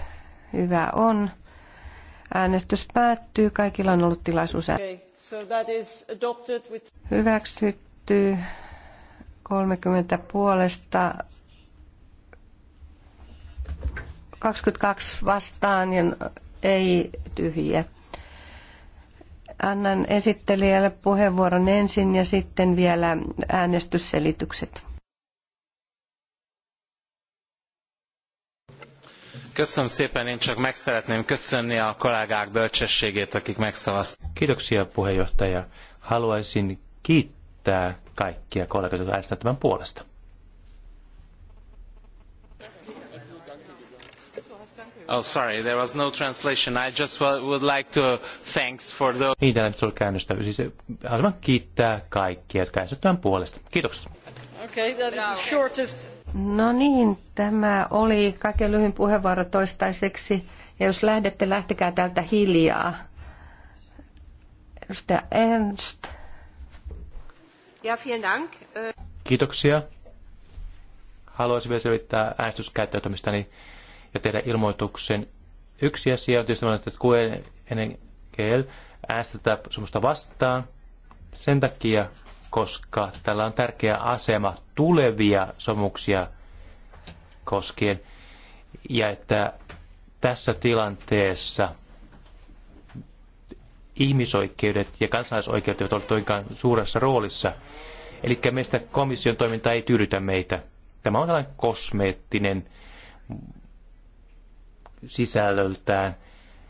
Hyvä on. Äänestys päättyy. Kaikilla on ollut tilaisuus äänestää. Hyväksytty 30 puolesta, 22 vastaan ja ei tyhjiä. Annan esittelijälle puheenvuoron ensin ja sitten vielä äänestysselitykset. Köszönöm szépen, én csak meg szeretném köszönni a kollégák bölcsességét, akik megszavazták. Kiitoksia puheenjohtaja. Haluaisin kiittää kaikkia kollegoita, jotka äänestävät tämän puolesta. Oh, sorry, there was no translation. I just would like to thanks for the... Niin, täällä nyt oli käännöstä. Siis eh, haluan kiittää kaikkia, jotka puolesta. Kiitokset. Okay, that is the shortest No niin, tämä oli kaiken lyhyin puheenvuoro toistaiseksi. Ja jos lähdette, lähtekää täältä hiljaa. Edustaja Ernst. Ja, vielen dank. Kiitoksia. Haluaisin vielä selvittää äänestyskäyttäytymistäni niin ja tehdä ilmoituksen. Yksi asia on tietysti, että QNGL äänestetään sellaista vastaan. Sen takia koska tällä on tärkeä asema tulevia somuksia koskien. Ja että tässä tilanteessa ihmisoikeudet ja kansalaisoikeudet eivät ole toinkaan suuressa roolissa. Eli meistä komission toiminta ei tyydytä meitä. Tämä on tällainen kosmeettinen sisällöltään.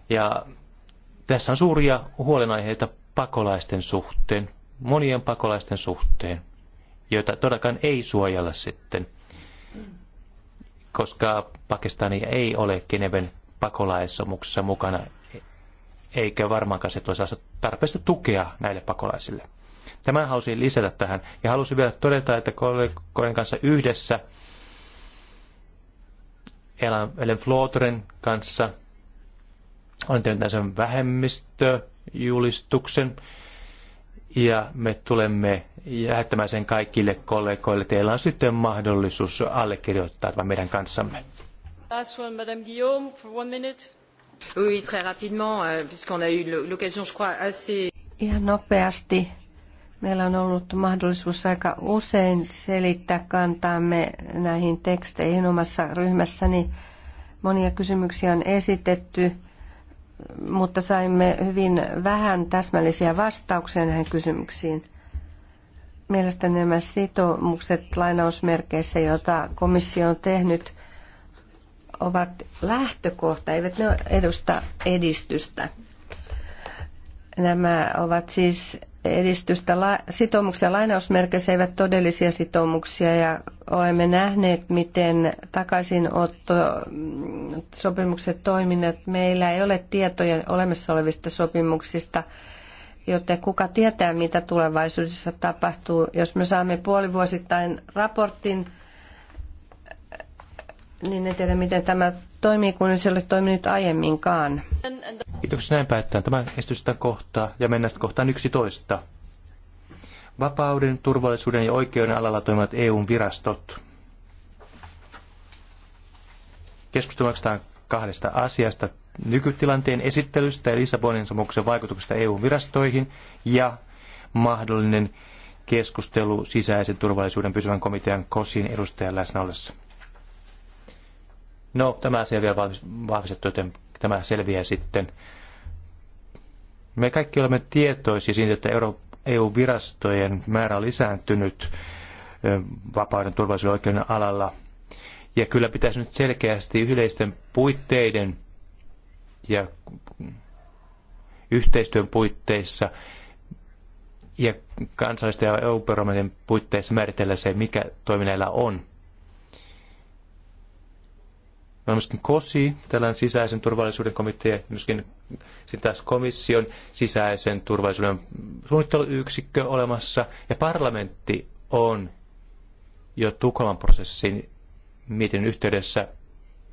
Ja tässä on suuria huolenaiheita pakolaisten suhteen, monien pakolaisten suhteen, joita todellakaan ei suojella sitten, koska Pakistani ei ole Geneven pakolaisomuksessa mukana, eikä varmaankaan se toisaalta tarpeesta tukea näille pakolaisille. Tämän halusin lisätä tähän ja halusin vielä todeta, että kollegojen kanssa yhdessä Ellen Flotren kanssa olen tehnyt sen vähemmistöjulistuksen, ja me tulemme lähettämään sen kaikille kollegoille. Teillä on sitten mahdollisuus allekirjoittaa tämä meidän kanssamme. Last one, Madame Guillaume, for one minute. Oui, très rapidement, euh, puisqu'on a eu l'occasion, je crois, assez... Ihan nopeasti. Meillä on ollut mahdollisuus aika usein selittää kantaamme näihin teksteihin omassa ryhmässäni. Monia kysymyksiä on esitetty mutta saimme hyvin vähän täsmällisiä vastauksia näihin kysymyksiin. Mielestäni nämä sitoumukset lainausmerkeissä, joita komissio on tehnyt, ovat lähtökohta, eivät ne edusta edistystä. Nämä ovat siis edistystä. La- sitoumuksia lainausmerkeissä eivät todellisia sitoumuksia ja olemme nähneet, miten takaisinotto sopimukset toiminnat. Meillä ei ole tietoja olemassa olevista sopimuksista, joten kuka tietää, mitä tulevaisuudessa tapahtuu. Jos me saamme puolivuosittain raportin niin en tiedä miten tämä toimii, kun se ole toiminut aiemminkaan. Kiitoksia näin päättää tämän esitystä kohtaa ja mennään sitten kohtaan 11. Vapauden, turvallisuuden ja oikeuden alalla toimivat EUn virastot. Keskustelu kahdesta asiasta, nykytilanteen esittelystä ja Lissabonin sopimuksen vaikutuksesta EUn virastoihin ja mahdollinen keskustelu sisäisen turvallisuuden pysyvän komitean KOSin edustajan läsnä ollessa. No, tämä asia vielä vahvistettu, joten tämä selviää sitten. Me kaikki olemme tietoisia siitä, että EU-virastojen määrä on lisääntynyt vapauden, turvallisuuden oikeuden alalla. Ja kyllä pitäisi nyt selkeästi yleisten puitteiden ja yhteistyön puitteissa ja kansallisten ja EU-parlamentin puitteissa määritellä se, mikä toiminnalla on Meillä on myöskin KOSI, tällainen sisäisen turvallisuuden komitea, myöskin sitten taas komission sisäisen turvallisuuden suunnitteluyksikkö olemassa, ja parlamentti on jo Tukholman prosessin mietinnön yhteydessä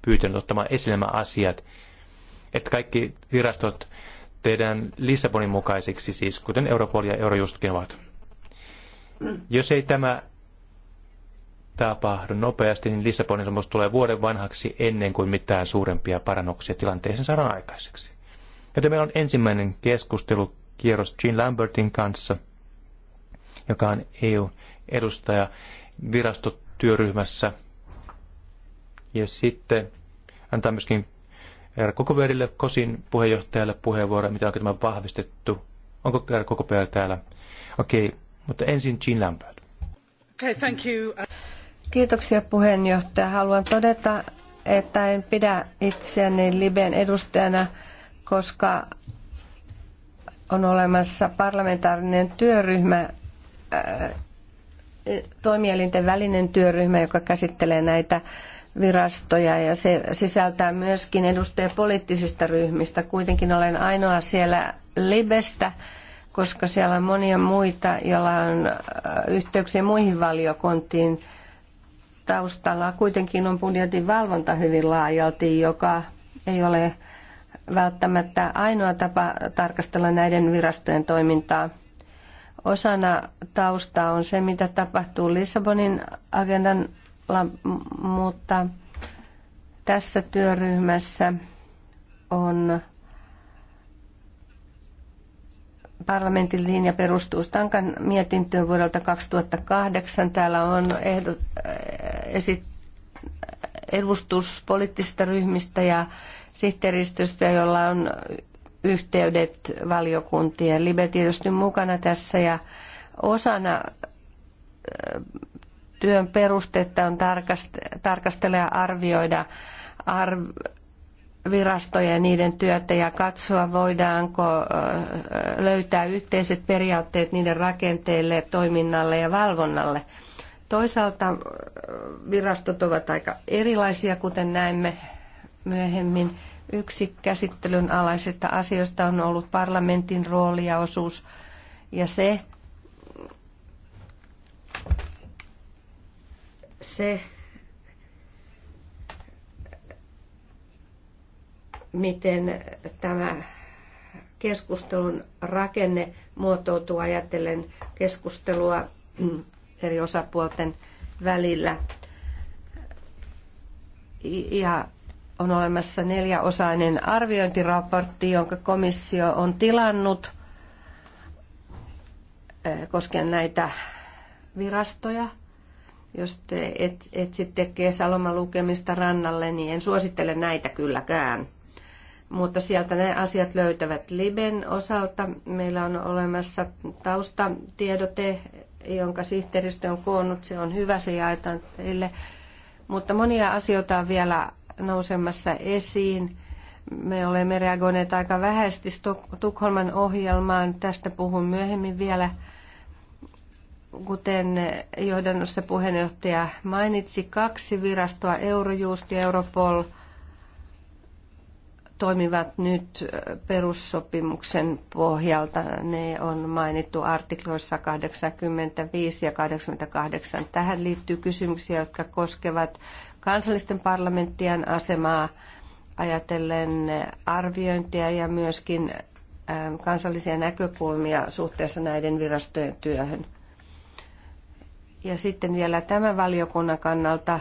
pyytänyt ottamaan esille nämä asiat, että kaikki virastot tehdään Lissabonin mukaisiksi, siis kuten Europol ja Eurojustkin ovat. Jos ei tämä tapahdu nopeasti, niin Lissabonin sopimus tulee vuoden vanhaksi ennen kuin mitään suurempia parannuksia tilanteeseen saadaan aikaiseksi. Joten meillä on ensimmäinen keskustelukierros Jean Lambertin kanssa, joka on EU-edustaja virastotyöryhmässä. Ja sitten antaa myöskin Herra Kokoverille, Kosin puheenjohtajalle puheenvuoro, mitä onko tämä vahvistettu. Onko Herra täällä? Okei, okay, mutta ensin Jean Lambert. Okay, thank you. Kiitoksia puheenjohtaja. Haluan todeta, että en pidä itseäni Liben edustajana, koska on olemassa parlamentaarinen työryhmä, toimielinten välinen työryhmä, joka käsittelee näitä virastoja ja se sisältää myöskin edustajia poliittisista ryhmistä. Kuitenkin olen ainoa siellä Libestä, koska siellä on monia muita, joilla on yhteyksiä muihin valiokuntiin – taustalla kuitenkin on budjetin valvonta hyvin laajalti, joka ei ole välttämättä ainoa tapa tarkastella näiden virastojen toimintaa. Osana taustaa on se, mitä tapahtuu Lissabonin agendan, mutta tässä työryhmässä on parlamentin linja perustuu Stankan mietintöön vuodelta 2008. Täällä on ehdot, äh, esit, edustus poliittisista ryhmistä ja sihteeristöstä, jolla on yhteydet valiokuntien. Libe tietysti mukana tässä ja osana äh, työn perustetta on tarkastella ja arvioida arv, virastoja ja niiden työtä ja katsoa, voidaanko löytää yhteiset periaatteet niiden rakenteille, toiminnalle ja valvonnalle. Toisaalta virastot ovat aika erilaisia, kuten näemme myöhemmin. Yksi käsittelyn alaisista asioista on ollut parlamentin rooli ja osuus, ja se, se miten tämä keskustelun rakenne muotoutuu ajatellen keskustelua mm, eri osapuolten välillä. Ja on olemassa neljäosainen arviointiraportti, jonka komissio on tilannut e, koskien näitä virastoja. Jos te etsitte kesäloma lukemista rannalle, niin en suosittele näitä kylläkään mutta sieltä ne asiat löytävät Liben osalta. Meillä on olemassa taustatiedote, jonka sihteeristö on koonnut. Se on hyvä, se jaetaan teille. Mutta monia asioita on vielä nousemassa esiin. Me olemme reagoineet aika vähäisesti Tukholman ohjelmaan. Tästä puhun myöhemmin vielä. Kuten johdannossa puheenjohtaja mainitsi, kaksi virastoa, Eurojuust ja Europol – toimivat nyt perussopimuksen pohjalta. Ne on mainittu artikloissa 85 ja 88. Tähän liittyy kysymyksiä, jotka koskevat kansallisten parlamenttien asemaa ajatellen arviointia ja myöskin kansallisia näkökulmia suhteessa näiden virastojen työhön. Ja sitten vielä tämän valiokunnan kannalta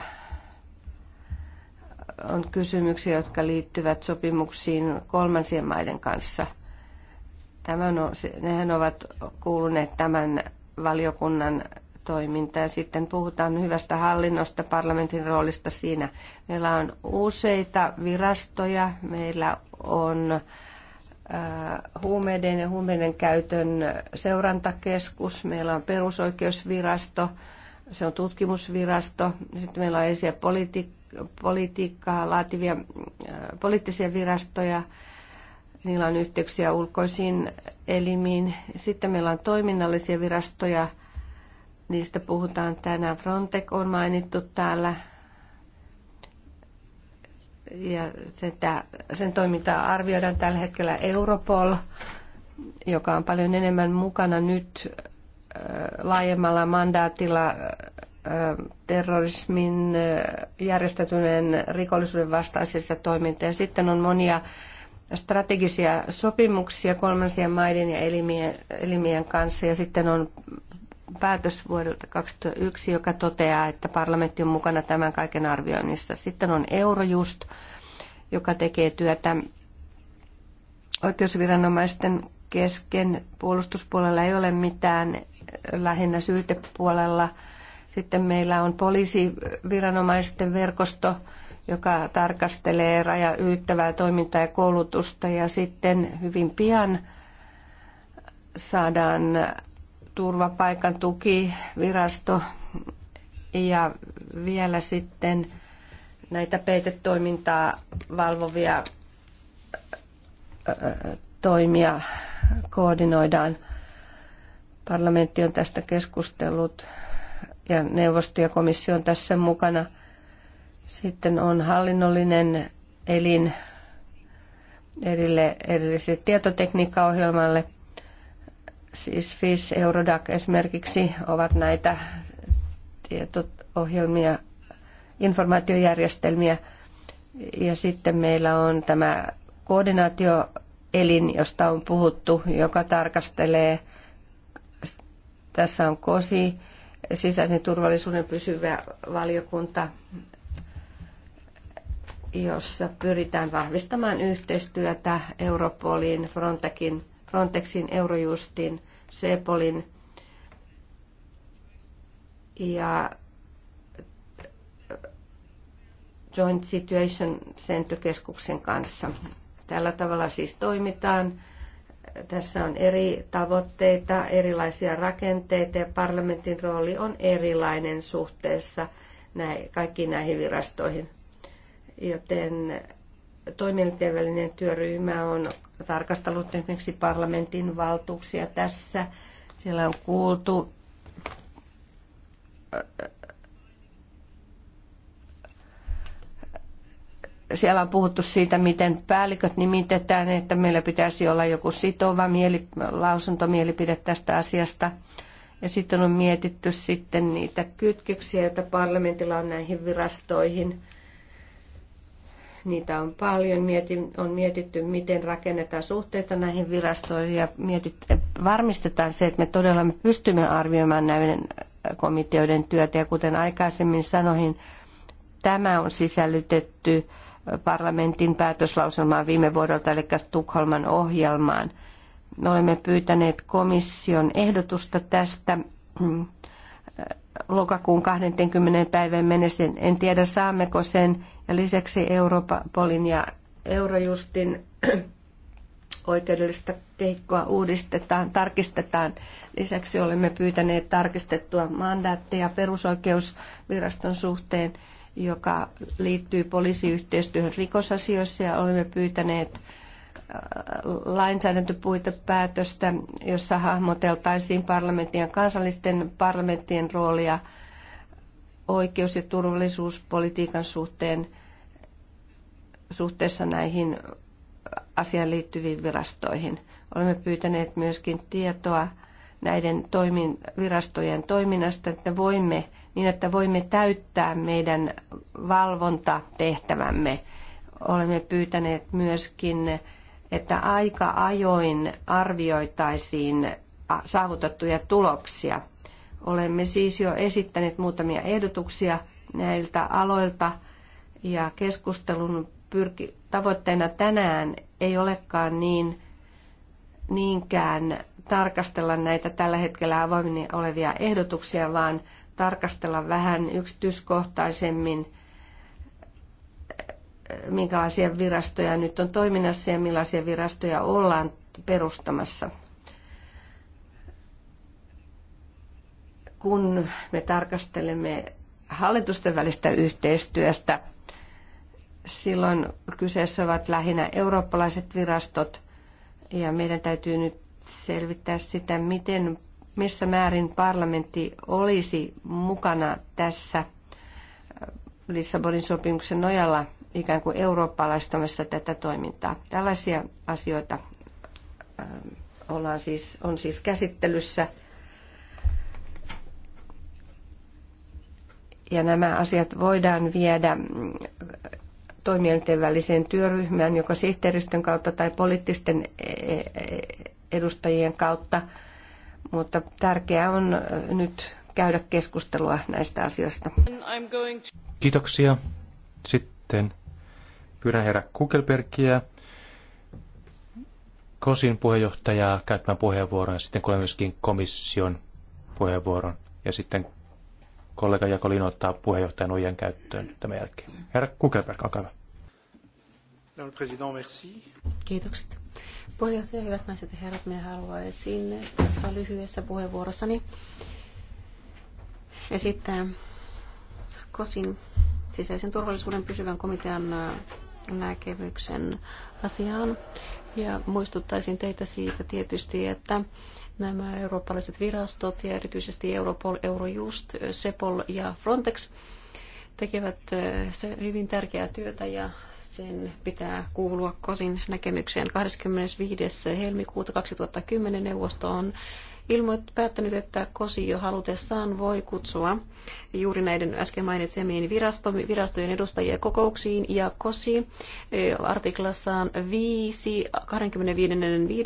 on kysymyksiä, jotka liittyvät sopimuksiin kolmansien maiden kanssa. Tämän no, on, nehän ovat kuuluneet tämän valiokunnan toimintaan. Sitten puhutaan hyvästä hallinnosta, parlamentin roolista siinä. Meillä on useita virastoja, meillä on äh, huumeiden ja huumeiden käytön seurantakeskus, meillä on perusoikeusvirasto, se on tutkimusvirasto, sitten meillä on esi- ja politiikkaa laativia äh, poliittisia virastoja, niillä on yhteyksiä ulkoisiin elimiin. Sitten meillä on toiminnallisia virastoja, niistä puhutaan tänään. Frontec on mainittu täällä ja sen, sen toimintaa arvioidaan tällä hetkellä Europol, joka on paljon enemmän mukana nyt äh, laajemmalla mandaatilla terrorismin, järjestäytyneen rikollisuuden vastaisessa toimintaa. sitten on monia strategisia sopimuksia kolmansien maiden ja elimien, elimien kanssa. Ja sitten on päätös vuodelta 2001, joka toteaa, että parlamentti on mukana tämän kaiken arvioinnissa. Sitten on Eurojust, joka tekee työtä oikeusviranomaisten kesken. Puolustuspuolella ei ole mitään, lähinnä syytepuolella – sitten meillä on poliisiviranomaisten verkosto, joka tarkastelee raja ylittävää toimintaa ja koulutusta. Ja sitten hyvin pian saadaan turvapaikan tukivirasto ja vielä sitten näitä peitetoimintaa valvovia toimia koordinoidaan. Parlamentti on tästä keskustellut ja neuvosto ja komissio on tässä mukana. Sitten on hallinnollinen elin erille, erilliselle tietotekniikkaohjelmalle. Siis FIS, Eurodac esimerkiksi ovat näitä tietoohjelmia, informaatiojärjestelmiä. Ja sitten meillä on tämä koordinaatioelin, josta on puhuttu, joka tarkastelee, tässä on KOSI, sisäisen turvallisuuden pysyvä valiokunta, jossa pyritään vahvistamaan yhteistyötä Europolin, Frontekin Frontexin Eurojustin, Sepolin ja Joint Situation Center-keskuksen kanssa. Tällä tavalla siis toimitaan tässä on eri tavoitteita, erilaisia rakenteita ja parlamentin rooli on erilainen suhteessa näin, kaikkiin näihin virastoihin. Joten toimielinten välinen työryhmä on tarkastellut esimerkiksi parlamentin valtuuksia tässä. Siellä on kuultu siellä on puhuttu siitä, miten päälliköt nimitetään, että meillä pitäisi olla joku sitova mieli, lausuntomielipide tästä asiasta. Ja sitten on mietitty sitten niitä kytkyksiä, joita parlamentilla on näihin virastoihin. Niitä on paljon. Mietin, on mietitty, miten rakennetaan suhteita näihin virastoihin ja mietit, varmistetaan se, että me todella me pystymme arvioimaan näiden komiteoiden työtä. Ja kuten aikaisemmin sanoin, tämä on sisällytetty parlamentin päätöslauselmaan viime vuodelta, eli Tukholman ohjelmaan. Me olemme pyytäneet komission ehdotusta tästä lokakuun 20. päivän mennessä. En tiedä saammeko sen. Ja lisäksi Europolin ja Eurojustin oikeudellista kehikkoa uudistetaan, tarkistetaan. Lisäksi olemme pyytäneet tarkistettua mandaatteja perusoikeusviraston suhteen – joka liittyy poliisiyhteistyöhön rikosasioissa ja olemme pyytäneet äh, lainsäädäntöpuitepäätöstä, jossa hahmoteltaisiin parlamentin ja kansallisten parlamenttien roolia oikeus- ja turvallisuuspolitiikan suhteen suhteessa näihin asiaan liittyviin virastoihin. Olemme pyytäneet myöskin tietoa näiden toimin, virastojen toiminnasta, että voimme niin että voimme täyttää meidän valvontatehtävämme. Olemme pyytäneet myöskin, että aika ajoin arvioitaisiin saavutettuja tuloksia. Olemme siis jo esittäneet muutamia ehdotuksia näiltä aloilta ja keskustelun pyrki- tavoitteena tänään ei olekaan niin, niinkään tarkastella näitä tällä hetkellä avoimina olevia ehdotuksia, vaan tarkastella vähän yksityiskohtaisemmin, minkälaisia virastoja nyt on toiminnassa ja millaisia virastoja ollaan perustamassa. Kun me tarkastelemme hallitusten välistä yhteistyöstä, silloin kyseessä ovat lähinnä eurooppalaiset virastot, ja meidän täytyy nyt selvittää sitä, miten missä määrin parlamentti olisi mukana tässä äh, Lissabonin sopimuksen nojalla ikään kuin eurooppalaistamassa tätä toimintaa. Tällaisia asioita äh, ollaan siis, on siis käsittelyssä. Ja nämä asiat voidaan viedä äh, toimielinten väliseen työryhmään, joka sihteeristön kautta tai poliittisten e, e, e, edustajien kautta – mutta tärkeää on äh, nyt käydä keskustelua näistä asioista. Kiitoksia. Sitten pyydän herra Kukelbergia, KOSin puheenjohtajaa käyttämään puheenvuoron ja sitten kuulemme myöskin komission puheenvuoron ja sitten kollega Jakolin ottaa puheenjohtajan ojan käyttöön tämän jälkeen. Herra Kukelberg, olkaa hyvä. Kiitokset. Puheenjohtaja, hyvät naiset ja herrat, minä haluaisin tässä lyhyessä puheenvuorossani esittää KOSin sisäisen turvallisuuden pysyvän komitean äh, näkemyksen asiaan. Ja muistuttaisin teitä siitä tietysti, että nämä eurooppalaiset virastot ja erityisesti Europol, Eurojust, Sepol ja Frontex tekevät äh, hyvin tärkeää työtä ja sen pitää kuulua KOSin näkemykseen 25. helmikuuta 2010 neuvosto on ilmoit, päättänyt, että Kosi jo halutessaan voi kutsua juuri näiden äsken mainitsemiin virasto, virastojen edustajia kokouksiin. Ja Kosi artiklassaan 5, 25.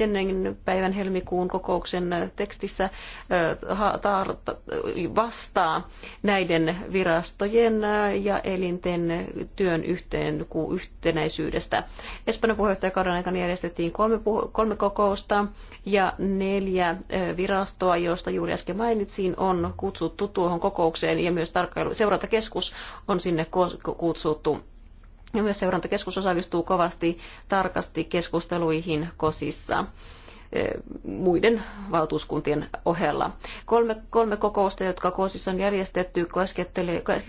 päivän helmikuun kokouksen tekstissä vastaa näiden virastojen ja elinten työn yhteen, yhtenäisyydestä. Espanjan puheenjohtajakauden aikana järjestettiin kolme, kolme kokousta ja neljä virastoa virastoa, josta juuri äsken mainitsin, on kutsuttu tuohon kokoukseen ja myös tarkkailu, seurantakeskus on sinne kutsuttu. Ja myös seurantakeskus osallistuu kovasti tarkasti keskusteluihin KOSissa muiden valtuuskuntien ohella. Kolme, kolme kokousta, jotka Koosissa on järjestetty,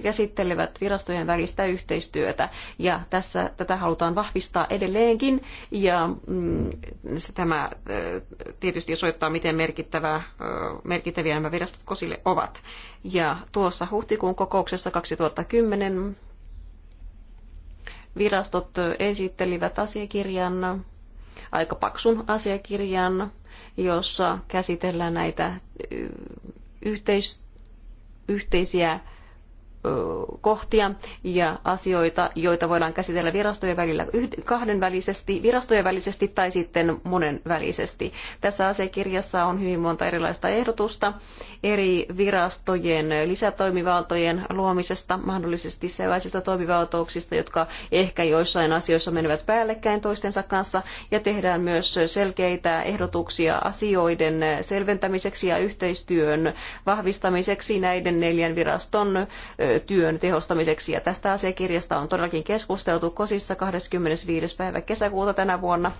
käsittelevät virastojen välistä yhteistyötä ja tässä tätä halutaan vahvistaa edelleenkin ja mm, se, tämä tietysti osoittaa, miten merkittävää, merkittäviä nämä virastot Kosille ovat. Ja tuossa huhtikuun kokouksessa 2010 virastot esittelivät asiakirjan aika paksun asiakirjan, jossa käsitellään näitä yhteis- yhteisiä kohtia ja asioita, joita voidaan käsitellä virastojen välillä kahdenvälisesti, virastojen välisesti tai sitten monenvälisesti. Tässä asiakirjassa on hyvin monta erilaista ehdotusta eri virastojen lisätoimivaltojen luomisesta, mahdollisesti sellaisista toimivaltuuksista, jotka ehkä joissain asioissa menevät päällekkäin toistensa kanssa ja tehdään myös selkeitä ehdotuksia asioiden selventämiseksi ja yhteistyön vahvistamiseksi näiden neljän viraston työn tehostamiseksi. Ja tästä asiakirjasta on todellakin keskusteltu Kosissa 25. päivä kesäkuuta tänä vuonna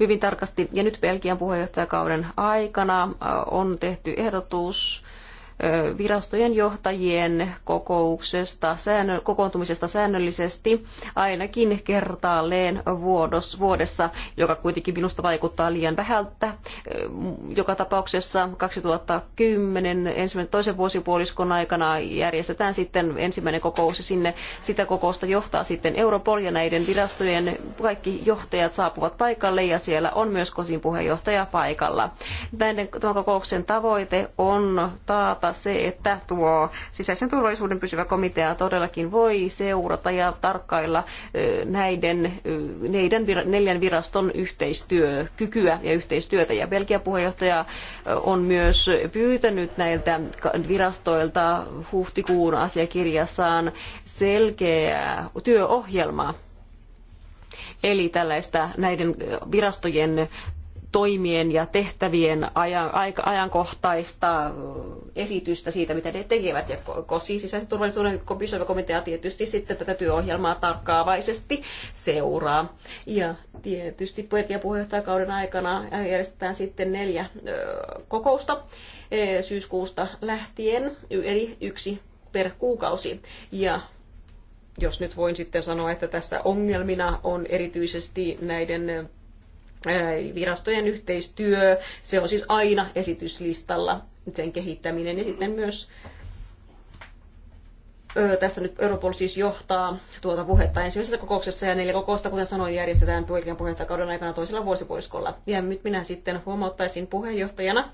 hyvin tarkasti. Ja nyt Belgian puheenjohtajakauden aikana äh, on tehty ehdotus virastojen johtajien kokouksesta, säännö, kokoontumisesta säännöllisesti ainakin kertaalleen vuodos, vuodessa, joka kuitenkin minusta vaikuttaa liian vähältä. Joka tapauksessa 2010 ensimmäinen toisen vuosipuoliskon aikana järjestetään sitten ensimmäinen kokous ja sinne sitä kokousta johtaa sitten Europol ja näiden virastojen kaikki johtajat saapuvat paikalle ja siellä on myös kosin puheenjohtaja paikalla. Tämän kokouksen tavoite on taata se, että tuo sisäisen turvallisuuden pysyvä komitea todellakin voi seurata ja tarkkailla näiden neiden, neljän viraston yhteistyökykyä ja yhteistyötä. Ja Belgian puheenjohtaja on myös pyytänyt näiltä virastoilta huhtikuun asiakirjassaan selkeää työohjelmaa eli tällaista näiden virastojen toimien ja tehtävien ajan, aika, ajankohtaista esitystä siitä, mitä ne tekevät. Ja KOSI, sisäisen turvallisuuden pysyvä komitea, tietysti sitten tätä työohjelmaa tarkkaavaisesti seuraa. Ja tietysti puheenjohtajakauden aikana järjestetään sitten neljä kokousta syyskuusta lähtien, eli yksi per kuukausi. Ja jos nyt voin sitten sanoa, että tässä ongelmina on erityisesti näiden virastojen yhteistyö, se on siis aina esityslistalla, sen kehittäminen ja sitten myös tässä nyt Europol siis johtaa tuota puhetta ensimmäisessä kokouksessa ja neljä kokousta, kuten sanoin, järjestetään Belgian puheenjohtajakauden aikana toisella vuosipuoliskolla. Ja nyt minä sitten huomauttaisin puheenjohtajana,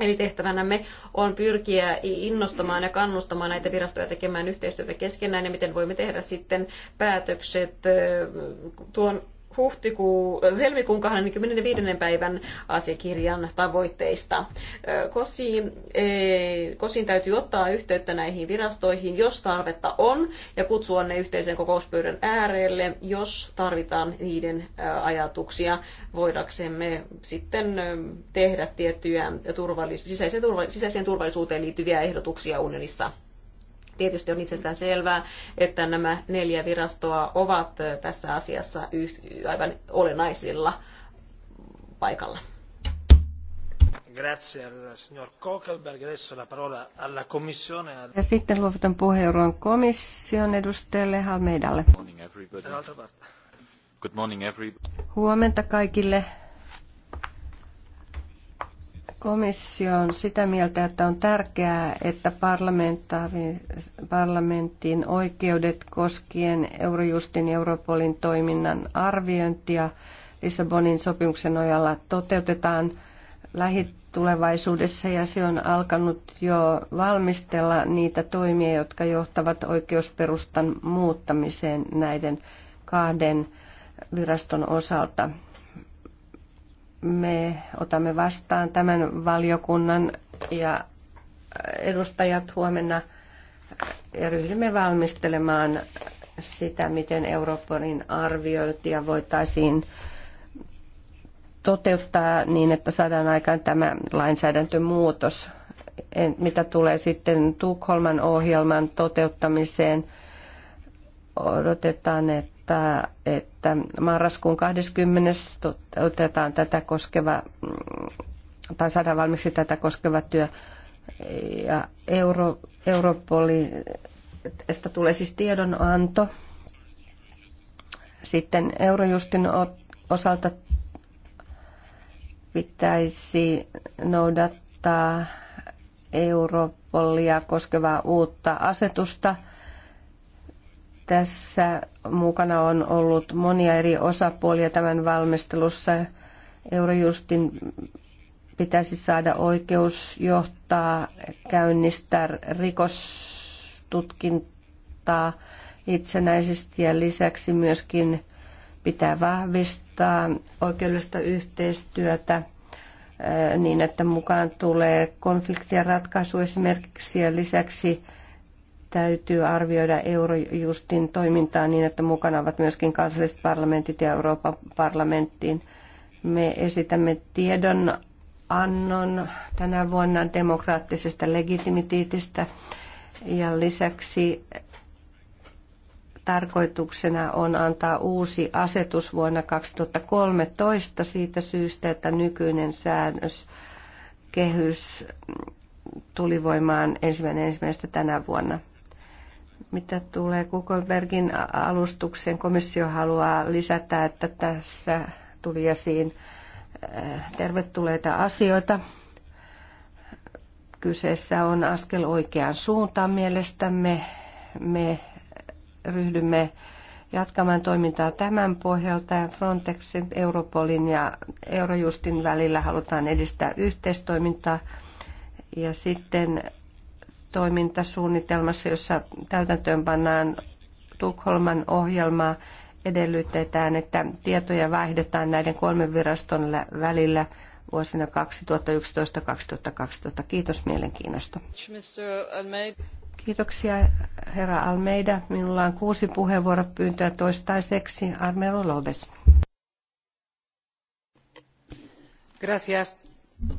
Eli tehtävänämme on pyrkiä innostamaan ja kannustamaan näitä virastoja tekemään yhteistyötä keskenään ja miten voimme tehdä sitten päätökset tuon huhtikuu, helmikuun 25. päivän asiakirjan tavoitteista. Kosi, kosin täytyy ottaa yhteyttä näihin virastoihin, jos tarvetta on, ja kutsua ne yhteisen kokouspöydän äärelle, jos tarvitaan niiden ajatuksia, voidaksemme sitten tehdä tiettyjä turvallis- sisäiseen, turva- sisäiseen turvallisuuteen liittyviä ehdotuksia unionissa tietysti on itsestään selvää, että nämä neljä virastoa ovat tässä asiassa aivan olennaisilla paikalla. Ja sitten luovutan puheenvuoron komission edustajalle Halmeidalle. Good morning, everybody. Huomenta kaikille. Komissio on sitä mieltä, että on tärkeää, että parlamentin oikeudet koskien Eurojustin ja Europolin toiminnan arviointia Lissabonin sopimuksen nojalla toteutetaan lähitulevaisuudessa ja se on alkanut jo valmistella niitä toimia, jotka johtavat oikeusperustan muuttamiseen näiden kahden viraston osalta me otamme vastaan tämän valiokunnan ja edustajat huomenna ja ryhdymme valmistelemaan sitä, miten Euroopanin arviointia voitaisiin toteuttaa niin, että saadaan aikaan tämä lainsäädäntömuutos. En, mitä tulee sitten Tukholman ohjelman toteuttamiseen, odotetaan, että että, että marraskuun 20. otetaan tätä koskeva mm, tai saadaan valmiiksi tätä koskeva työ ja Euro, Europoli, tästä tulee siis tiedonanto. Sitten Eurojustin osalta pitäisi noudattaa Europolia koskevaa uutta asetusta – tässä mukana on ollut monia eri osapuolia tämän valmistelussa. Eurojustin pitäisi saada oikeus johtaa, käynnistää rikostutkintaa itsenäisesti ja lisäksi myöskin pitää vahvistaa oikeudellista yhteistyötä niin, että mukaan tulee konfliktien ratkaisu esimerkiksi ja lisäksi täytyy arvioida Eurojustin toimintaa niin, että mukana ovat myöskin kansalliset parlamentit ja Euroopan parlamenttiin. Me esitämme tiedon annon tänä vuonna demokraattisesta legitimiteetistä ja lisäksi tarkoituksena on antaa uusi asetus vuonna 2013 siitä syystä, että nykyinen säännös kehys tuli voimaan ensimmäinen ensimmäistä tänä vuonna. Mitä tulee Gutenbergin alustukseen, komissio haluaa lisätä, että tässä tuli esiin äh, tervetulleita asioita. Kyseessä on askel oikeaan suuntaan mielestämme. Me ryhdymme jatkamaan toimintaa tämän pohjalta ja Frontexin, Europolin ja Eurojustin välillä halutaan edistää yhteistoimintaa. Ja sitten toimintasuunnitelmassa, jossa täytäntöön pannaan Tukholman ohjelmaa, edellytetään, että tietoja vaihdetaan näiden kolmen viraston välillä vuosina 2011-2012. Kiitos mielenkiinnosta. Kiitoksia, herra Almeida. Minulla on kuusi puheenvuoropyyntöä toistaiseksi. Armelo Lopes. Gracias.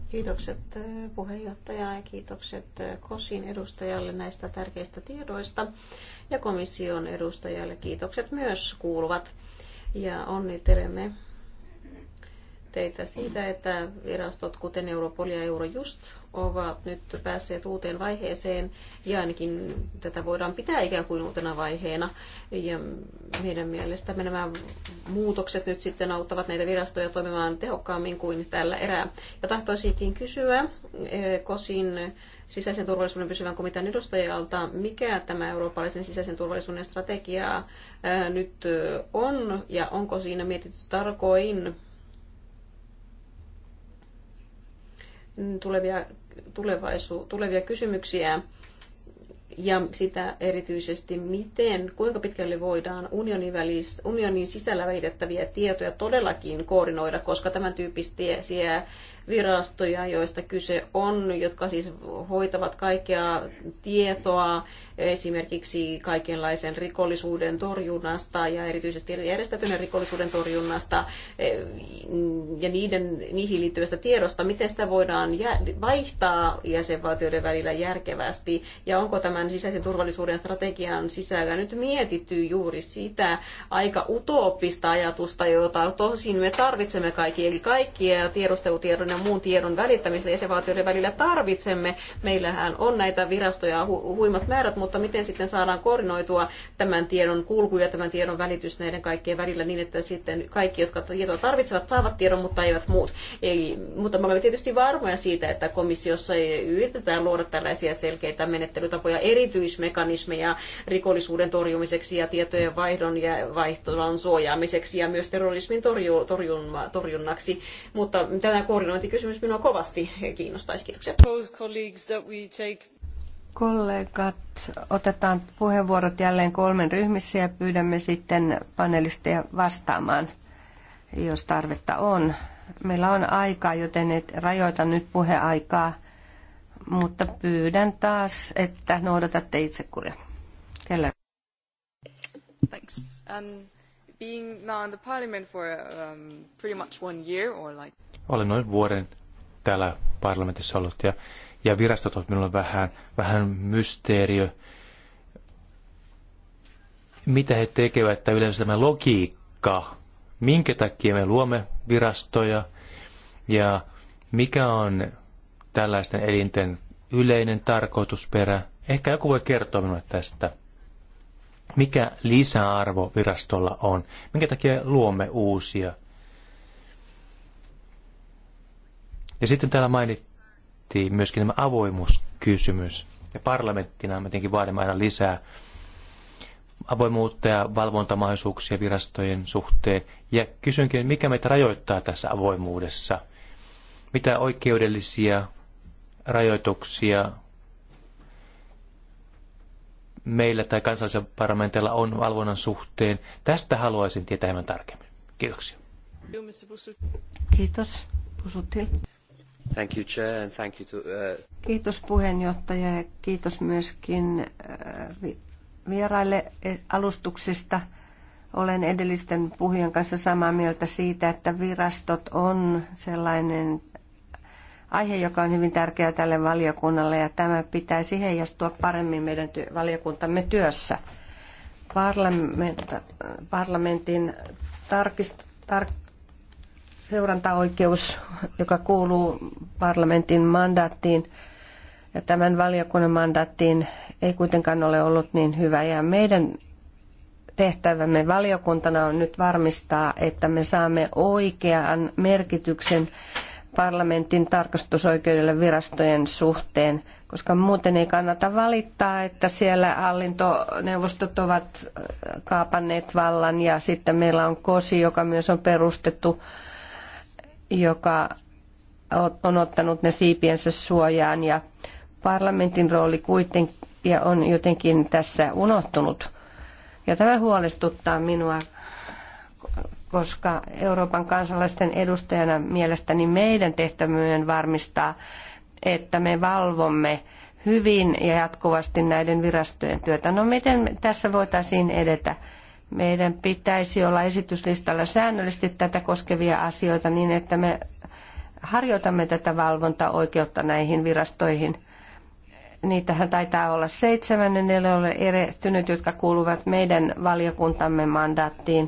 Kiitokset eh, puheenjohtaja ja kiitokset eh, KOSin edustajalle näistä tärkeistä tiedoista ja komission edustajalle kiitokset myös kuuluvat ja onnittelemme teitä siitä, että virastot kuten Europol ja Eurojust ovat nyt päässeet uuteen vaiheeseen ja ainakin tätä voidaan pitää ikään kuin uutena vaiheena. Ja meidän mielestämme nämä muutokset nyt sitten auttavat näitä virastoja toimimaan tehokkaammin kuin tällä erää. Ja tahtoisinkin kysyä eh, Kosin sisäisen turvallisuuden pysyvän komitean edustajalta, mikä tämä eurooppalaisen sisäisen turvallisuuden strategia eh, nyt eh, on ja onko siinä mietitty tarkoin tulevia, tulevaisu, tulevia kysymyksiä ja sitä erityisesti, miten, kuinka pitkälle voidaan unionin, välis, unionin sisällä välitettäviä tietoja todellakin koordinoida, koska tämän tyyppisiä virastoja, joista kyse on, jotka siis hoitavat kaikkea tietoa esimerkiksi kaikenlaisen rikollisuuden torjunnasta ja erityisesti järjestäytyneen rikollisuuden torjunnasta e, ja niiden, niihin liittyvästä tiedosta, miten sitä voidaan vaihtaa jäsenvaltioiden välillä järkevästi ja onko tämän sisäisen turvallisuuden strategian sisällä nyt mietitty juuri sitä aika utooppista ajatusta, jota tosin me tarvitsemme kaikki, eli kaikkia tiedostelutiedon ja muun tiedon välittämistä jäsenvaltioiden välillä tarvitsemme. Meillähän on näitä virastoja hu- huimat määrät, mutta miten sitten saadaan koordinoitua tämän tiedon kulku ja tämän tiedon välitys näiden kaikkien välillä niin, että sitten kaikki, jotka tietoa tarvitsevat, saavat tiedon, mutta eivät muut. Eli, mutta me olemme tietysti varmoja siitä, että komissiossa yritetään luoda tällaisia selkeitä menettelytapoja, erityismekanismeja rikollisuuden torjumiseksi ja tietojen vaihdon ja vaihtolan suojaamiseksi ja myös terrorismin torju- torjunnaksi. Mutta tämä koordinointi koordinointikysymys minua kovasti kiinnostaisi. Kiitoksia. Kollegat, otetaan puheenvuorot jälleen kolmen ryhmissä ja pyydämme sitten panelisteja vastaamaan, jos tarvetta on. Meillä on aikaa, joten et rajoita nyt puheaikaa, mutta pyydän taas, että noudatatte itsekuria. Kelle? Thanks. Um, being now in the parliament for um, pretty much one year or like olen noin vuoden täällä parlamentissa ollut ja, ja virastot ovat minulle vähän, vähän mysteeriö. Mitä he tekevät, että yleensä tämä logiikka, minkä takia me luomme virastoja ja mikä on tällaisten elinten yleinen tarkoitusperä. Ehkä joku voi kertoa minulle tästä. Mikä lisäarvo virastolla on? Minkä takia luomme uusia Ja sitten täällä mainittiin myöskin tämä avoimuuskysymys. Ja parlamenttina me tietenkin vaadimme aina lisää avoimuutta ja valvontamahdollisuuksia virastojen suhteen. Ja kysynkin, mikä meitä rajoittaa tässä avoimuudessa? Mitä oikeudellisia rajoituksia meillä tai kansallisella parlamentilla on valvonnan suhteen? Tästä haluaisin tietää hieman tarkemmin. Kiitoksia. Kiitos. Pusutil. Thank you, Chair, and thank you to, uh... Kiitos puheenjohtaja ja kiitos myöskin uh, vieraille eh, alustuksista. Olen edellisten puhujien kanssa samaa mieltä siitä, että virastot on sellainen aihe, joka on hyvin tärkeä tälle valiokunnalle ja tämä pitäisi heijastua paremmin meidän ty- valiokuntamme työssä. Parlament, parlamentin tarkist, tar- seurantaoikeus, joka kuuluu parlamentin mandaattiin ja tämän valiokunnan mandaattiin, ei kuitenkaan ole ollut niin hyvä. Ja meidän tehtävämme valiokuntana on nyt varmistaa, että me saamme oikean merkityksen parlamentin tarkastusoikeudelle virastojen suhteen, koska muuten ei kannata valittaa, että siellä hallintoneuvostot ovat kaapanneet vallan ja sitten meillä on KOSI, joka myös on perustettu joka on ottanut ne siipiensä suojaan ja parlamentin rooli kuitenkin on jotenkin tässä unohtunut. Ja tämä huolestuttaa minua, koska Euroopan kansalaisten edustajana mielestäni meidän tehtävämme on varmistaa, että me valvomme hyvin ja jatkuvasti näiden virastojen työtä. No miten tässä voitaisiin edetä? Meidän pitäisi olla esityslistalla säännöllisesti tätä koskevia asioita niin, että me harjoitamme tätä valvontaoikeutta näihin virastoihin – niitähän taitaa olla seitsemän, ne ole erehtynyt, jotka kuuluvat meidän valiokuntamme mandaattiin.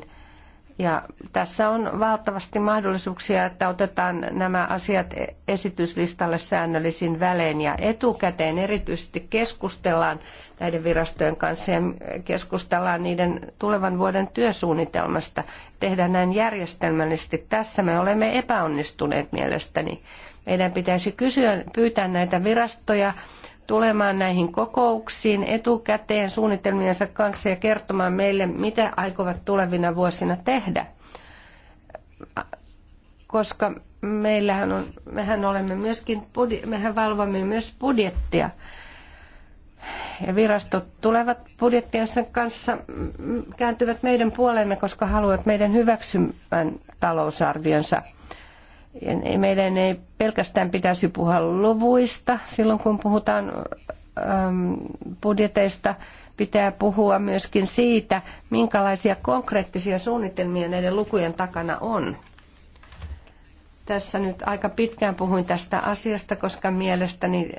Ja tässä on valtavasti mahdollisuuksia, että otetaan nämä asiat e- esityslistalle säännöllisin välein ja etukäteen erityisesti keskustellaan näiden virastojen kanssa ja keskustellaan niiden tulevan vuoden työsuunnitelmasta. Tehdään näin järjestelmällisesti. Tässä me olemme epäonnistuneet mielestäni. Meidän pitäisi kysyä, pyytää näitä virastoja tulemaan näihin kokouksiin etukäteen suunnitelmiensa kanssa ja kertomaan meille, mitä aikovat tulevina vuosina tehdä. Koska meillähän on, mehän olemme myöskin, mehän valvomme myös budjettia. Ja virastot tulevat budjettiensa kanssa, kääntyvät meidän puoleemme, koska haluavat meidän hyväksymään talousarvionsa. Meidän ei pelkästään pitäisi puhua luvuista silloin, kun puhutaan budjeteista. Pitää puhua myöskin siitä, minkälaisia konkreettisia suunnitelmia näiden lukujen takana on. Tässä nyt aika pitkään puhuin tästä asiasta, koska mielestäni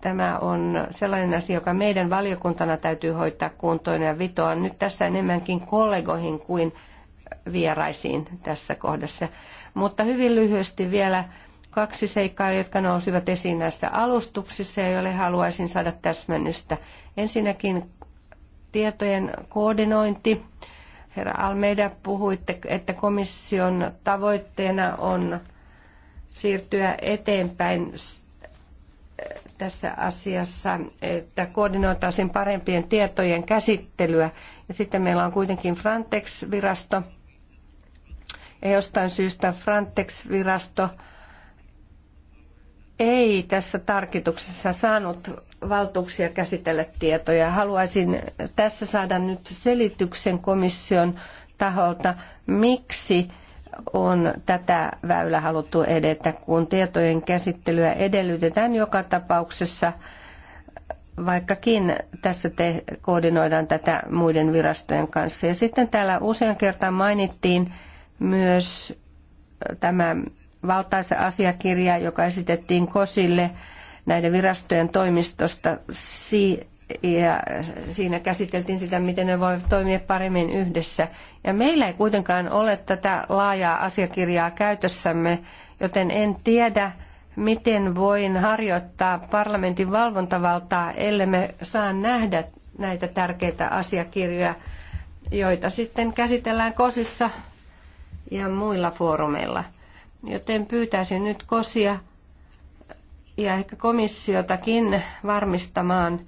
tämä on sellainen asia, joka meidän valiokuntana täytyy hoitaa kuntoon ja vitoa nyt tässä enemmänkin kollegoihin kuin vieraisiin tässä kohdassa. Mutta hyvin lyhyesti vielä kaksi seikkaa, jotka nousivat esiin näissä alustuksissa ja joille haluaisin saada täsmennystä. Ensinnäkin tietojen koordinointi. Herra Almeida, puhuitte, että komission tavoitteena on siirtyä eteenpäin tässä asiassa, että koordinoitaisiin parempien tietojen käsittelyä. Ja sitten meillä on kuitenkin Frontex-virasto, ja jostain syystä Frontex-virasto ei tässä tarkituksessa saanut valtuuksia käsitellä tietoja. Haluaisin tässä saada nyt selityksen komission taholta, miksi on tätä väylä haluttu edetä, kun tietojen käsittelyä edellytetään joka tapauksessa, vaikkakin tässä te koordinoidaan tätä muiden virastojen kanssa. Ja sitten täällä usean kertaan mainittiin myös tämä valtaisa asiakirja, joka esitettiin Kosille näiden virastojen toimistosta. Ja siinä käsiteltiin sitä, miten ne voivat toimia paremmin yhdessä. Ja meillä ei kuitenkaan ole tätä laajaa asiakirjaa käytössämme, joten en tiedä, miten voin harjoittaa parlamentin valvontavaltaa, ellei me saa nähdä näitä tärkeitä asiakirjoja, joita sitten käsitellään kosissa ja muilla foorumeilla. Joten pyytäisin nyt kosia ja ehkä komissiotakin varmistamaan,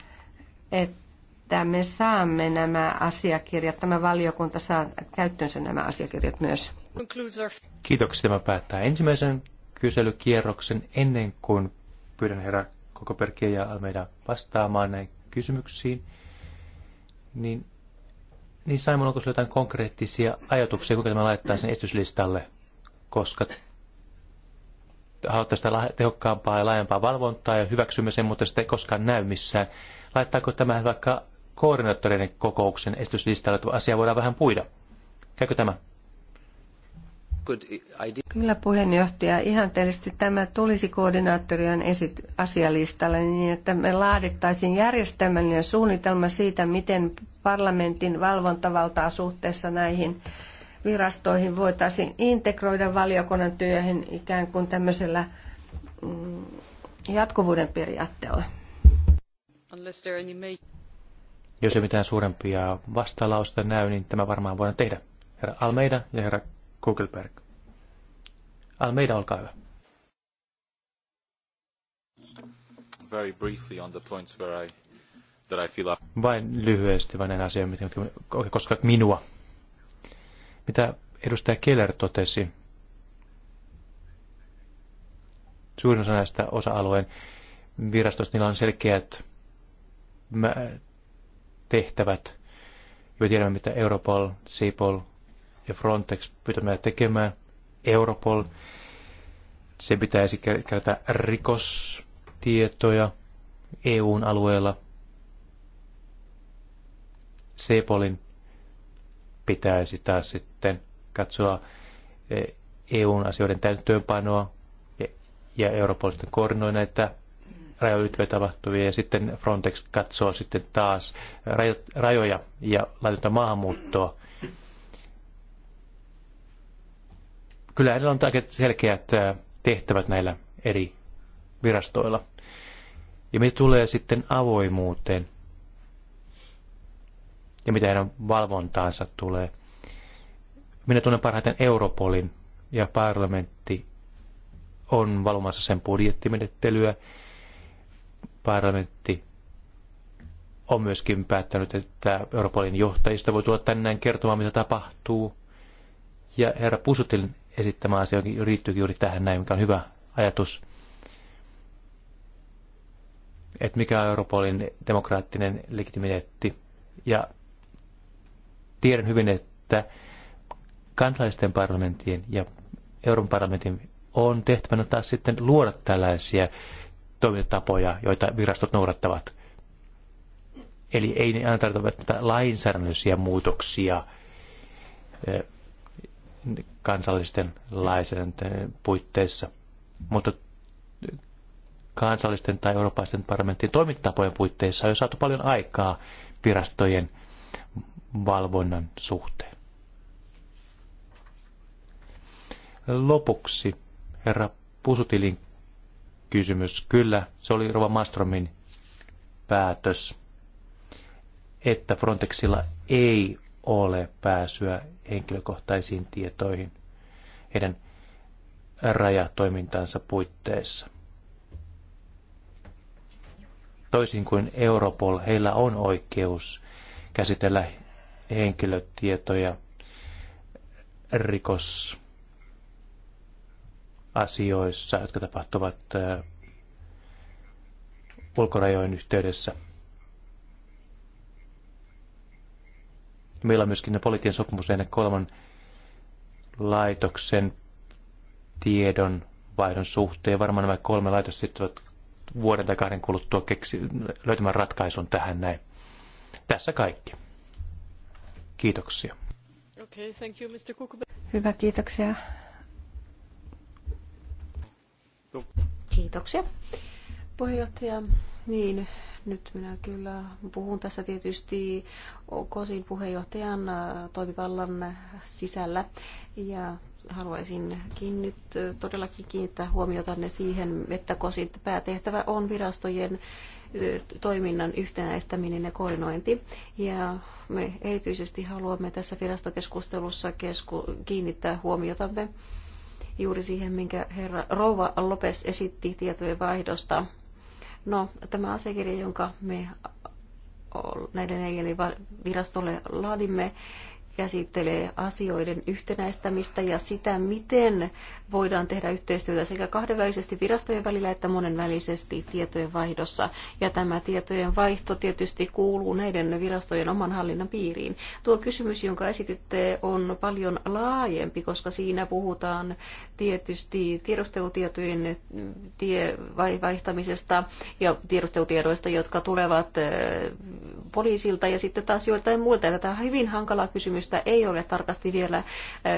että me saamme nämä asiakirjat, tämä valiokunta saa käyttöönsä nämä asiakirjat myös. Kiitoksia. Tämä päättää ensimmäisen kyselykierroksen ennen kuin pyydän herra Kokoperkiä ja Almeida vastaamaan näihin kysymyksiin. Niin niin Simon, onko sinulla jotain konkreettisia ajatuksia, kuinka tämä laittaa sen estyslistalle, Koska haluatte sitä tehokkaampaa ja laajempaa valvontaa ja hyväksymme sen, mutta sitä ei koskaan näy missään. Laittaako tämä vaikka koordinaattoreiden kokouksen estyslistalle että asia voidaan vähän puida? Käykö tämä? Kyllä puheenjohtaja, ihanteellisesti tämä tulisi koordinaattorian esit- asialistalle niin, että me laadittaisiin järjestelmällinen suunnitelma siitä, miten parlamentin valvontavaltaa suhteessa näihin virastoihin voitaisiin integroida valiokunnan työhön ikään kuin tämmöisellä mm, jatkuvuuden periaatteella. Jos ei mitään suurempia vastalausta näy, niin tämä varmaan voidaan tehdä. Herra Almeida ja herra Kugelberg. Almeida, olkaa hyvä. Very briefly on the points where I, that I feel up. Vain lyhyesti vain enää asia, mitkä koskevat minua. Mitä edustaja Keller totesi, suurin osa näistä osa-alueen virastoista, niillä on selkeät tehtävät, jo tiedämme, mitä Europol, Sipol, ja Frontex pyytämään tekemään, Europol, Se pitäisi kerätä rikostietoja EUn alueella, Sepolin pitäisi taas sitten katsoa e, EUn asioiden täyttöönpanoa ja Europol sitten koordinoi näitä rajoja tapahtuvia ja sitten Frontex katsoo sitten taas rajoja ja laitonta maahanmuuttoa kyllä edellä on aika selkeät tehtävät näillä eri virastoilla. Ja mitä tulee sitten avoimuuteen ja mitä heidän valvontaansa tulee. Minä tunnen parhaiten Europolin ja parlamentti on valvomassa sen budjettimenettelyä. Parlamentti on myöskin päättänyt, että Europolin johtajista voi tulla tänään kertomaan, mitä tapahtuu. Ja herra Pusutin esittämä asia riittyykin juuri tähän näin, mikä on hyvä ajatus. Että mikä on Europolin demokraattinen legitimiteetti. Ja tiedän hyvin, että kansallisten parlamenttien ja Euroopan parlamentin on tehtävänä taas sitten luoda tällaisia toimintatapoja, joita virastot noudattavat. Eli ei ne aina tarvita lainsäädännöllisiä muutoksia kansallisten lainsäädäntöjen puitteissa, mutta kansallisten tai eurooppalaisten parlamenttien toimintatapojen puitteissa on jo saatu paljon aikaa virastojen valvonnan suhteen. Lopuksi herra Pusutilin kysymys. Kyllä, se oli Rova Mastromin päätös, että Frontexilla ei ole pääsyä henkilökohtaisiin tietoihin heidän rajatoimintansa puitteissa. Toisin kuin Europol, heillä on oikeus käsitellä henkilötietoja rikosasioissa, jotka tapahtuvat ulkorajojen yhteydessä – Meillä on myöskin poliittinen sopimus ennen kolman laitoksen tiedon vaihdon suhteen. varmaan nämä kolme laitosta sitten vuoden tai kahden kuluttua keksi, löytämään ratkaisun tähän näin. Tässä kaikki. Kiitoksia. Okay, thank you, Mr. Hyvä, kiitoksia. Kiitoksia. Puheenjohtaja, niin nyt minä kyllä puhun tässä tietysti KOSin puheenjohtajan äh, toimivallan sisällä ja haluaisinkin nyt todellakin kiinnittää huomiota siihen, että KOSin päätehtävä on virastojen äh, toiminnan yhtenäistäminen ja koordinointi. Ja me erityisesti haluamme tässä virastokeskustelussa kesku- kiinnittää huomiotamme juuri siihen, minkä herra Rouva Lopes esitti tietojen vaihdosta No, tämä asiakirja, jonka me näiden neljälle virastolle laadimme, käsittelee asioiden yhtenäistämistä ja sitä, miten voidaan tehdä yhteistyötä sekä kahdenvälisesti virastojen välillä että monenvälisesti tietojen vaihdossa. Ja tämä tietojen vaihto tietysti kuuluu näiden virastojen oman hallinnan piiriin. Tuo kysymys, jonka esititte, on paljon laajempi, koska siinä puhutaan tietysti tiedustelutietojen tie vaihtamisesta ja tiedustelutiedoista, jotka tulevat eh, poliisilta ja sitten taas joiltain muilta. Tämä on hyvin hankala kysymys kysymystä ei ole tarkasti vielä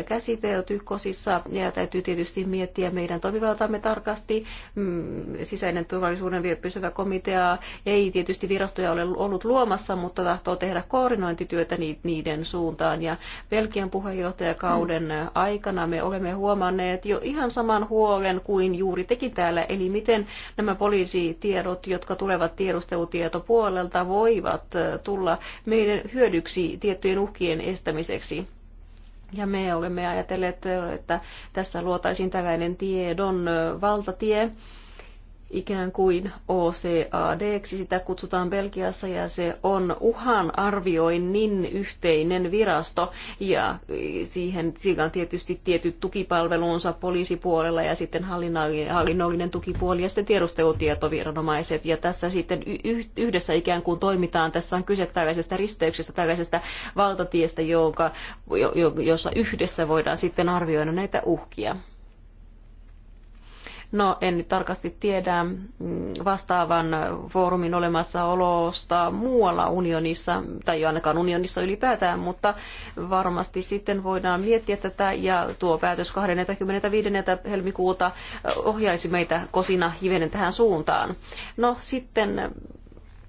käsitelty kosissa ja täytyy tietysti miettiä meidän toimivaltamme tarkasti. Mm, sisäinen turvallisuuden pysyvä komitea ei tietysti virastoja ole ollut luomassa, mutta tahtoo tehdä koordinointityötä niiden suuntaan ja Belgian puheenjohtajakauden aikana me olemme huomanneet jo ihan saman huolen kuin juuri tekin täällä, eli miten nämä poliisitiedot, jotka tulevat tiedustelutietopuolelta, voivat tulla meidän hyödyksi tiettyjen uhkien estämiseksi edistämiseksi. Ja me olemme ajatelleet, että tässä luotaisiin tällainen tiedon valtatie, ikään kuin OCAD, sitä kutsutaan Belgiassa ja se on uhan arvioinnin yhteinen virasto ja siihen, sillä on tietysti tietyt tukipalvelunsa poliisipuolella ja sitten hallinnollinen tukipuoli ja sitten tiedustelutietoviranomaiset ja tässä sitten yhdessä ikään kuin toimitaan. Tässä on kyse tällaisesta risteyksestä, tällaisesta valtatiestä, jonka, jossa yhdessä voidaan sitten arvioida näitä uhkia. No, en nyt tarkasti tiedä mm, vastaavan foorumin olemassaolosta muualla unionissa, tai ainakaan unionissa ylipäätään, mutta varmasti sitten voidaan miettiä tätä, ja tuo päätös 25. helmikuuta ohjaisi meitä kosina hivenen tähän suuntaan. No, sitten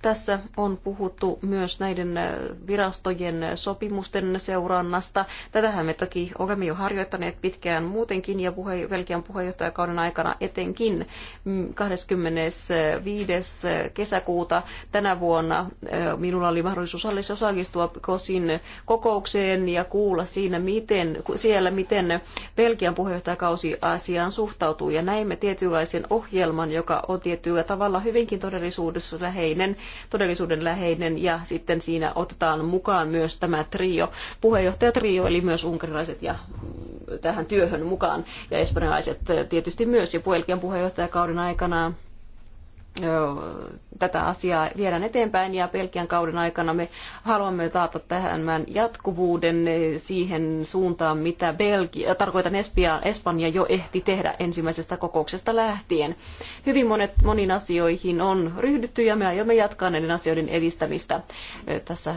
tässä on puhuttu myös näiden äh, virastojen äh, sopimusten seurannasta. Tätähän me toki olemme jo harjoittaneet pitkään muutenkin ja puhe, Belgian puheenjohtajakauden aikana etenkin 25. Mm, äh, kesäkuuta tänä vuonna minulla oli mahdollisuus osallistua kosin kokoukseen ja kuulla siinä, miten, siellä miten Belgian puheenjohtajakausi asiaan suhtautuu. Ja näimme tietynlaisen ohjelman, joka on tietyllä tavalla hyvinkin todellisuudessa läheinen todellisuuden läheinen ja sitten siinä otetaan mukaan myös tämä trio, puheenjohtaja trio, eli myös unkarilaiset ja tähän työhön mukaan ja espanjalaiset eh, tietysti myös ja Puelkian puheenjohtajakauden aikana tätä asiaa viedään eteenpäin ja Belgian kauden aikana me haluamme taata tähän jatkuvuuden siihen suuntaan, mitä Belgia, tarkoitan Espia, Espanja jo ehti tehdä ensimmäisestä kokouksesta lähtien. Hyvin monet, moniin asioihin on ryhdytty ja me aiomme jatkaa näiden asioiden edistämistä tässä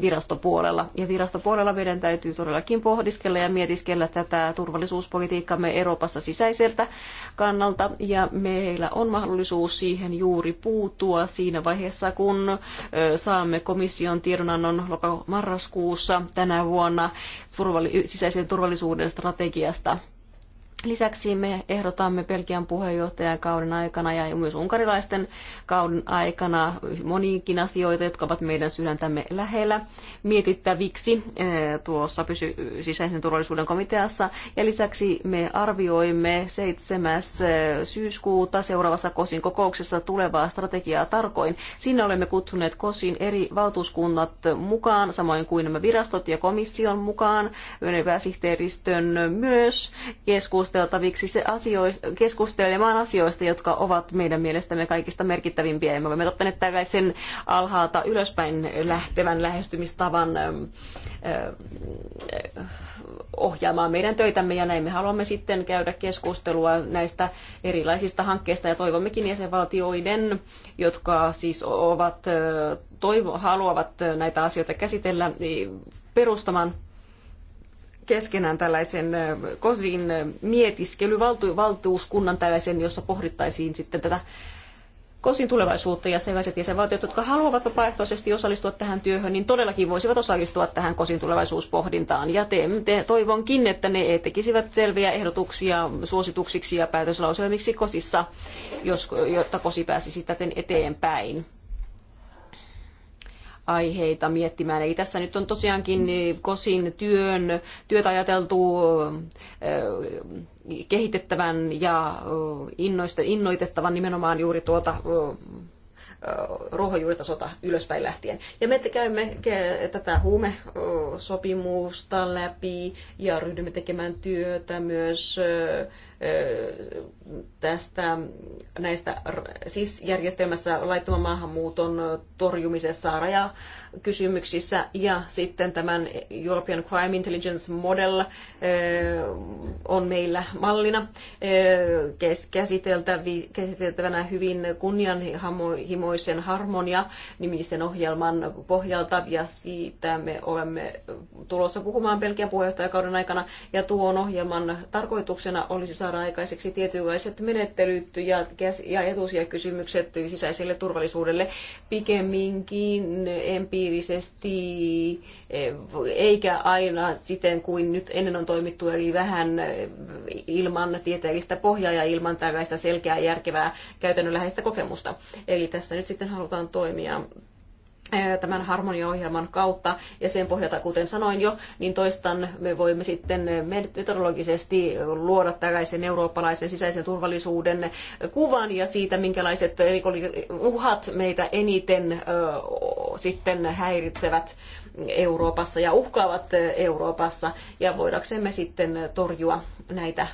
virastopuolella. Ja virastopuolella meidän täytyy todellakin pohdiskella ja mietiskellä tätä turvallisuuspolitiikkamme Euroopassa sisäiseltä kannalta ja meillä on mahdollisuus siihen juuri puuttua siinä vaiheessa, kun saamme komission tiedonannon marraskuussa tänä vuonna sisäisen turvallisuuden strategiasta Lisäksi me ehdotamme Belgian puheenjohtajan kauden aikana ja myös unkarilaisten kauden aikana moniinkin asioita, jotka ovat meidän sydäntämme lähellä mietittäviksi eh, tuossa pysy- sisäisen turvallisuuden komiteassa. Ja lisäksi me arvioimme 7. Eh, syyskuuta seuraavassa KOSin kokouksessa tulevaa strategiaa tarkoin. Sinne olemme kutsuneet KOSin eri valtuuskunnat mukaan, samoin kuin nämä virastot ja komission mukaan, pääsihteeristön myös keskus keskusteltaviksi se asioista, keskustelemaan asioista, jotka ovat meidän mielestämme kaikista merkittävimpiä. Ja me olemme ottaneet tällaisen alhaalta ylöspäin lähtevän lähestymistavan ähm, äh, ohjaamaan meidän töitämme ja näin me haluamme sitten käydä keskustelua näistä erilaisista hankkeista ja toivommekin jäsenvaltioiden, jotka siis ovat, äh, toivo, haluavat näitä asioita käsitellä, niin perustamaan keskenään tällaisen kosin mietiskelyvaltuuskunnan tällaisen, jossa pohdittaisiin sitten tätä kosin tulevaisuutta ja sellaiset jäsenvaltiot, jotka haluavat vapaaehtoisesti osallistua tähän työhön, niin todellakin voisivat osallistua tähän kosin tulevaisuuspohdintaan. Ja te, te, toivonkin, että ne tekisivät selviä ehdotuksia suosituksiksi ja päätöslauselmiksi kosissa, jos, jotta kosi pääsisi täten eteenpäin aiheita miettimään. Eli tässä nyt on tosiaankin niin, kosin työn, työtä ajateltu kehitettävän ja innoitettavan nimenomaan juuri tuolta ruohonjuuritasota ylöspäin lähtien. Ja me käymme tätä huumesopimusta läpi ja ryhdymme tekemään työtä myös tästä näistä siis järjestelmässä laittoman maahanmuuton torjumisessa raja kysymyksissä ja sitten tämän European Crime Intelligence Model on meillä mallina käsiteltävänä hyvin kunnianhimoisen harmonia nimisen ohjelman pohjalta ja siitä me olemme tulossa puhumaan Belgian puheenjohtajakauden aikana ja tuon ohjelman tarkoituksena olisi saada aikaiseksi tietynlaiset menettelyt ja, ja etusijakysymykset sisäiselle turvallisuudelle pikemminkin empiirisesti aktiivisesti, eh, eikä aina siten kuin nyt ennen on toimittu, eli vähän eh, ilman tieteellistä pohjaa ja ilman tällaista selkeää, järkevää, käytännönläheistä kokemusta. Eli tässä nyt sitten halutaan toimia tämän harmoniaohjelman kautta ja sen pohjalta, kuten sanoin jo, niin toistan, me voimme sitten metodologisesti luoda tällaisen eurooppalaisen sisäisen turvallisuuden kuvan ja siitä, minkälaiset uhat meitä eniten sitten häiritsevät Euroopassa ja uhkaavat Euroopassa ja voidaksemme sitten torjua näitä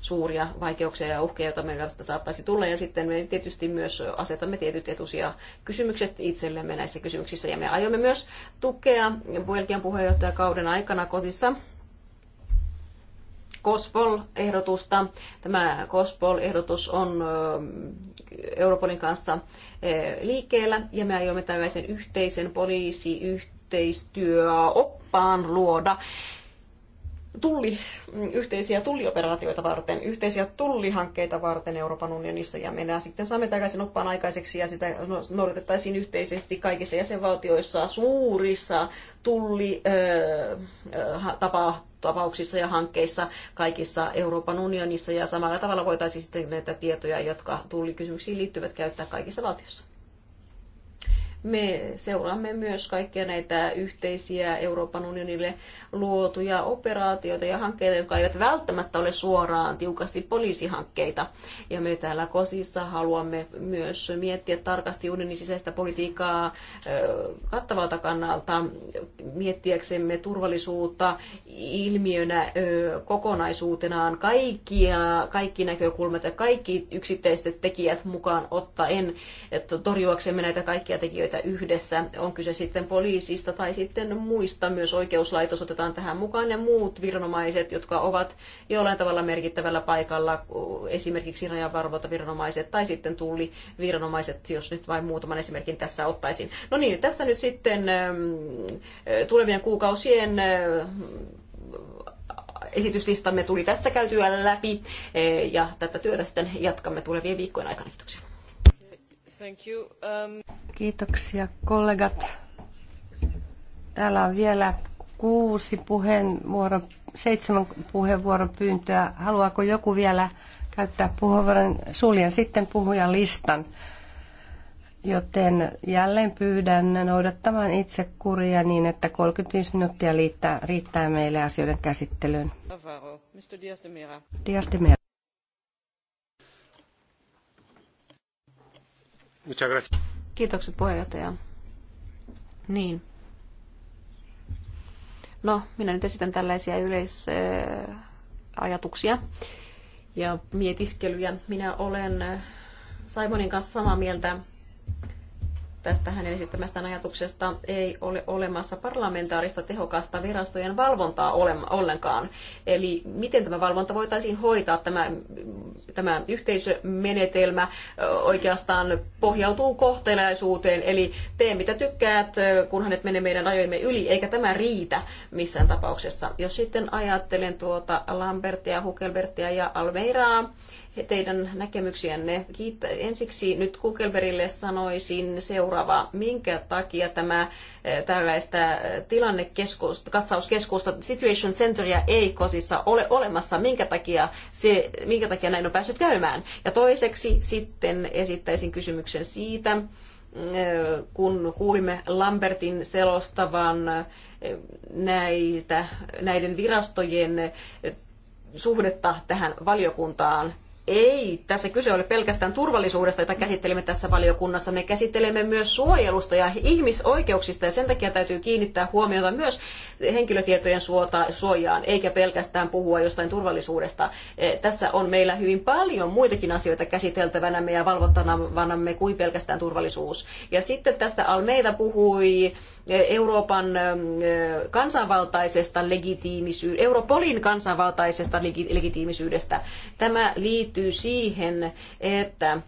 suuria vaikeuksia ja uhkia, joita meillä saattaisi tulla. Ja sitten me tietysti myös asetamme tietyt etusia kysymykset itsellemme näissä kysymyksissä. Ja me aiomme myös tukea Belgian puheenjohtajakauden aikana kosissa COSPOL-ehdotusta. Tämä COSPOL-ehdotus on Europolin kanssa liikkeellä ja me aiomme tällaisen yhteisen poliisiyhteistyöoppaan luoda tulli, mm, yhteisiä tullioperaatioita varten, yhteisiä tullihankkeita varten Euroopan unionissa ja mennään sitten saamme takaisin oppaan aikaiseksi ja sitä no- noudatettaisiin yhteisesti kaikissa jäsenvaltioissa suurissa tapauksissa ja hankkeissa kaikissa Euroopan unionissa ja samalla tavalla voitaisiin sitten näitä tietoja, jotka tullikysymyksiin liittyvät, käyttää kaikissa valtioissa. Me seuraamme myös kaikkia näitä yhteisiä Euroopan unionille luotuja operaatioita ja hankkeita, jotka eivät välttämättä ole suoraan tiukasti poliisihankkeita. Ja me täällä Kosissa haluamme myös miettiä tarkasti unionin sisäistä politiikkaa kattavalta kannalta, miettiäksemme turvallisuutta ilmiönä kokonaisuutenaan kaikkia, kaikki näkökulmat ja kaikki yksittäiset tekijät mukaan ottaen, että torjuaksemme näitä kaikkia tekijöitä työtä yhdessä. On kyse sitten poliisista tai sitten muista, myös oikeuslaitos otetaan tähän mukaan ja muut viranomaiset, jotka ovat jollain tavalla merkittävällä paikalla, esimerkiksi rajanvarvontaviranomaiset tai sitten tulliviranomaiset, jos nyt vain muutaman esimerkin tässä ottaisin. No niin, tässä nyt sitten ähm, tulevien kuukausien äh, esityslistamme tuli tässä käytyä läpi äh, ja tätä työtä sitten jatkamme tulevien viikkojen aikana. Kiitoksia. Thank you. Um... Kiitoksia kollegat. Täällä on vielä kuusi puheenvuoro, seitsemän puheenvuoropyyntöä. Haluaako joku vielä käyttää puheenvuoron? Suljen sitten puhujan listan. Joten jälleen pyydän noudattamaan itse kuria niin, että 35 minuuttia liittää, riittää meille asioiden käsittelyyn. Diaz de Mera. Muchas gracias. Kiitokset puheenjohtaja. Niin. No, minä nyt esitän tällaisia yleisajatuksia ja mietiskelyjä. Minä olen Simonin kanssa samaa mieltä tästä hänen esittämästään ajatuksesta ei ole olemassa parlamentaarista tehokasta virastojen valvontaa ollenkaan. Eli miten tämä valvonta voitaisiin hoitaa, tämä, tämä yhteisömenetelmä oikeastaan pohjautuu kohteleisuuteen eli tee mitä tykkäät, kunhan et mene meidän rajoimme yli, eikä tämä riitä missään tapauksessa. Jos sitten ajattelen tuota Lambertia, Hukelbertia ja Alveiraa, teidän näkemyksiänne. Kiittä. Ensiksi nyt Kukelberille sanoisin seuraava, minkä takia tämä eh, tällaista eh, tilannekeskusta, katsauskeskusta, Situation Centeria ei kosissa ole olemassa, minkä takia, se, minkä takia näin on päässyt käymään. Ja toiseksi sitten esittäisin kysymyksen siitä, eh, kun kuulimme Lambertin selostavan näitä, näiden virastojen suhdetta tähän valiokuntaan ei tässä kyse ole pelkästään turvallisuudesta, jota käsittelemme tässä valiokunnassa. Me käsittelemme myös suojelusta ja ihmisoikeuksista ja sen takia täytyy kiinnittää huomiota myös henkilötietojen suojaan, eikä pelkästään puhua jostain turvallisuudesta. E, tässä on meillä hyvin paljon muitakin asioita käsiteltävänämme ja valvottavanamme kuin pelkästään turvallisuus. Ja sitten tästä Almeida puhui Euroopan ähm, kansanvaltaisesta legitiimisyydestä, Europolin kansanvaltaisesta legitiimisyydestä. Tämä liittyy siihen, että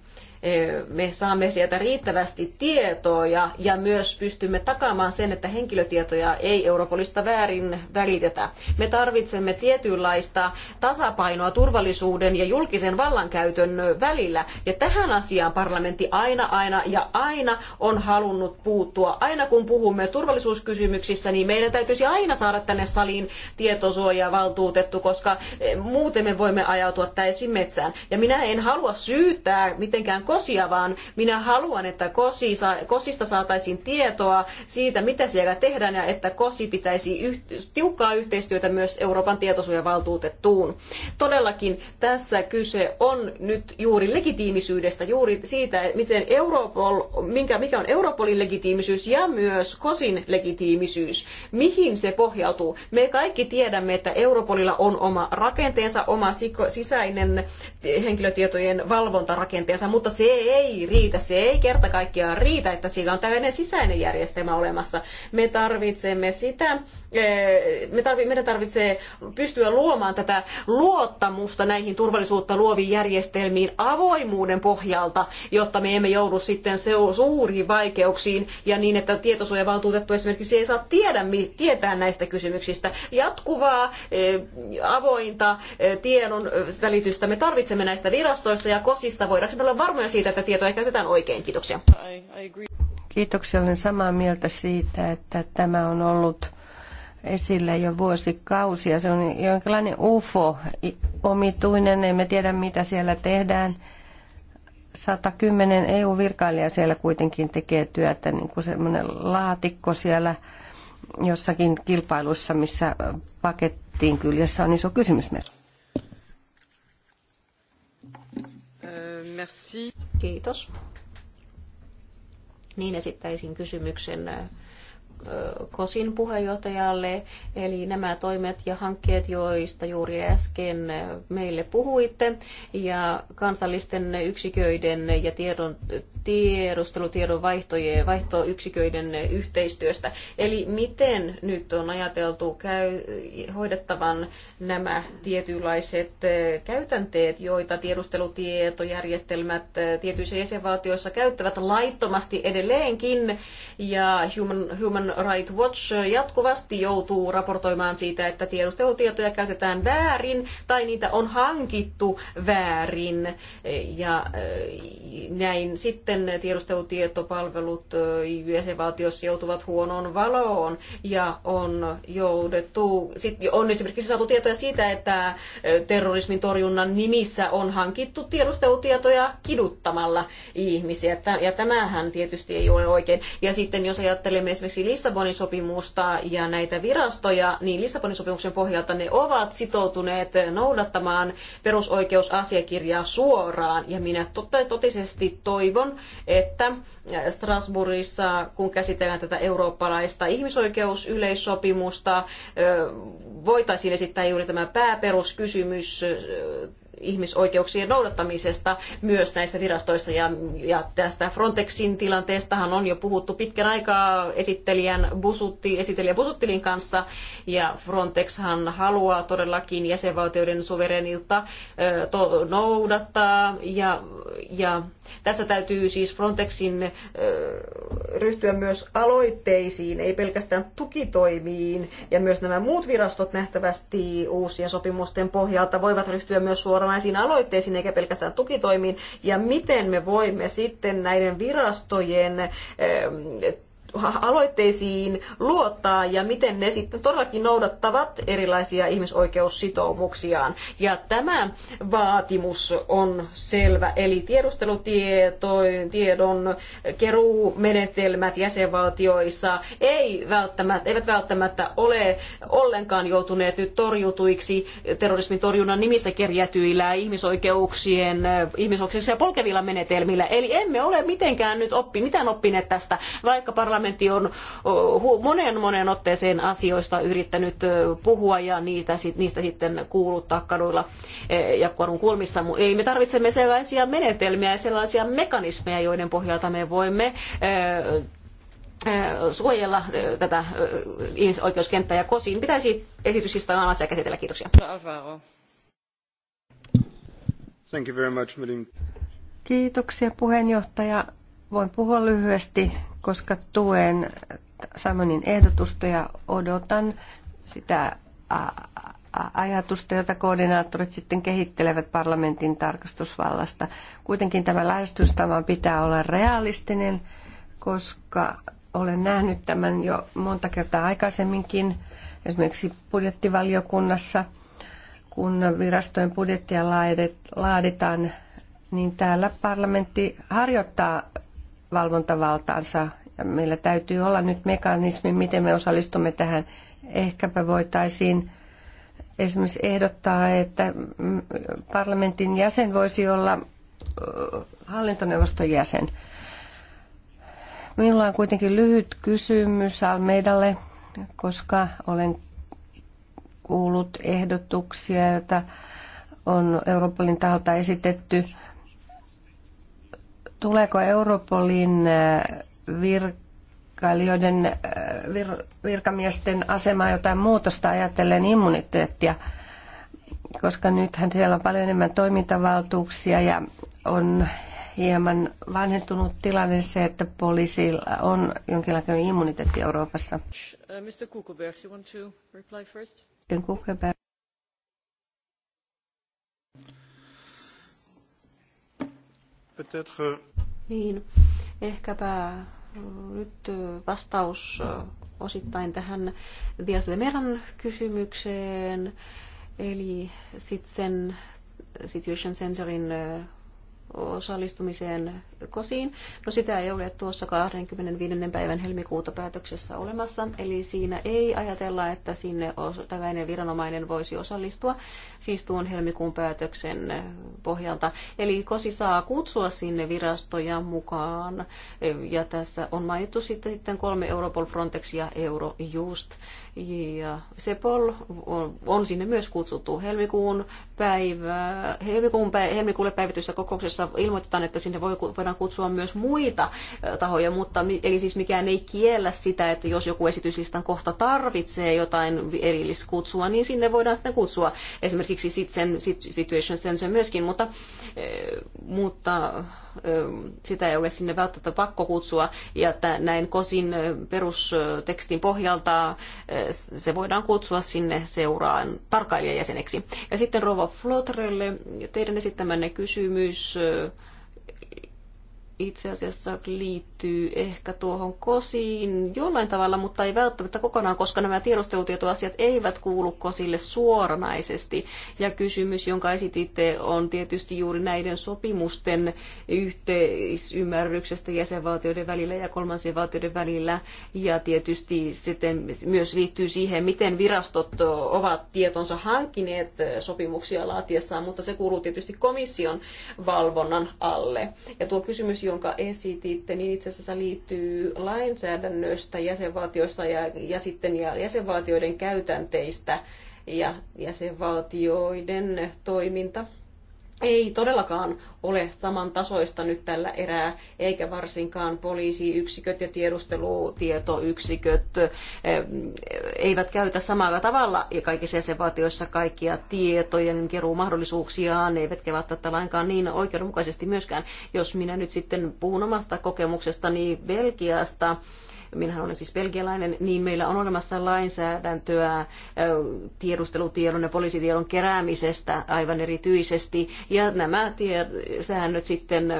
me saamme sieltä riittävästi tietoja ja myös pystymme takaamaan sen, että henkilötietoja ei Europolista väärin välitetä. Me tarvitsemme tietynlaista tasapainoa turvallisuuden ja julkisen vallankäytön välillä ja tähän asiaan parlamentti aina, aina ja aina on halunnut puuttua. Aina kun puhumme turvallisuuskysymyksissä, niin meidän täytyisi aina saada tänne saliin tietosuojavaltuutettu, koska eh, muuten me voimme ajautua täysin metsään. Ja minä en halua syyttää mitenkään kosia, vaan minä haluan, että kosi, kosista saataisiin tietoa siitä, mitä siellä tehdään ja että kosi pitäisi yht, tiukkaa yhteistyötä myös Euroopan tietosuojavaltuutettuun. Todellakin tässä kyse on nyt juuri legitiimisyydestä, juuri siitä, miten Europol, minkä, mikä on Europolin legitiimisyys ja myös kosin legitiimisyys. Mihin se pohjautuu? Me kaikki tiedämme, että Europolilla on oma rakenteensa, oma sisäinen henkilötietojen valvontarakenteensa, mutta se se ei riitä, se ei kerta kaikkiaan riitä, että siinä on tällainen sisäinen järjestelmä olemassa. Me tarvitsemme sitä, Eh, me tarvi, meidän tarvitsee pystyä luomaan tätä luottamusta näihin turvallisuutta luoviin järjestelmiin avoimuuden pohjalta, jotta me emme joudu sitten suuriin vaikeuksiin ja niin, että tietosuojavaltuutettu esimerkiksi ei saa tiedä, tietää näistä kysymyksistä. Jatkuvaa eh, avointa eh, tiedon välitystä me tarvitsemme näistä virastoista ja kosista. Voidaanko me olla varmoja siitä, että tietoja käytetään oikein? Kiitoksia. Kiitoksia. Olen samaa mieltä siitä, että tämä on ollut esillä jo vuosikausia. Se on jonkinlainen UFO, omituinen, emme tiedä mitä siellä tehdään. 110 eu virkailija siellä kuitenkin tekee työtä, niin kuin semmoinen laatikko siellä jossakin kilpailussa, missä pakettiin kyljessä on iso kysymysmerkki. Äh, merci. Kiitos. Niin esittäisin kysymyksen äh, KOSin puheenjohtajalle. Eli nämä toimet ja hankkeet, joista juuri äsken meille puhuitte, ja kansallisten yksiköiden ja tiedon tiedustelutiedon vaihtojen, vaihtoyksiköiden yhteistyöstä. Eli miten nyt on ajateltu käy, hoidettavan nämä tietynlaiset eh, käytänteet, joita tiedustelutietojärjestelmät eh, tietyissä jäsenvaltioissa käyttävät laittomasti edelleenkin, ja Human, Human Rights Watch jatkuvasti joutuu raportoimaan siitä, että tiedustelutietoja käytetään väärin tai niitä on hankittu väärin, eh, ja näin sitten sitten tiedustelutietopalvelut jäsenvaltiossa joutuvat huonoon valoon ja on joudettu, sit on esimerkiksi saatu tietoja siitä, että terrorismin torjunnan nimissä on hankittu tiedustelutietoja kiduttamalla ihmisiä ja tämähän tietysti ei ole oikein. Ja sitten jos ajattelemme esimerkiksi Lissabonin sopimusta ja näitä virastoja, niin Lissabonin sopimuksen pohjalta ne ovat sitoutuneet noudattamaan perusoikeusasiakirjaa suoraan ja minä totisesti toivon, että Strasbourgissa, kun käsitellään tätä eurooppalaista ihmisoikeusyleissopimusta, voitaisiin esittää juuri tämä pääperuskysymys ihmisoikeuksien noudattamisesta myös näissä virastoissa. Ja, ja tästä Frontexin tilanteestahan on jo puhuttu pitkän aikaa esittelijän Busutti, esittelijä Busuttilin kanssa. Ja Frontexhan haluaa todellakin jäsenvaltioiden suverenilta to, noudattaa. Ja, ja tässä täytyy siis Frontexin ryhtyä myös aloitteisiin, ei pelkästään tukitoimiin. Ja myös nämä muut virastot nähtävästi uusien sopimusten pohjalta voivat ryhtyä myös suoranaisiin aloitteisiin, eikä pelkästään tukitoimiin. Ja miten me voimme sitten näiden virastojen aloitteisiin luottaa ja miten ne sitten todellakin noudattavat erilaisia ihmisoikeussitoumuksiaan. Ja tämä vaatimus on selvä, eli tiedustelutiedon keruumenetelmät jäsenvaltioissa ei välttämättä, eivät välttämättä ole ollenkaan joutuneet nyt torjutuiksi terrorismin torjunnan nimissä kerjätyillä ihmisoikeuksien, ihmisoikeuksia polkevilla menetelmillä. Eli emme ole mitenkään nyt oppi, mitään oppineet tästä, vaikka parlamentti parlamentti on monen monen otteeseen asioista yrittänyt puhua ja niistä, niistä sitten kuuluttaa kaduilla e, ja kuorun kulmissa. Ei me tarvitsemme sellaisia menetelmiä ja sellaisia mekanismeja, joiden pohjalta me voimme suojella tätä ihmisoikeuskenttää ja kosiin. Pitäisi esityslistan alasia käsitellä. Kiitoksia. Thank you very much, Kiitoksia puheenjohtaja. Voin puhua lyhyesti koska tuen Samonin ehdotusta ja odotan sitä ajatusta, jota koordinaattorit sitten kehittelevät parlamentin tarkastusvallasta. Kuitenkin tämä lähestystapa pitää olla realistinen, koska olen nähnyt tämän jo monta kertaa aikaisemminkin, esimerkiksi budjettivaliokunnassa, kun virastojen budjettia laaditaan, niin täällä parlamentti harjoittaa valvontavaltaansa. Ja meillä täytyy olla nyt mekanismi, miten me osallistumme tähän. Ehkäpä voitaisiin esimerkiksi ehdottaa, että mm, parlamentin jäsen voisi olla hallintoneuvoston jäsen. Minulla on kuitenkin lyhyt kysymys Almeidalle, koska olen kuullut ehdotuksia, joita on Euroopan taholta esitetty – Tuleeko Europolin äh, virkailijoiden äh, vir, virkamiesten asemaa jotain muutosta ajatellen immuniteettia? Koska nythän siellä on paljon enemmän toimintavaltuuksia ja on hieman vanhentunut tilanne se, että poliisilla on jonkinlainen immuniteetti Euroopassa. Uh, Mr. you want to reply first? Peut-être euh, niin, ehkäpä nyt vastaus osittain tähän Dias de Meran kysymykseen, eli sitten sen Situation Sensorin osallistumiseen kosiin. No sitä ei ole tuossa 25. päivän helmikuuta päätöksessä olemassa, eli siinä ei ajatella, että sinne tällainen viranomainen voisi osallistua siis tuon helmikuun päätöksen eh, pohjalta. Eli KOSI saa kutsua sinne virastoja mukaan, eh, ja tässä on mainittu sitten, kolme Europol, Frontex ja Eurojust. Ja Sepol on sinne myös kutsuttu helmikuun, päivä, helmikuun päiv- helmikuulle päivityssä kokouksessa ilmoitetaan, että sinne voi, voidaan kutsua myös muita eh, tahoja, mutta eli siis mikään ei kiellä sitä, että jos joku esityslistan kohta tarvitsee jotain erilliskutsua, niin sinne voidaan sitten kutsua esimerkiksi esimerkiksi sitten situation sensor myöskin, mutta, eh, mutta eh, sitä ei ole sinne välttämättä pakko kutsua. Ja näin kosin eh, perustekstin pohjalta se voidaan kutsua sinne seuraan tarkkailijajäseneksi. Ja sitten Rova Flotrelle, teidän esittämänne kysymys itse asiassa liittyy ehkä tuohon kosiin jollain tavalla, mutta ei välttämättä kokonaan, koska nämä tiedustelutietoasiat eivät kuulu kosille suoranaisesti. Ja kysymys, jonka esititte, on tietysti juuri näiden sopimusten yhteisymmärryksestä jäsenvaltioiden välillä ja kolmansien valtioiden välillä. Ja tietysti sitten myös liittyy siihen, miten virastot ovat tietonsa hankkineet sopimuksia laatiessaan, mutta se kuuluu tietysti komission valvonnan alle. Ja tuo kysymys, jonka esititte, niin itse asiassa liittyy lainsäädännöstä jäsenvaltioissa ja, ja sitten ja jäsenvaltioiden käytänteistä ja jäsenvaltioiden toiminta ei todellakaan ole samantasoista nyt tällä erää, eikä varsinkaan poliisiyksiköt ja tiedustelutietoyksiköt eivät käytä samalla tavalla ja kaikissa jäsenvaltioissa kaikkia tietojen keruumahdollisuuksiaan, eivätkä välttämättä lainkaan niin oikeudenmukaisesti myöskään. Jos minä nyt sitten puhun omasta kokemuksestani Belgiasta, minä olen siis belgialainen, niin meillä on olemassa lainsäädäntöä tiedustelutiedon ja poliisitiedon keräämisestä aivan erityisesti. Ja nämä tie- säännöt sitten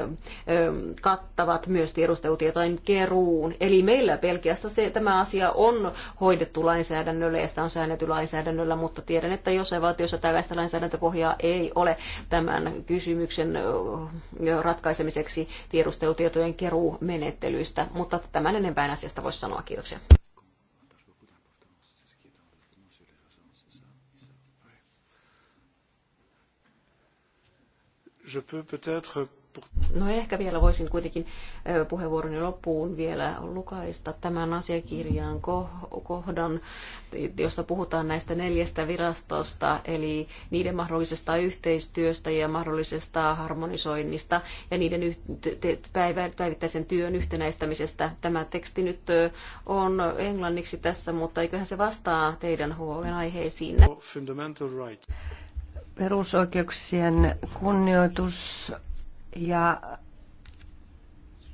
kattavat myös tiedustelutietojen keruun. Eli meillä Belgiassa se, tämä asia on hoidettu lainsäädännöllä ja sitä on säännetty lainsäädännöllä, mutta tiedän, että jos valtiossa tällaista lainsäädäntöpohjaa ei ole tämän kysymyksen ratkaisemiseksi tiedustelutietojen keruumenettelyistä, mutta tämän enempää asiasta voisi sanoa. Kiitoksia. Je peux peut-être No ehkä vielä voisin kuitenkin puheenvuoroni loppuun vielä lukaista tämän asiakirjan kohdan, jossa puhutaan näistä neljästä virastosta, eli niiden mahdollisesta yhteistyöstä ja mahdollisesta harmonisoinnista ja niiden päivittäisen työn yhtenäistämisestä. Tämä teksti nyt on englanniksi tässä, mutta eiköhän se vastaa teidän huolenaiheisiin. Perusoikeuksien kunnioitus ja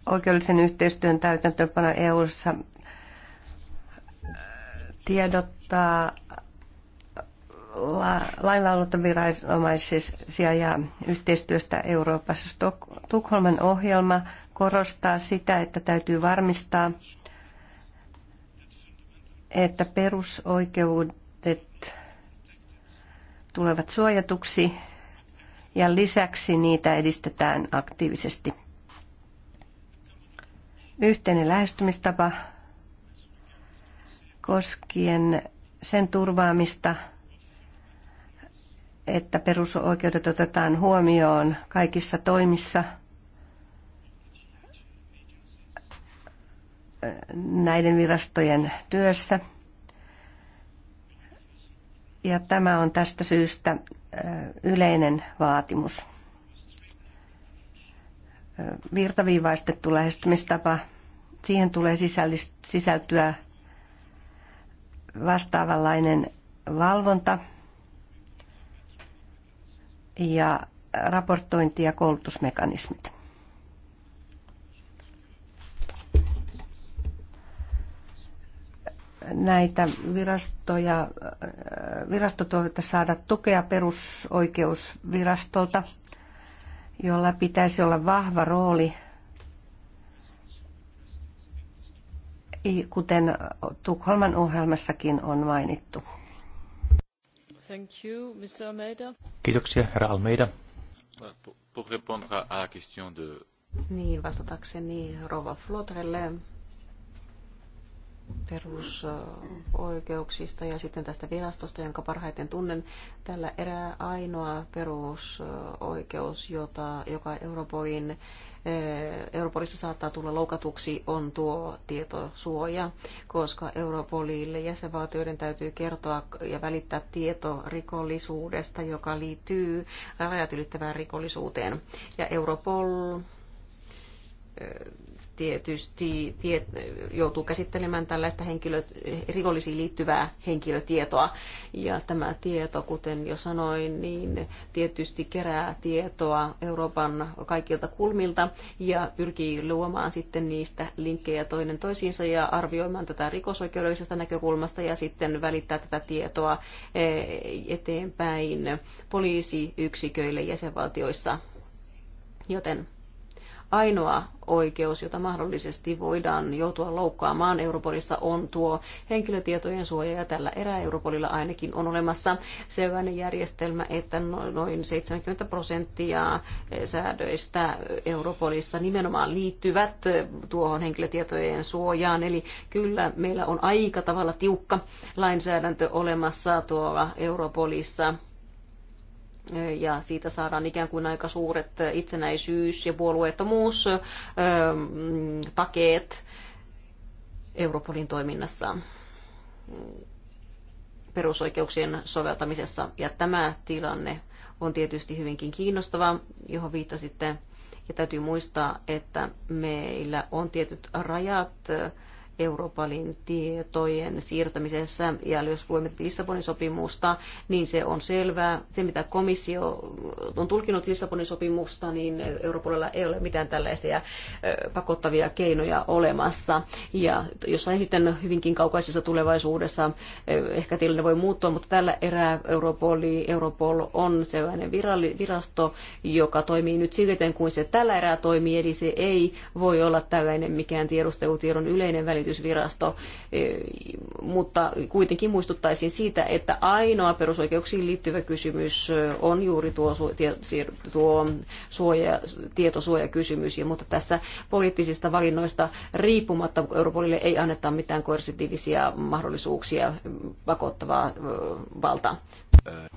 oikeudellisen yhteistyön täytäntöönpano EU-ssa äh, tiedottaa lainvalvontaviranomaisia ja yhteistyöstä Euroopassa. Tukholman ohjelma korostaa sitä, että täytyy varmistaa, että perusoikeudet tulevat suojatuksi ja lisäksi niitä edistetään aktiivisesti. Yhteinen lähestymistapa koskien sen turvaamista, että perusoikeudet otetaan huomioon kaikissa toimissa. näiden virastojen työssä – ja tämä on tästä syystä yleinen vaatimus. Virtaviivaistettu lähestymistapa, siihen tulee sisältyä vastaavanlainen valvonta ja raportointi- ja koulutusmekanismit. näitä virastoja, äh, virastot voivat saada tukea perusoikeusvirastolta, jolla pitäisi olla vahva rooli, kuten Tukholman ohjelmassakin on mainittu. Thank you, Mr. Almeida. Kiitoksia, herra Almeida. Pour répondre à la question de... Niin, vastatakseni Rova Flotrelle perusoikeuksista ja sitten tästä virastosta, jonka parhaiten tunnen. Tällä erää ainoa perusoikeus, jota, joka Europolin, eh, Europolissa saattaa tulla loukatuksi, on tuo tietosuoja, koska Europolille jäsenvaltioiden täytyy kertoa ja välittää tieto rikollisuudesta, joka liittyy rajat ylittävään rikollisuuteen. Ja Europol eh, tietysti tiet, joutuu käsittelemään tällaista henkilö, rikollisiin liittyvää henkilötietoa. Ja tämä tieto, kuten jo sanoin, niin tietysti kerää tietoa Euroopan kaikilta kulmilta ja pyrkii luomaan sitten niistä linkkejä toinen toisiinsa ja arvioimaan tätä rikosoikeudellisesta näkökulmasta ja sitten välittää tätä tietoa e, eteenpäin poliisiyksiköille jäsenvaltioissa. Joten ainoa oikeus, jota mahdollisesti voidaan joutua loukkaamaan Europolissa, on tuo henkilötietojen suoja, ja tällä erää Europolilla ainakin on olemassa sellainen järjestelmä, että no, noin 70 prosenttia eh, säädöistä Europolissa nimenomaan liittyvät eh, tuohon henkilötietojen suojaan, eli kyllä meillä on aika tavalla tiukka lainsäädäntö olemassa tuolla Europolissa ja siitä saadaan ikään kuin aika suuret itsenäisyys- ja puolueettomuus mm, takeet Europolin toiminnassa mm, perusoikeuksien soveltamisessa. Ja tämä tilanne on tietysti hyvinkin kiinnostava, johon viittasitte. Ja täytyy muistaa, että meillä on tietyt rajat Europolin tietojen siirtämisessä. Ja jos luemme Lissabonin sopimusta, niin se on selvää. Se, mitä komissio on tulkinut Lissabonin sopimusta, niin Europolilla ei ole mitään tällaisia pakottavia keinoja olemassa. Ja jossain sitten hyvinkin kaukaisessa tulevaisuudessa ehkä tilanne voi muuttua, mutta tällä erää Europoli, Europol on sellainen virasto, joka toimii nyt siten kuin se tällä erää toimii, eli se ei voi olla tällainen mikään tiedustelutiedon yleinen välitys selvitysvirasto, e, mutta kuitenkin muistuttaisin siitä, että ainoa perusoikeuksiin liittyvä kysymys e, on juuri tuo, tuo suoja, tietosuojakysymys, ja, mutta tässä poliittisista valinnoista riippumatta Europolille ei anneta mitään koersitiivisia mahdollisuuksia pakottavaa e, valtaa.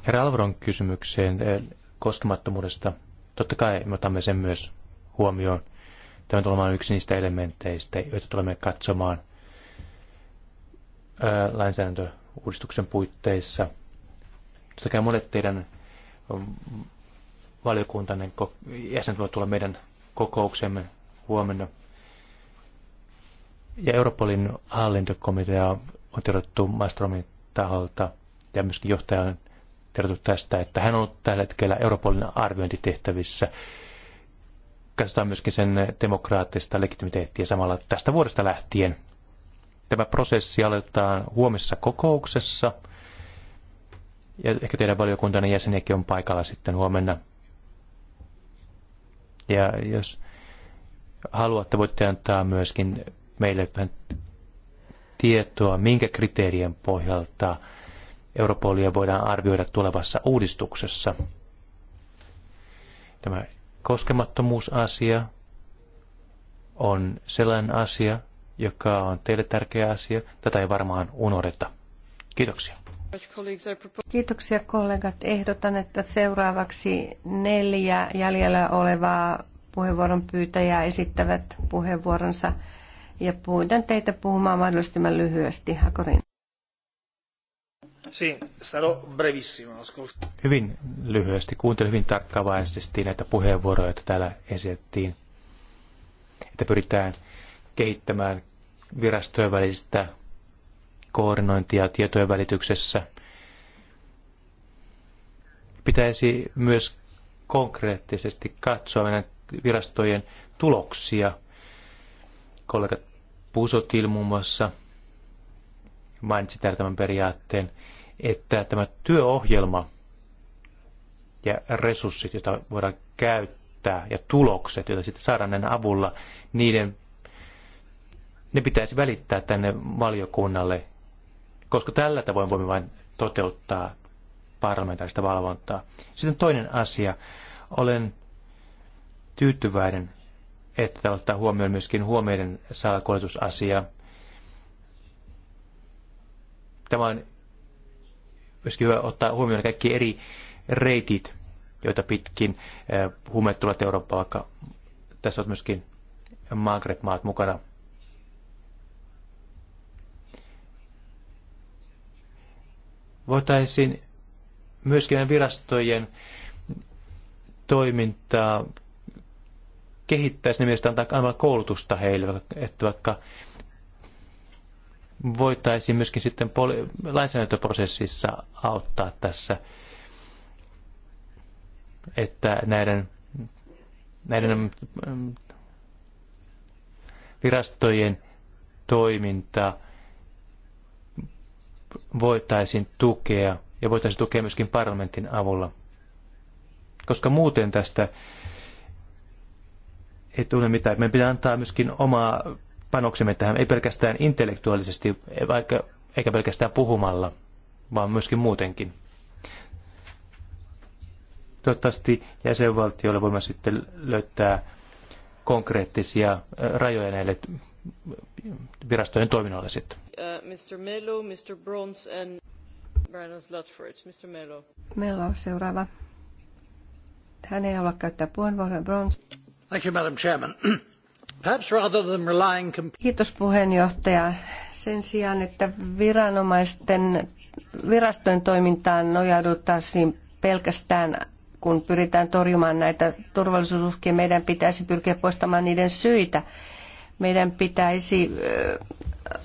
Herra Alvaron kysymykseen koskemattomuudesta. Totta kai me otamme sen myös huomioon. Tämä tulee olemaan yksi niistä elementeistä, joita tulemme katsomaan lainsäädäntöuudistuksen puitteissa. Totta kai monet teidän valiokuntanne jäsenet voivat tulla meidän kokouksemme huomenna. Ja Europolin hallintokomitea on tiedottu Maastromin taholta ja myöskin johtaja on tiedottu tästä, että hän on ollut tällä hetkellä Europolin arviointitehtävissä katsotaan myöskin sen demokraattista legitimiteettiä samalla tästä vuodesta lähtien. Tämä prosessi aloitetaan huomisessa kokouksessa, ja ehkä teidän valiokuntanne jäseniäkin on paikalla sitten huomenna. Ja jos haluatte, voitte antaa myöskin meille vähän tietoa, minkä kriteerien pohjalta Europolia voidaan arvioida tulevassa uudistuksessa. Tämä koskemattomuusasia on sellainen asia, joka on teille tärkeä asia. Tätä ei varmaan unohdeta. Kiitoksia. Kiitoksia kollegat. Ehdotan, että seuraavaksi neljä jäljellä olevaa puheenvuoron pyytäjää esittävät puheenvuoronsa ja pyydän teitä puhumaan mahdollisimman lyhyesti. Hakorin. Hyvin lyhyesti, kuuntelin hyvin tarkkaavaisesti näitä puheenvuoroja, joita täällä esitettiin, että pyritään kehittämään virastojen välistä koordinointia tietojen välityksessä. Pitäisi myös konkreettisesti katsoa meidän virastojen tuloksia. Kollegat Pusotil muun muassa mainitsi tämän periaatteen että tämä työohjelma ja resurssit, joita voidaan käyttää, ja tulokset, joita sitten saadaan näiden avulla, niiden, ne pitäisi välittää tänne valiokunnalle, koska tällä tavoin voimme vain toteuttaa parlamentaarista valvontaa. Sitten toinen asia. Olen tyytyväinen, että ottaa huomioon myöskin huomioiden salakuljetusasia. Tämä on myöskin hyvä ottaa huomioon kaikki eri reitit, joita pitkin eh, huumeet tulevat Eurooppaan, vaikka tässä on myöskin Maghreb-maat mukana. Voitaisiin myöskin virastojen toimintaa kehittää, niin mielestä antaa koulutusta heille, että vaikka voitaisiin myöskin sitten poli- lainsäädäntöprosessissa auttaa tässä, että näiden, näiden mm, virastojen toiminta voitaisiin tukea ja voitaisiin tukea myöskin parlamentin avulla. Koska muuten tästä ei tule mitään. Meidän pitää antaa myöskin omaa panoksemme tähän, ei pelkästään intellektuaalisesti, vaikka, eikä pelkästään puhumalla, vaan myöskin muutenkin. Toivottavasti jäsenvaltioille voimme sitten löytää konkreettisia rajoja näille virastojen toiminnalle sitten. Uh, Mr. Melo, Mr. Bronze and Brandon Slutford. Mr. Melo. Melo, seuraava. Hän ei halua käyttää puheenvuoroa. Bronze. Thank you, Madam Chairman. Kiitos puheenjohtaja. Sen sijaan, että viranomaisten virastojen toimintaan nojauduttaisiin pelkästään kun pyritään torjumaan näitä turvallisuusuhkia, meidän pitäisi pyrkiä poistamaan niiden syitä. Meidän pitäisi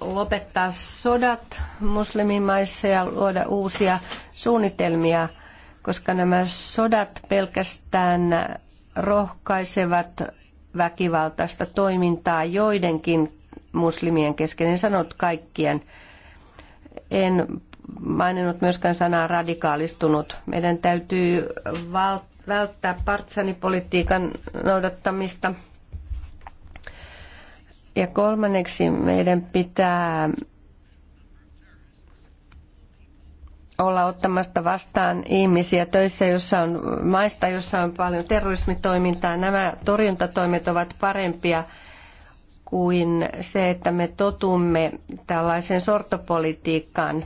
lopettaa sodat muslimimaissa ja luoda uusia suunnitelmia, koska nämä sodat pelkästään rohkaisevat väkivaltaista toimintaa joidenkin muslimien kesken. En sanonut kaikkien. En maininnut myöskään sanaa radikaalistunut. Meidän täytyy val- välttää partsanipolitiikan noudattamista. Ja kolmanneksi meidän pitää olla ottamasta vastaan ihmisiä töissä, jossa on maista, jossa on paljon terrorismitoimintaa. Nämä torjuntatoimet ovat parempia kuin se, että me totumme tällaiseen sortopolitiikkaan.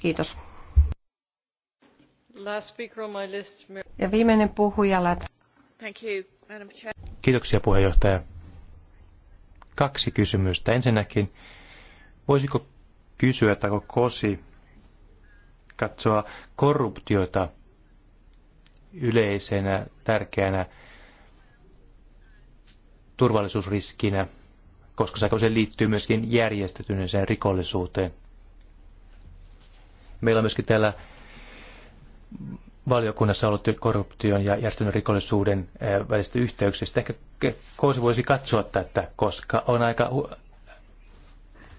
Kiitos. Ja viimeinen puhuja. Kiitoksia puheenjohtaja. Kaksi kysymystä. Ensinnäkin, voisiko kysyä, että KOSI katsoa korruptiota yleisenä tärkeänä turvallisuusriskinä, koska se usein liittyy myöskin järjestetyneeseen rikollisuuteen. Meillä on myöskin täällä valiokunnassa ollut korruption ja järjestetyn rikollisuuden välistä yhteyksistä. Ehkä Koosi voisi katsoa tätä, koska on aika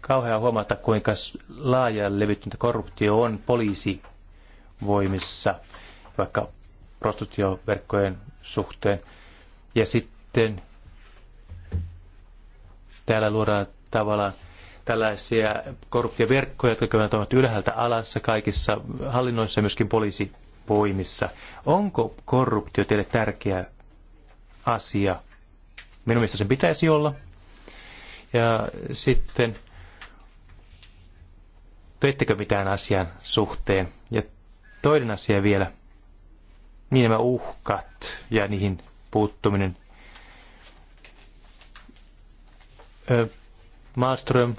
kauhea huomata, kuinka laaja levittynyt korruptio on poliisivoimissa, vaikka prostituutioverkkojen suhteen. Ja sitten täällä luodaan tavallaan tällaisia korruptioverkkoja, jotka ovat ylhäältä alassa kaikissa hallinnoissa ja myöskin poliisivoimissa. Onko korruptio teille tärkeä asia? Minun mielestä sen pitäisi olla. Ja sitten teettekö mitään asian suhteen? Ja toinen asia vielä, niin nämä uhkat ja niihin puuttuminen. Malmström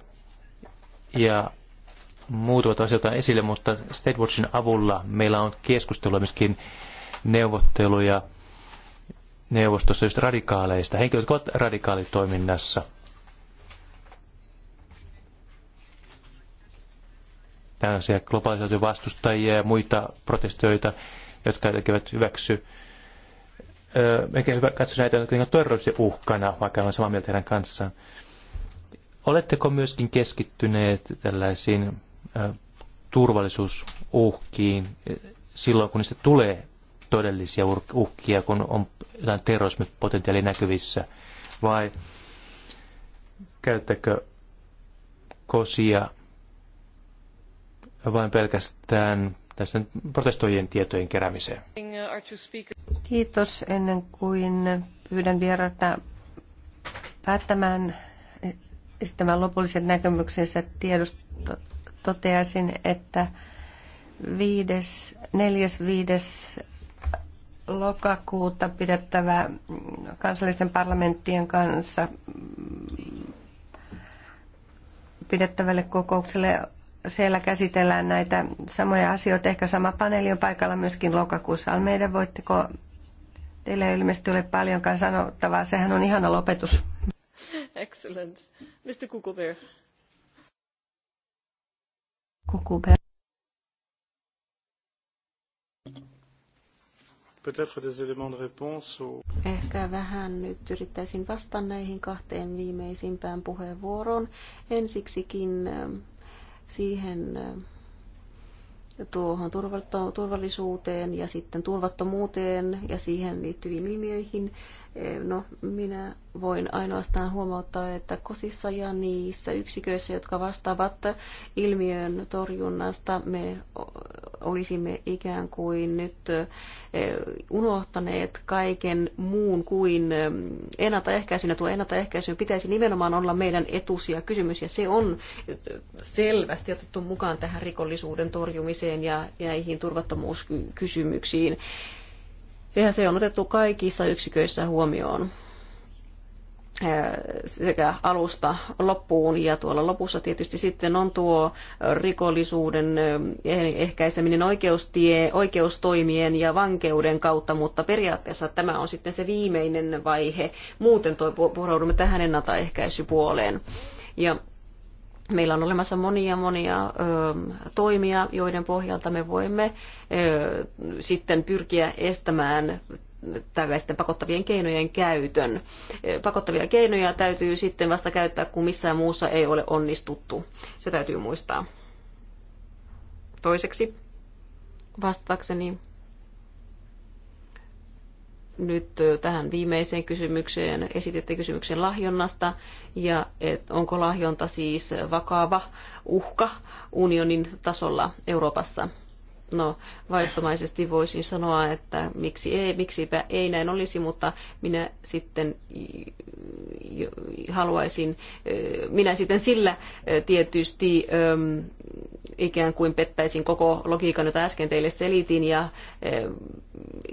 ja muut ovat asioita esille, mutta Statewatchin avulla meillä on keskustelua myöskin neuvotteluja neuvostossa just radikaaleista, henkilöt ovat radikaalitoiminnassa – tällaisia globalisaation vastustajia ja muita protestoita, jotka tekevät hyväksy. Eikä hyvä katso näitä, jotka ovat uhkana, vaikka olen samaa mieltä heidän kanssaan. Oletteko myöskin keskittyneet tällaisiin turvallisuusuhkiin silloin, kun niistä tulee todellisia uhkia, kun on jotain terrorismipotentiaali näkyvissä? Vai käyttäkö kosia vain pelkästään tässä protestoijien tietojen keräämiseen. Kiitos ennen kuin pyydän vieraita päättämään esittämään lopulliset näkemyksensä tiedosta. toteaisin, että 4.5. lokakuuta pidettävä kansallisten parlamenttien kanssa pidettävälle kokoukselle siellä käsitellään näitä samoja asioita. Ehkä sama paneeli on paikalla myöskin lokakuussa. Almeida, voitteko, teillä ilmeisesti ole paljonkaan sanottavaa. Sehän on ihana lopetus. Excellent. Mr. Kukuber. Kukuber. Ehkä vähän nyt yrittäisin vastata näihin kahteen viimeisimpään puheenvuoroon. Ensiksikin ähm, siihen äh, tuohon turvallisuuteen ja sitten turvattomuuteen ja siihen liittyviin ilmiöihin No, minä voin ainoastaan huomauttaa, että kosissa ja niissä yksiköissä, jotka vastaavat ilmiön torjunnasta, me olisimme ikään kuin nyt e, unohtaneet kaiken muun kuin e, Ja Tuo ennaltaehkäisy pitäisi nimenomaan olla meidän etusia kysymys, ja se on selvästi otettu mukaan tähän rikollisuuden torjumiseen ja näihin turvattomuuskysymyksiin. Ja se on otettu kaikissa yksiköissä huomioon eh, sekä alusta loppuun ja tuolla lopussa tietysti sitten on tuo rikollisuuden eh, ehkäiseminen oikeustie, oikeustoimien ja vankeuden kautta, mutta periaatteessa tämä on sitten se viimeinen vaihe. Muuten toi, puhaudumme tähän ennaltaehkäisypuoleen. Ja Meillä on olemassa monia monia ö, toimia, joiden pohjalta me voimme ö, sitten pyrkiä estämään tällaisten pakottavien keinojen käytön. Pakottavia keinoja täytyy sitten vasta käyttää, kun missään muussa ei ole onnistuttu. Se täytyy muistaa. Toiseksi vastaakseni nyt tähän viimeiseen kysymykseen, esititte kysymyksen lahjonnasta ja et onko lahjonta siis vakava uhka unionin tasolla Euroopassa. No, vaistomaisesti voisin sanoa, että miksi ei, miksipä ei näin olisi, mutta minä sitten haluaisin, minä sitten sillä tietysti ikään kuin pettäisin koko logiikan, jota äsken teille selitin ja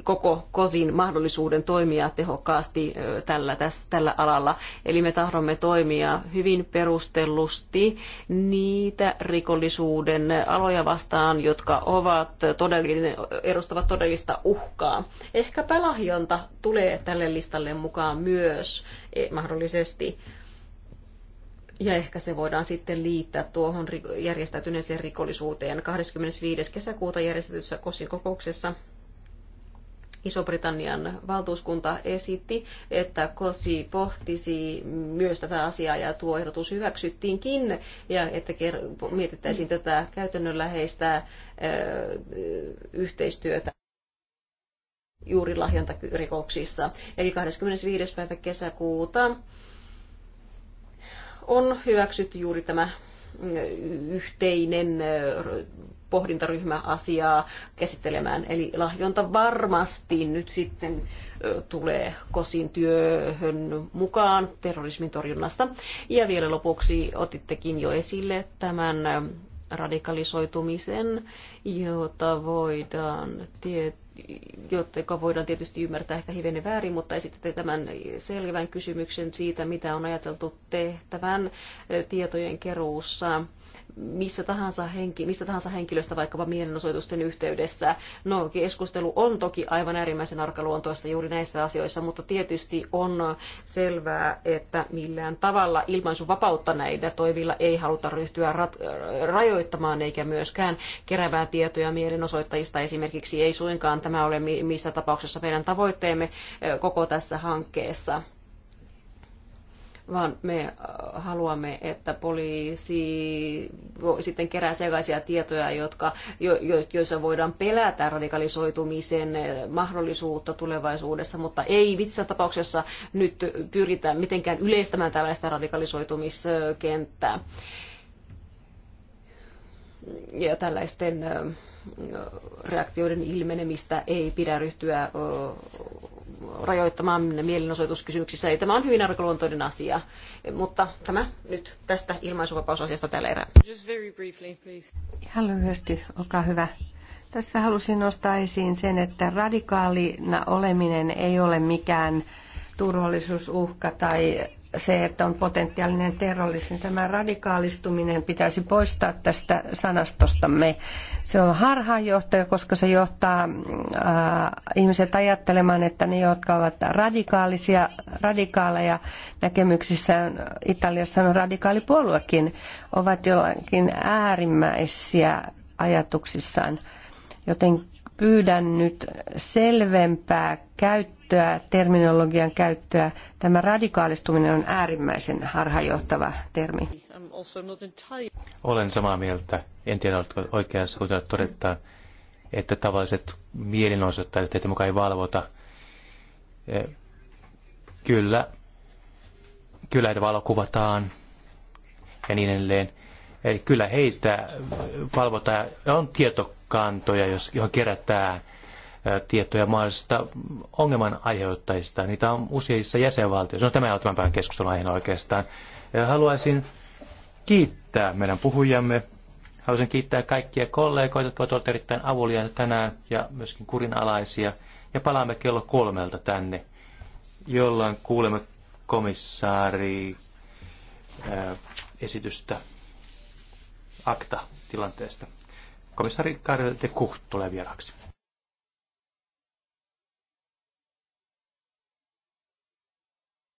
koko kosin mahdollisuuden toimia tehokkaasti tällä, tässä, tällä alalla. Eli me tahdomme toimia hyvin perustellusti niitä rikollisuuden aloja vastaan, jotka ovat todella todellinen, edustavat todellista uhkaa. Ehkäpä lahjonta tulee tälle listalle mukaan myös e, mahdollisesti. Ja ehkä se voidaan sitten liittää tuohon järjestäytyneeseen rikollisuuteen. 25. kesäkuuta järjestetyssä kosin kokouksessa Iso-Britannian valtuuskunta esitti, että KOSI pohtisi myös tätä asiaa ja tuo ehdotus hyväksyttiinkin ja että mietittäisiin tätä käytännönläheistä yhteistyötä juuri lahjontarikoksissa. Eli 25. päivä kesäkuuta on hyväksytty juuri tämä mm, yhteinen pohdintaryhmä asiaa käsittelemään. Eli lahjonta varmasti nyt sitten tulee kosin työhön mukaan terrorismin torjunnasta. Ja vielä lopuksi otittekin jo esille tämän radikalisoitumisen, jota voidaan tietää joka voidaan tietysti ymmärtää ehkä hivenen väärin, mutta esititte tämän selvän kysymyksen siitä, mitä on ajateltu tehtävän tietojen keruussa missä tahansa henki, mistä tahansa henkilöstä vaikkapa mielenosoitusten yhteydessä. No, keskustelu on toki aivan äärimmäisen arkaluontoista juuri näissä asioissa, mutta tietysti on selvää, että millään tavalla vapautta näillä toivilla ei haluta ryhtyä rajoittamaan eikä myöskään keräämään tietoja mielenosoittajista esimerkiksi. Ei suinkaan tämä ole missä tapauksessa meidän tavoitteemme koko tässä hankkeessa vaan me äh, haluamme, että poliisi sitten kerää sellaisia tietoja, jotka, jo, jo, joissa voidaan pelätä radikalisoitumisen äh, mahdollisuutta tulevaisuudessa, mutta ei missään tapauksessa nyt pyritä mitenkään yleistämään tällaista radikalisoitumiskenttää. Ja tällaisten äh, reaktioiden ilmenemistä ei pidä ryhtyä rajoittamaan mielenosoituskysymyksissä. Eli tämä on hyvin arkaluontoinen asia, mutta tämä nyt tästä ilmaisuvapausasiasta täällä erää. Just very briefly, please. Ihan lyhyesti, olkaa hyvä. Tässä halusin nostaa esiin sen, että radikaalina oleminen ei ole mikään turvallisuusuhka tai se, että on potentiaalinen terrorismi. Tämä radikaalistuminen pitäisi poistaa tästä sanastostamme. Se on harhaanjohtaja, koska se johtaa ää, äh, ihmiset ajattelemaan, että ne, jotka ovat radikaalisia, radikaaleja näkemyksissään, Italiassa on radikaalipuoluekin, ovat jollakin äärimmäisiä ajatuksissaan. Joten pyydän nyt selvempää käyttöä käyttöä, terminologian käyttöä. Tämä radikaalistuminen on äärimmäisen harhaanjohtava termi. Olen samaa mieltä. En tiedä, oletko oikeassa, kun todetaan, että tavalliset mielenosoittajat teitä mukaan ei valvota. E, kyllä, kyllä heitä valokuvataan ja niin edelleen. Eli kyllä heitä valvotaan. On tietokantoja, jos, johon kerätään tietoja mahdollisista ongelman aiheuttajista. Niitä on useissa jäsenvaltioissa. No tämä on tämän päivän keskustelun aiheena oikeastaan. Haluaisin kiittää meidän puhujamme. Haluaisin kiittää kaikkia kollegoita, jotka ovat erittäin avulia tänään ja myöskin kurinalaisia. Ja palaamme kello kolmelta tänne, jolloin kuulemme komissaari esitystä akta-tilanteesta. Komissaari Karel de Kuh tulee vieraksi.